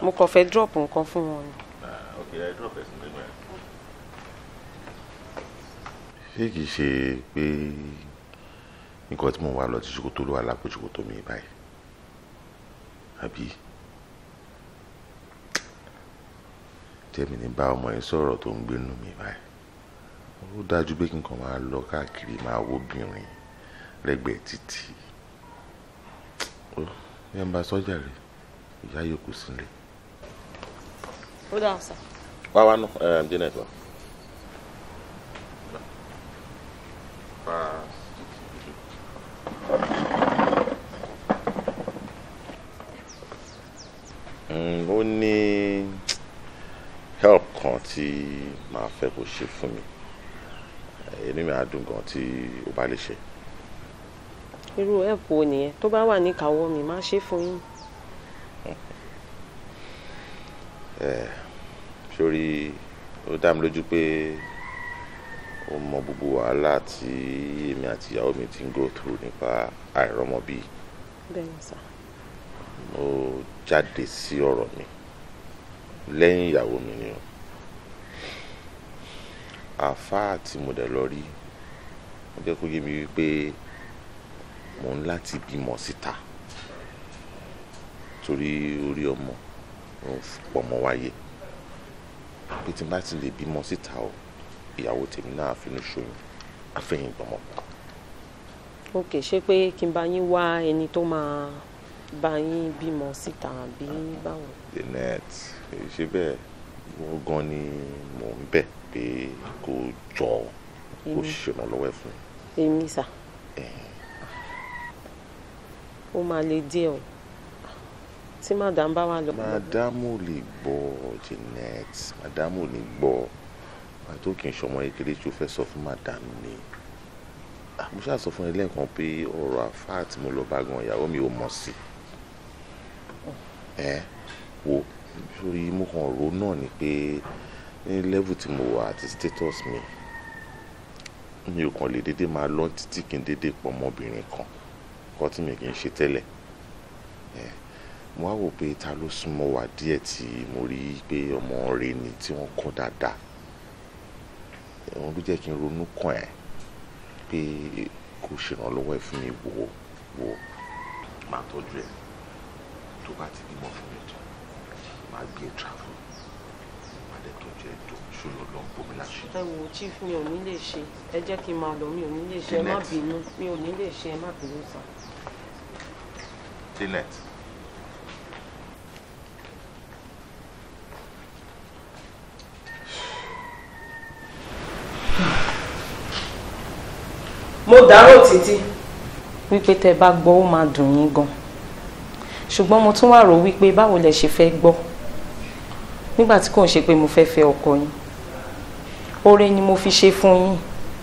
Speaker 3: mo kàn fẹ́ drop nǹkan fún wọn ni.
Speaker 4: Ah, ṣé kìí ṣe pé nǹkan tí mo wà lọ ti ṣòkòtò ló wà lápò ṣòkòtò mi báyìí àbí tẹ́mi ní bá ọmọ yẹn sọ̀rọ̀ tó ń gbénu mi báyìí ó dájú pé kí n kàn máa lọ káàkiri máa wo obìnrin lẹ́gbẹ̀ẹ́ títì ó yẹn ń ba sọ́jà rẹ̀ ìyá yòókù sílẹ̀. Uh, mm, ó dáhùn sá. wá wá nù Janet wá. ó help kan tí màá fẹ́ kó ṣe fún mi èmi máa dùn gan tí o bá lè ṣe.
Speaker 3: irú help wo nìyẹn tó bá wà níkàáwọ́ mi máa ṣe fún yín.
Speaker 4: 哎。Uh eh sórí ó dá mi lójú pé ó mọ gbogbo wàhálà tí èmi àti ìyàwó mi ti ń go through nípa àìrọ́mọbí. bẹ́ẹ̀ni mo jáde sí ọ̀rọ̀ mi lẹ́yìn ìyàwó mi ni o àáfàá tí mo dẹ̀ lọ rí ó jẹ́ kó yé mi wípé mò ń láti bímọ síta torí orí ọmọ ń fọmọ wáyé bí tí n bá ti lè bímọ síta o ìyàwó tèmi náà fi ní ṣoyún àfẹ́yìn gbọmọ pa.
Speaker 3: ok ṣé pé kí n bá yín wá ẹni tó máa bá yín bímọ síta àbí báwo.
Speaker 4: Janet ṣe bẹ́ẹ̀ wọ́n gan ni mò ń bẹ̀ pé kò jọ kò ṣèrànlọ́wọ́ ẹ̀ fún mi.
Speaker 3: èmi sà ó máa le díẹ̀ o tí madam bá wà lọ. madam
Speaker 4: ò lè gbọ́ Janet madam ò lè gbọ́ àti kì í ṣọmọ kékeré tí ó fẹ́ sọ fún madam ni ah, mo ṣáà sọ fún ẹ lẹ́ẹ̀kan pé ọ̀rọ̀ àfáà tí mo lọ bá gan ìyàwó mi ò mọ̀ sí ẹ wo sórí mo kàn rò náà ni pé ní level tí mo wà àti status mi mi ò kàn lè dédé máa lọ títí kí n dédé pọ̀ mọ́bìnrin kan kọ́ tí mi kì í ṣe tẹ́lẹ̀ mo wá wò pé ta ló súnmọ́ wá díẹ̀ tí mo rí pé ọmọ rẹ ni tí wọ́n kọ́ dáadáa òun ló jẹ́ kí n ronú kàn ẹ́ pé kò ṣèrànlọ́wọ́ ẹ̀ fún mi wò wò máa tọ́jú ẹ̀ tó bá ti bímọ fún mi tán máa gbé e travel máa dẹ̀ tọ́jú ẹ̀ tó ṣòro
Speaker 3: chief mi ò ní lè ṣe ẹ jẹ́ kí n máa lọ mi ò ní lè ṣe ẹ má bínú mi ò ní lè ṣe ẹ má bínú sá. mo dárò títí. wípé tẹ́ bá gbọ́ ó máa dùn yín gan ṣùgbọ́n mo tún wà rò wípé báwo lẹ ṣe fẹ́ gbọ́ nígbà tí kò ń ṣe pé mo fẹ́ fẹ́ ọkọ yín oore ni mo fi ṣe fún yín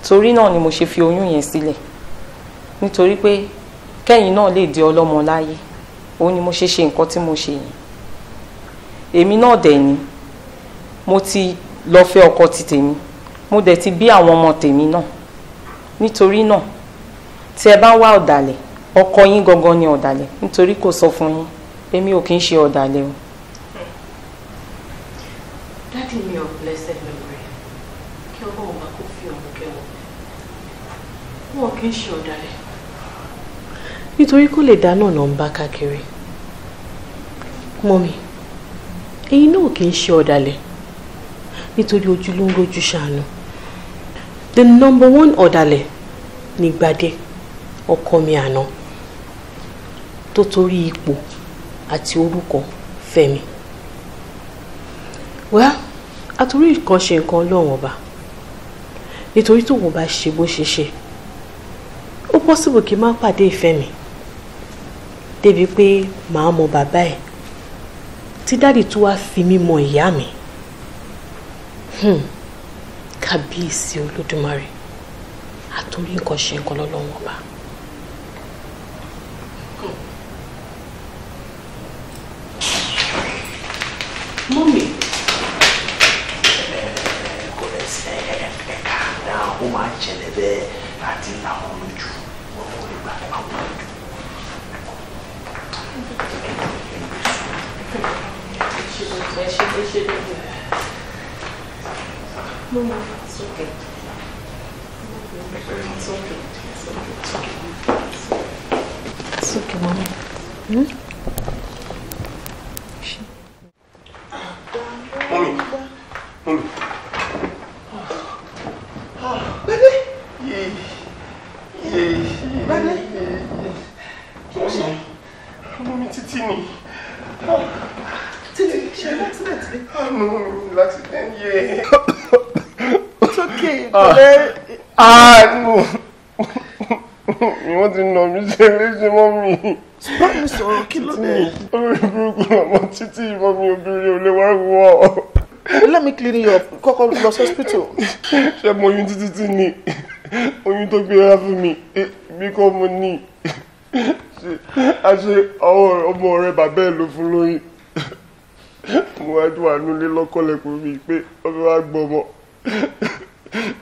Speaker 3: torí náà ni mo ṣe fi oyún yẹn sílẹ̀ nítorí pé kẹ́yìn náà lè di ọlọ́mọ láyé òun ni mo ṣe ṣe nǹkan tí mo ṣe yẹn èmi náà dẹ̀ ni mo ti lọ fẹ́ ọkọ ti tèmi mo dẹ̀ ti bí àwọn ọmọ tèmi náà nítorí náà tí ẹ bá ń wá ọ̀dàlẹ̀ ọkọ yín gangan ni ọ̀dàlẹ̀ nítorí kò sọ fún yín pé mi ò kí ń ṣe ọ̀dàlẹ̀ o. blessed memory kí ọlọ́run bá kó fi ọ̀hún kẹwọ́ wọn ò kí ń ṣe ọ̀dàlẹ̀. nítorí kó lè dáná ọ̀nà ń bá káàkiri mọ́mi ẹ̀yin náà kì í ṣe ọ̀dàlẹ̀ nítorí ojú ló ń the number one ọ̀dàlẹ̀ ní gbadé ọkọ mi àná tó torí ipò àti orúkọ fẹ́mi wá àtúrò nǹkan ṣe nǹkan ọlọ́run ọba nítorí tó wọn bá ṣe bó ṣe ṣe ó pọ́sibù kí n má pàdé ìfẹ́ mi débi pé màá mọ bàbá ẹ̀ tí dáàdì tó wá fi mí mọ ìyá mi. Hmm kábíyèsí olódùmarè àtúrí nǹkan ṣe nǹkan lọ́lọ́wọ́n ọba.
Speaker 8: mọ́mì. kò lè ṣe ẹ̀ka ó máa ń bẹ́ẹ̀ àti làwọn lójú ọ̀rọ̀ ìgbà àwọn lójú. Thank you. もうそうけど。
Speaker 1: そうけど。そうけど。そうけど。そうけど。そうけど。うん。wọ́n ti nà mí ṣe léṣe mi. bá sọ̀rọ̀ kí ló dé. olórí burúkú lọ́mọ títí ìbọn mi obìnrin ò lè wá wọ́ ọ. let me clean you up kọ́kọ́ lọ sí hospital. ṣé mo oyún títí tí ni oyún tó gbé rárá fún mi eh, bí kò mo ní àṣe ọmọ rẹ bàbá ẹ ló fún lóyún mo wá dùn àánú lé lọ́kọ̀ọ́lẹ̀kùn mi pé ọmọ wa gbọ́ ọmọ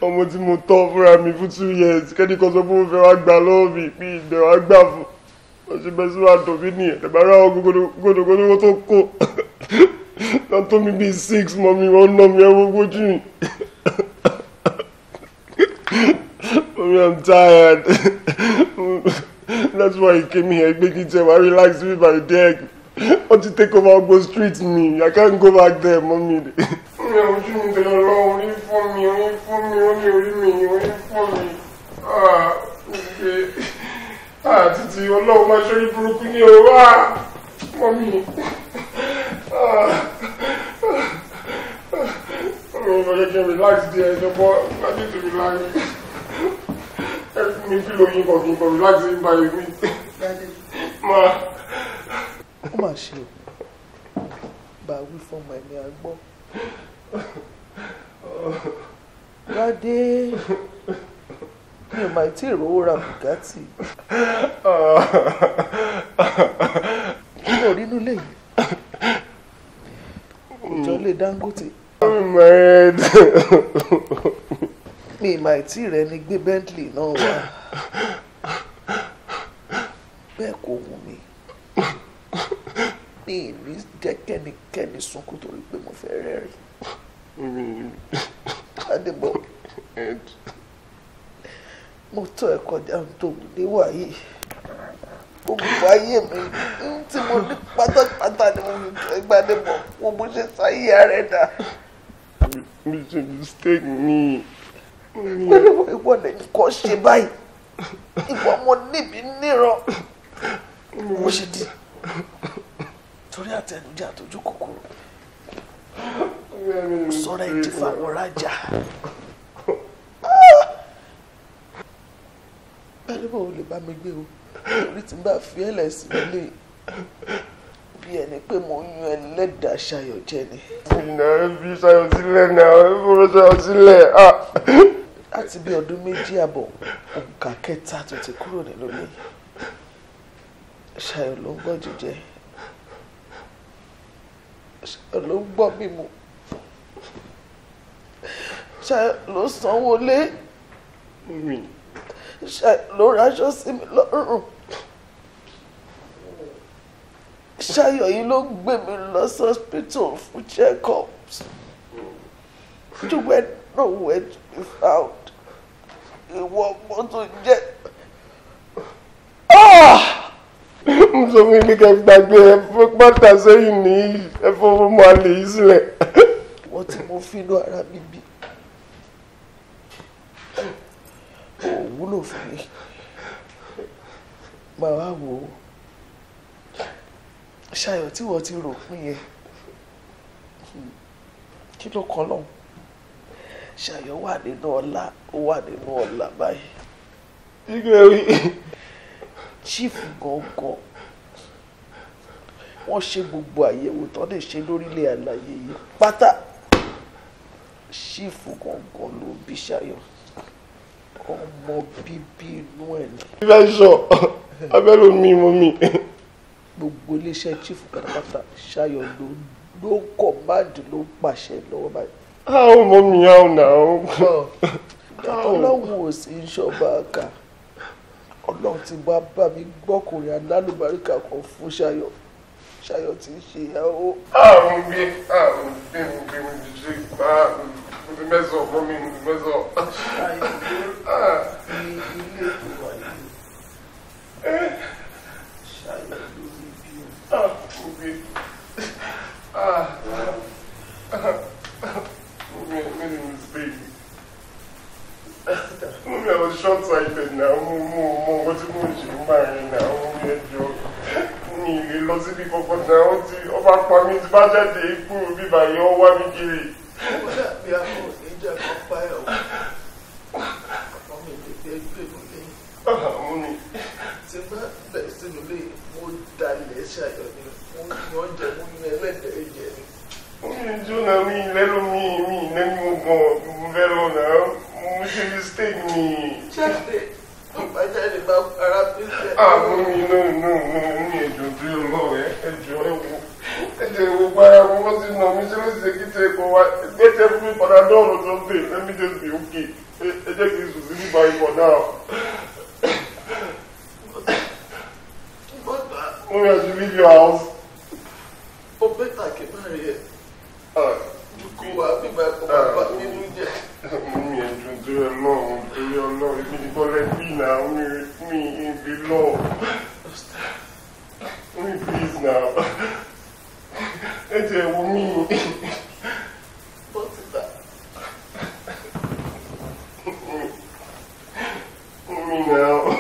Speaker 1: ọmọ tí mo tọ́ fúnra mi fún two years kẹ́nìkan sọ pé mo fẹ́ gbà lọ́wọ́ pé ìdẹ̀ wá gbà fún ọṣẹ tòbí nìyẹn tẹ̀bárà àwọn gòdògòdògò tó kó náà tó mi bíi six mọ́ mi wọ́n ná mi ẹ̀wọ́ gbójú mi. Mommy, I'm tired. That's why you came here. Make it time. I relax with my deck ó ti take over go street me? I can't go back there mommy. mọ́mí rẹ̀. mi ò ojú mi tẹ̀lé lọ orí fún mi orí fún mi ó ní orí mi orí fún mi ṣe àtìtì ah, ah, ọlọ́run máa ṣe orí burúkú ní ọwọ́ mọ́mí. ọlọ́run ló jẹ́ relax díẹ̀ ṣọpọ́ láti tún relax me feel mi kí lóyún kọ̀ọ̀kan relax by me, Daddy. Ma
Speaker 3: ó mà ṣe o
Speaker 1: bá wí fọmọ ẹ̀mí àgbọ́. Ládé mi ò máa tí ì rówó ra bùgátì. kí ló rí inú léyìí? ìjọ lè Dangote. mi ì máa tí ì rẹ ni gbé Bentley náà wá
Speaker 3: bẹ́ẹ̀ kò wù mí mi ì ní jẹ́ kẹ́nikẹ́ni
Speaker 1: sunkún torí pé mo fẹ́ rẹ́rìn. Adébọ̀
Speaker 3: mo tọ́ ẹ kọjá nítorí níwà yìí gbogbo ayé mi tí mo ní pátápátá ni mo fi tọ́ ẹgbẹ́ Adébọ̀ mo bó ṣe sáyé ààrẹ dà.
Speaker 1: mi ṣe mistake ni. pẹ̀lú ìwọ lẹ́yìn kan ṣe báyìí ìwọ mo níbi níran mo ṣe di
Speaker 3: torí àtẹnujẹ àtọjú kòkòrò sọra ìdí fáwọn rájà bẹ́ẹ̀ni bò ó lè bá mi gbé o
Speaker 1: orí tí n bá fi ẹ lẹsí nílé bí ẹni pé mo ń yan ẹlẹ́dàá ṣayọ̀ jẹ ni. ìnáwó fi ṣayọ̀ sílẹ̀ náà ìfowó ṣayọ̀ sílẹ̀ láti bí ọdún méjì àbọ̀ òǹkà kẹta tó ti kúrò nínú mi
Speaker 3: ṣàyò ló ń gbọ́ jíjẹ ṣàyò ló ń gbọ́ mímu ṣàyò ló sanwó lé ṣàyò ló raṣọ sí mi lọ́rùn ṣàyò yìí ló gbé mi lọ sí hospital fún check-ups to where nowhere to be found ìwọ ọmọ tó jẹ́.
Speaker 1: ń sọ fún mi kẹ́ gbàgbé ẹ fún pátá sẹ́yìn ní ẹ fọwọ́ mọ àlè yìí sílẹ̀. wọ́n ti mú fínú ara mi bí kò wúlò fún mi
Speaker 3: màá wò ó ṣayọ̀ tí wọ́n ti rò pín yẹn kí ló kọ́ lọ́hùn ṣayọ̀ wà nínú ọlá wà nínú ọlá báyìí. chief gọ̀ọ̀gọ̀ọ̀ wọ́n ṣe gbogbo àyẹ̀wò tó lè ṣe lórílẹ̀ àlàyé yìí pátá ṣífù gangan ló bí
Speaker 1: ṣayọ ọmọ bíbí inú ẹ̀ ni. bíbá ìṣọ abẹ́rù mi mọ́ mi. gbogbo iléeṣẹ́ ṣífù pátápátá ṣayọ ló
Speaker 3: ló kọ̀ máàdì ló pàṣẹ lọ́wọ́ báyìí.
Speaker 1: àwọn ọmọ mi á ò nà ó.
Speaker 3: ọlọ́run ò sí ṣọba àkà ọlọ́run ti bá bá mi gbọ́kùnrin alálùbáríkà kan fún ṣayọ ṣayọ tí ń ṣe ìyàwó.
Speaker 1: àrùn bí àrùn bí mo bí mo ti ṣe gbà mo ti mẹ́sàn fún mi mo ti mẹ́sàn. ṣayọ ló ní ilé ètò wà yìí. ṣayọ ló ní bí o. mo bí mo bí mi ni mo ti bẹ́ẹ̀ mi mú mi àwọn short sighted náà mú mú mú owó tí mò ń ṣe ń bá rìn náà mú mi ẹjọ ní ilé lọ síbi kankan náà ó ti ó bá pa mí ti bá jáde ikú bíbá yẹn ó wá mi kiri. ó dàbí àwọn oníjà kan pa ẹ̀ o ọmọ mi lè fẹ́ gbé mi lẹ́yìn. ọmọ mi. tí bá bẹ̀rẹ̀ sínú lè mo da ilẹ̀ ṣàyọ̀ ni mo yàn jẹ mo yàn ẹlẹ́dẹ̀ẹ́ jẹ ni. mi jóná mi lẹ́nu mi mi lẹ́nu mo gan-an mo fẹ́ràn náà mo ṣe mistake ni. jáde bá jáde bá para pínpín. àmú mi náà inú mi ní ẹjọ tó yọ lọ ẹ ẹjọ ẹ wo ẹjọ ẹ wo para mo wọ́n ti nà mí ṣe ló let me just be okay ẹ jẹ́ kí n sùn sí nípa ipò náà. Mommy, you leave your house. Oh, better, keep my head. Alright fún wa bí bá kọ́ bá bá nínú jẹ́. mo mi ẹ̀dùn tó yẹ lọ́run tó please na ẹ jẹ́ wo mi. bọ́tí bá. mi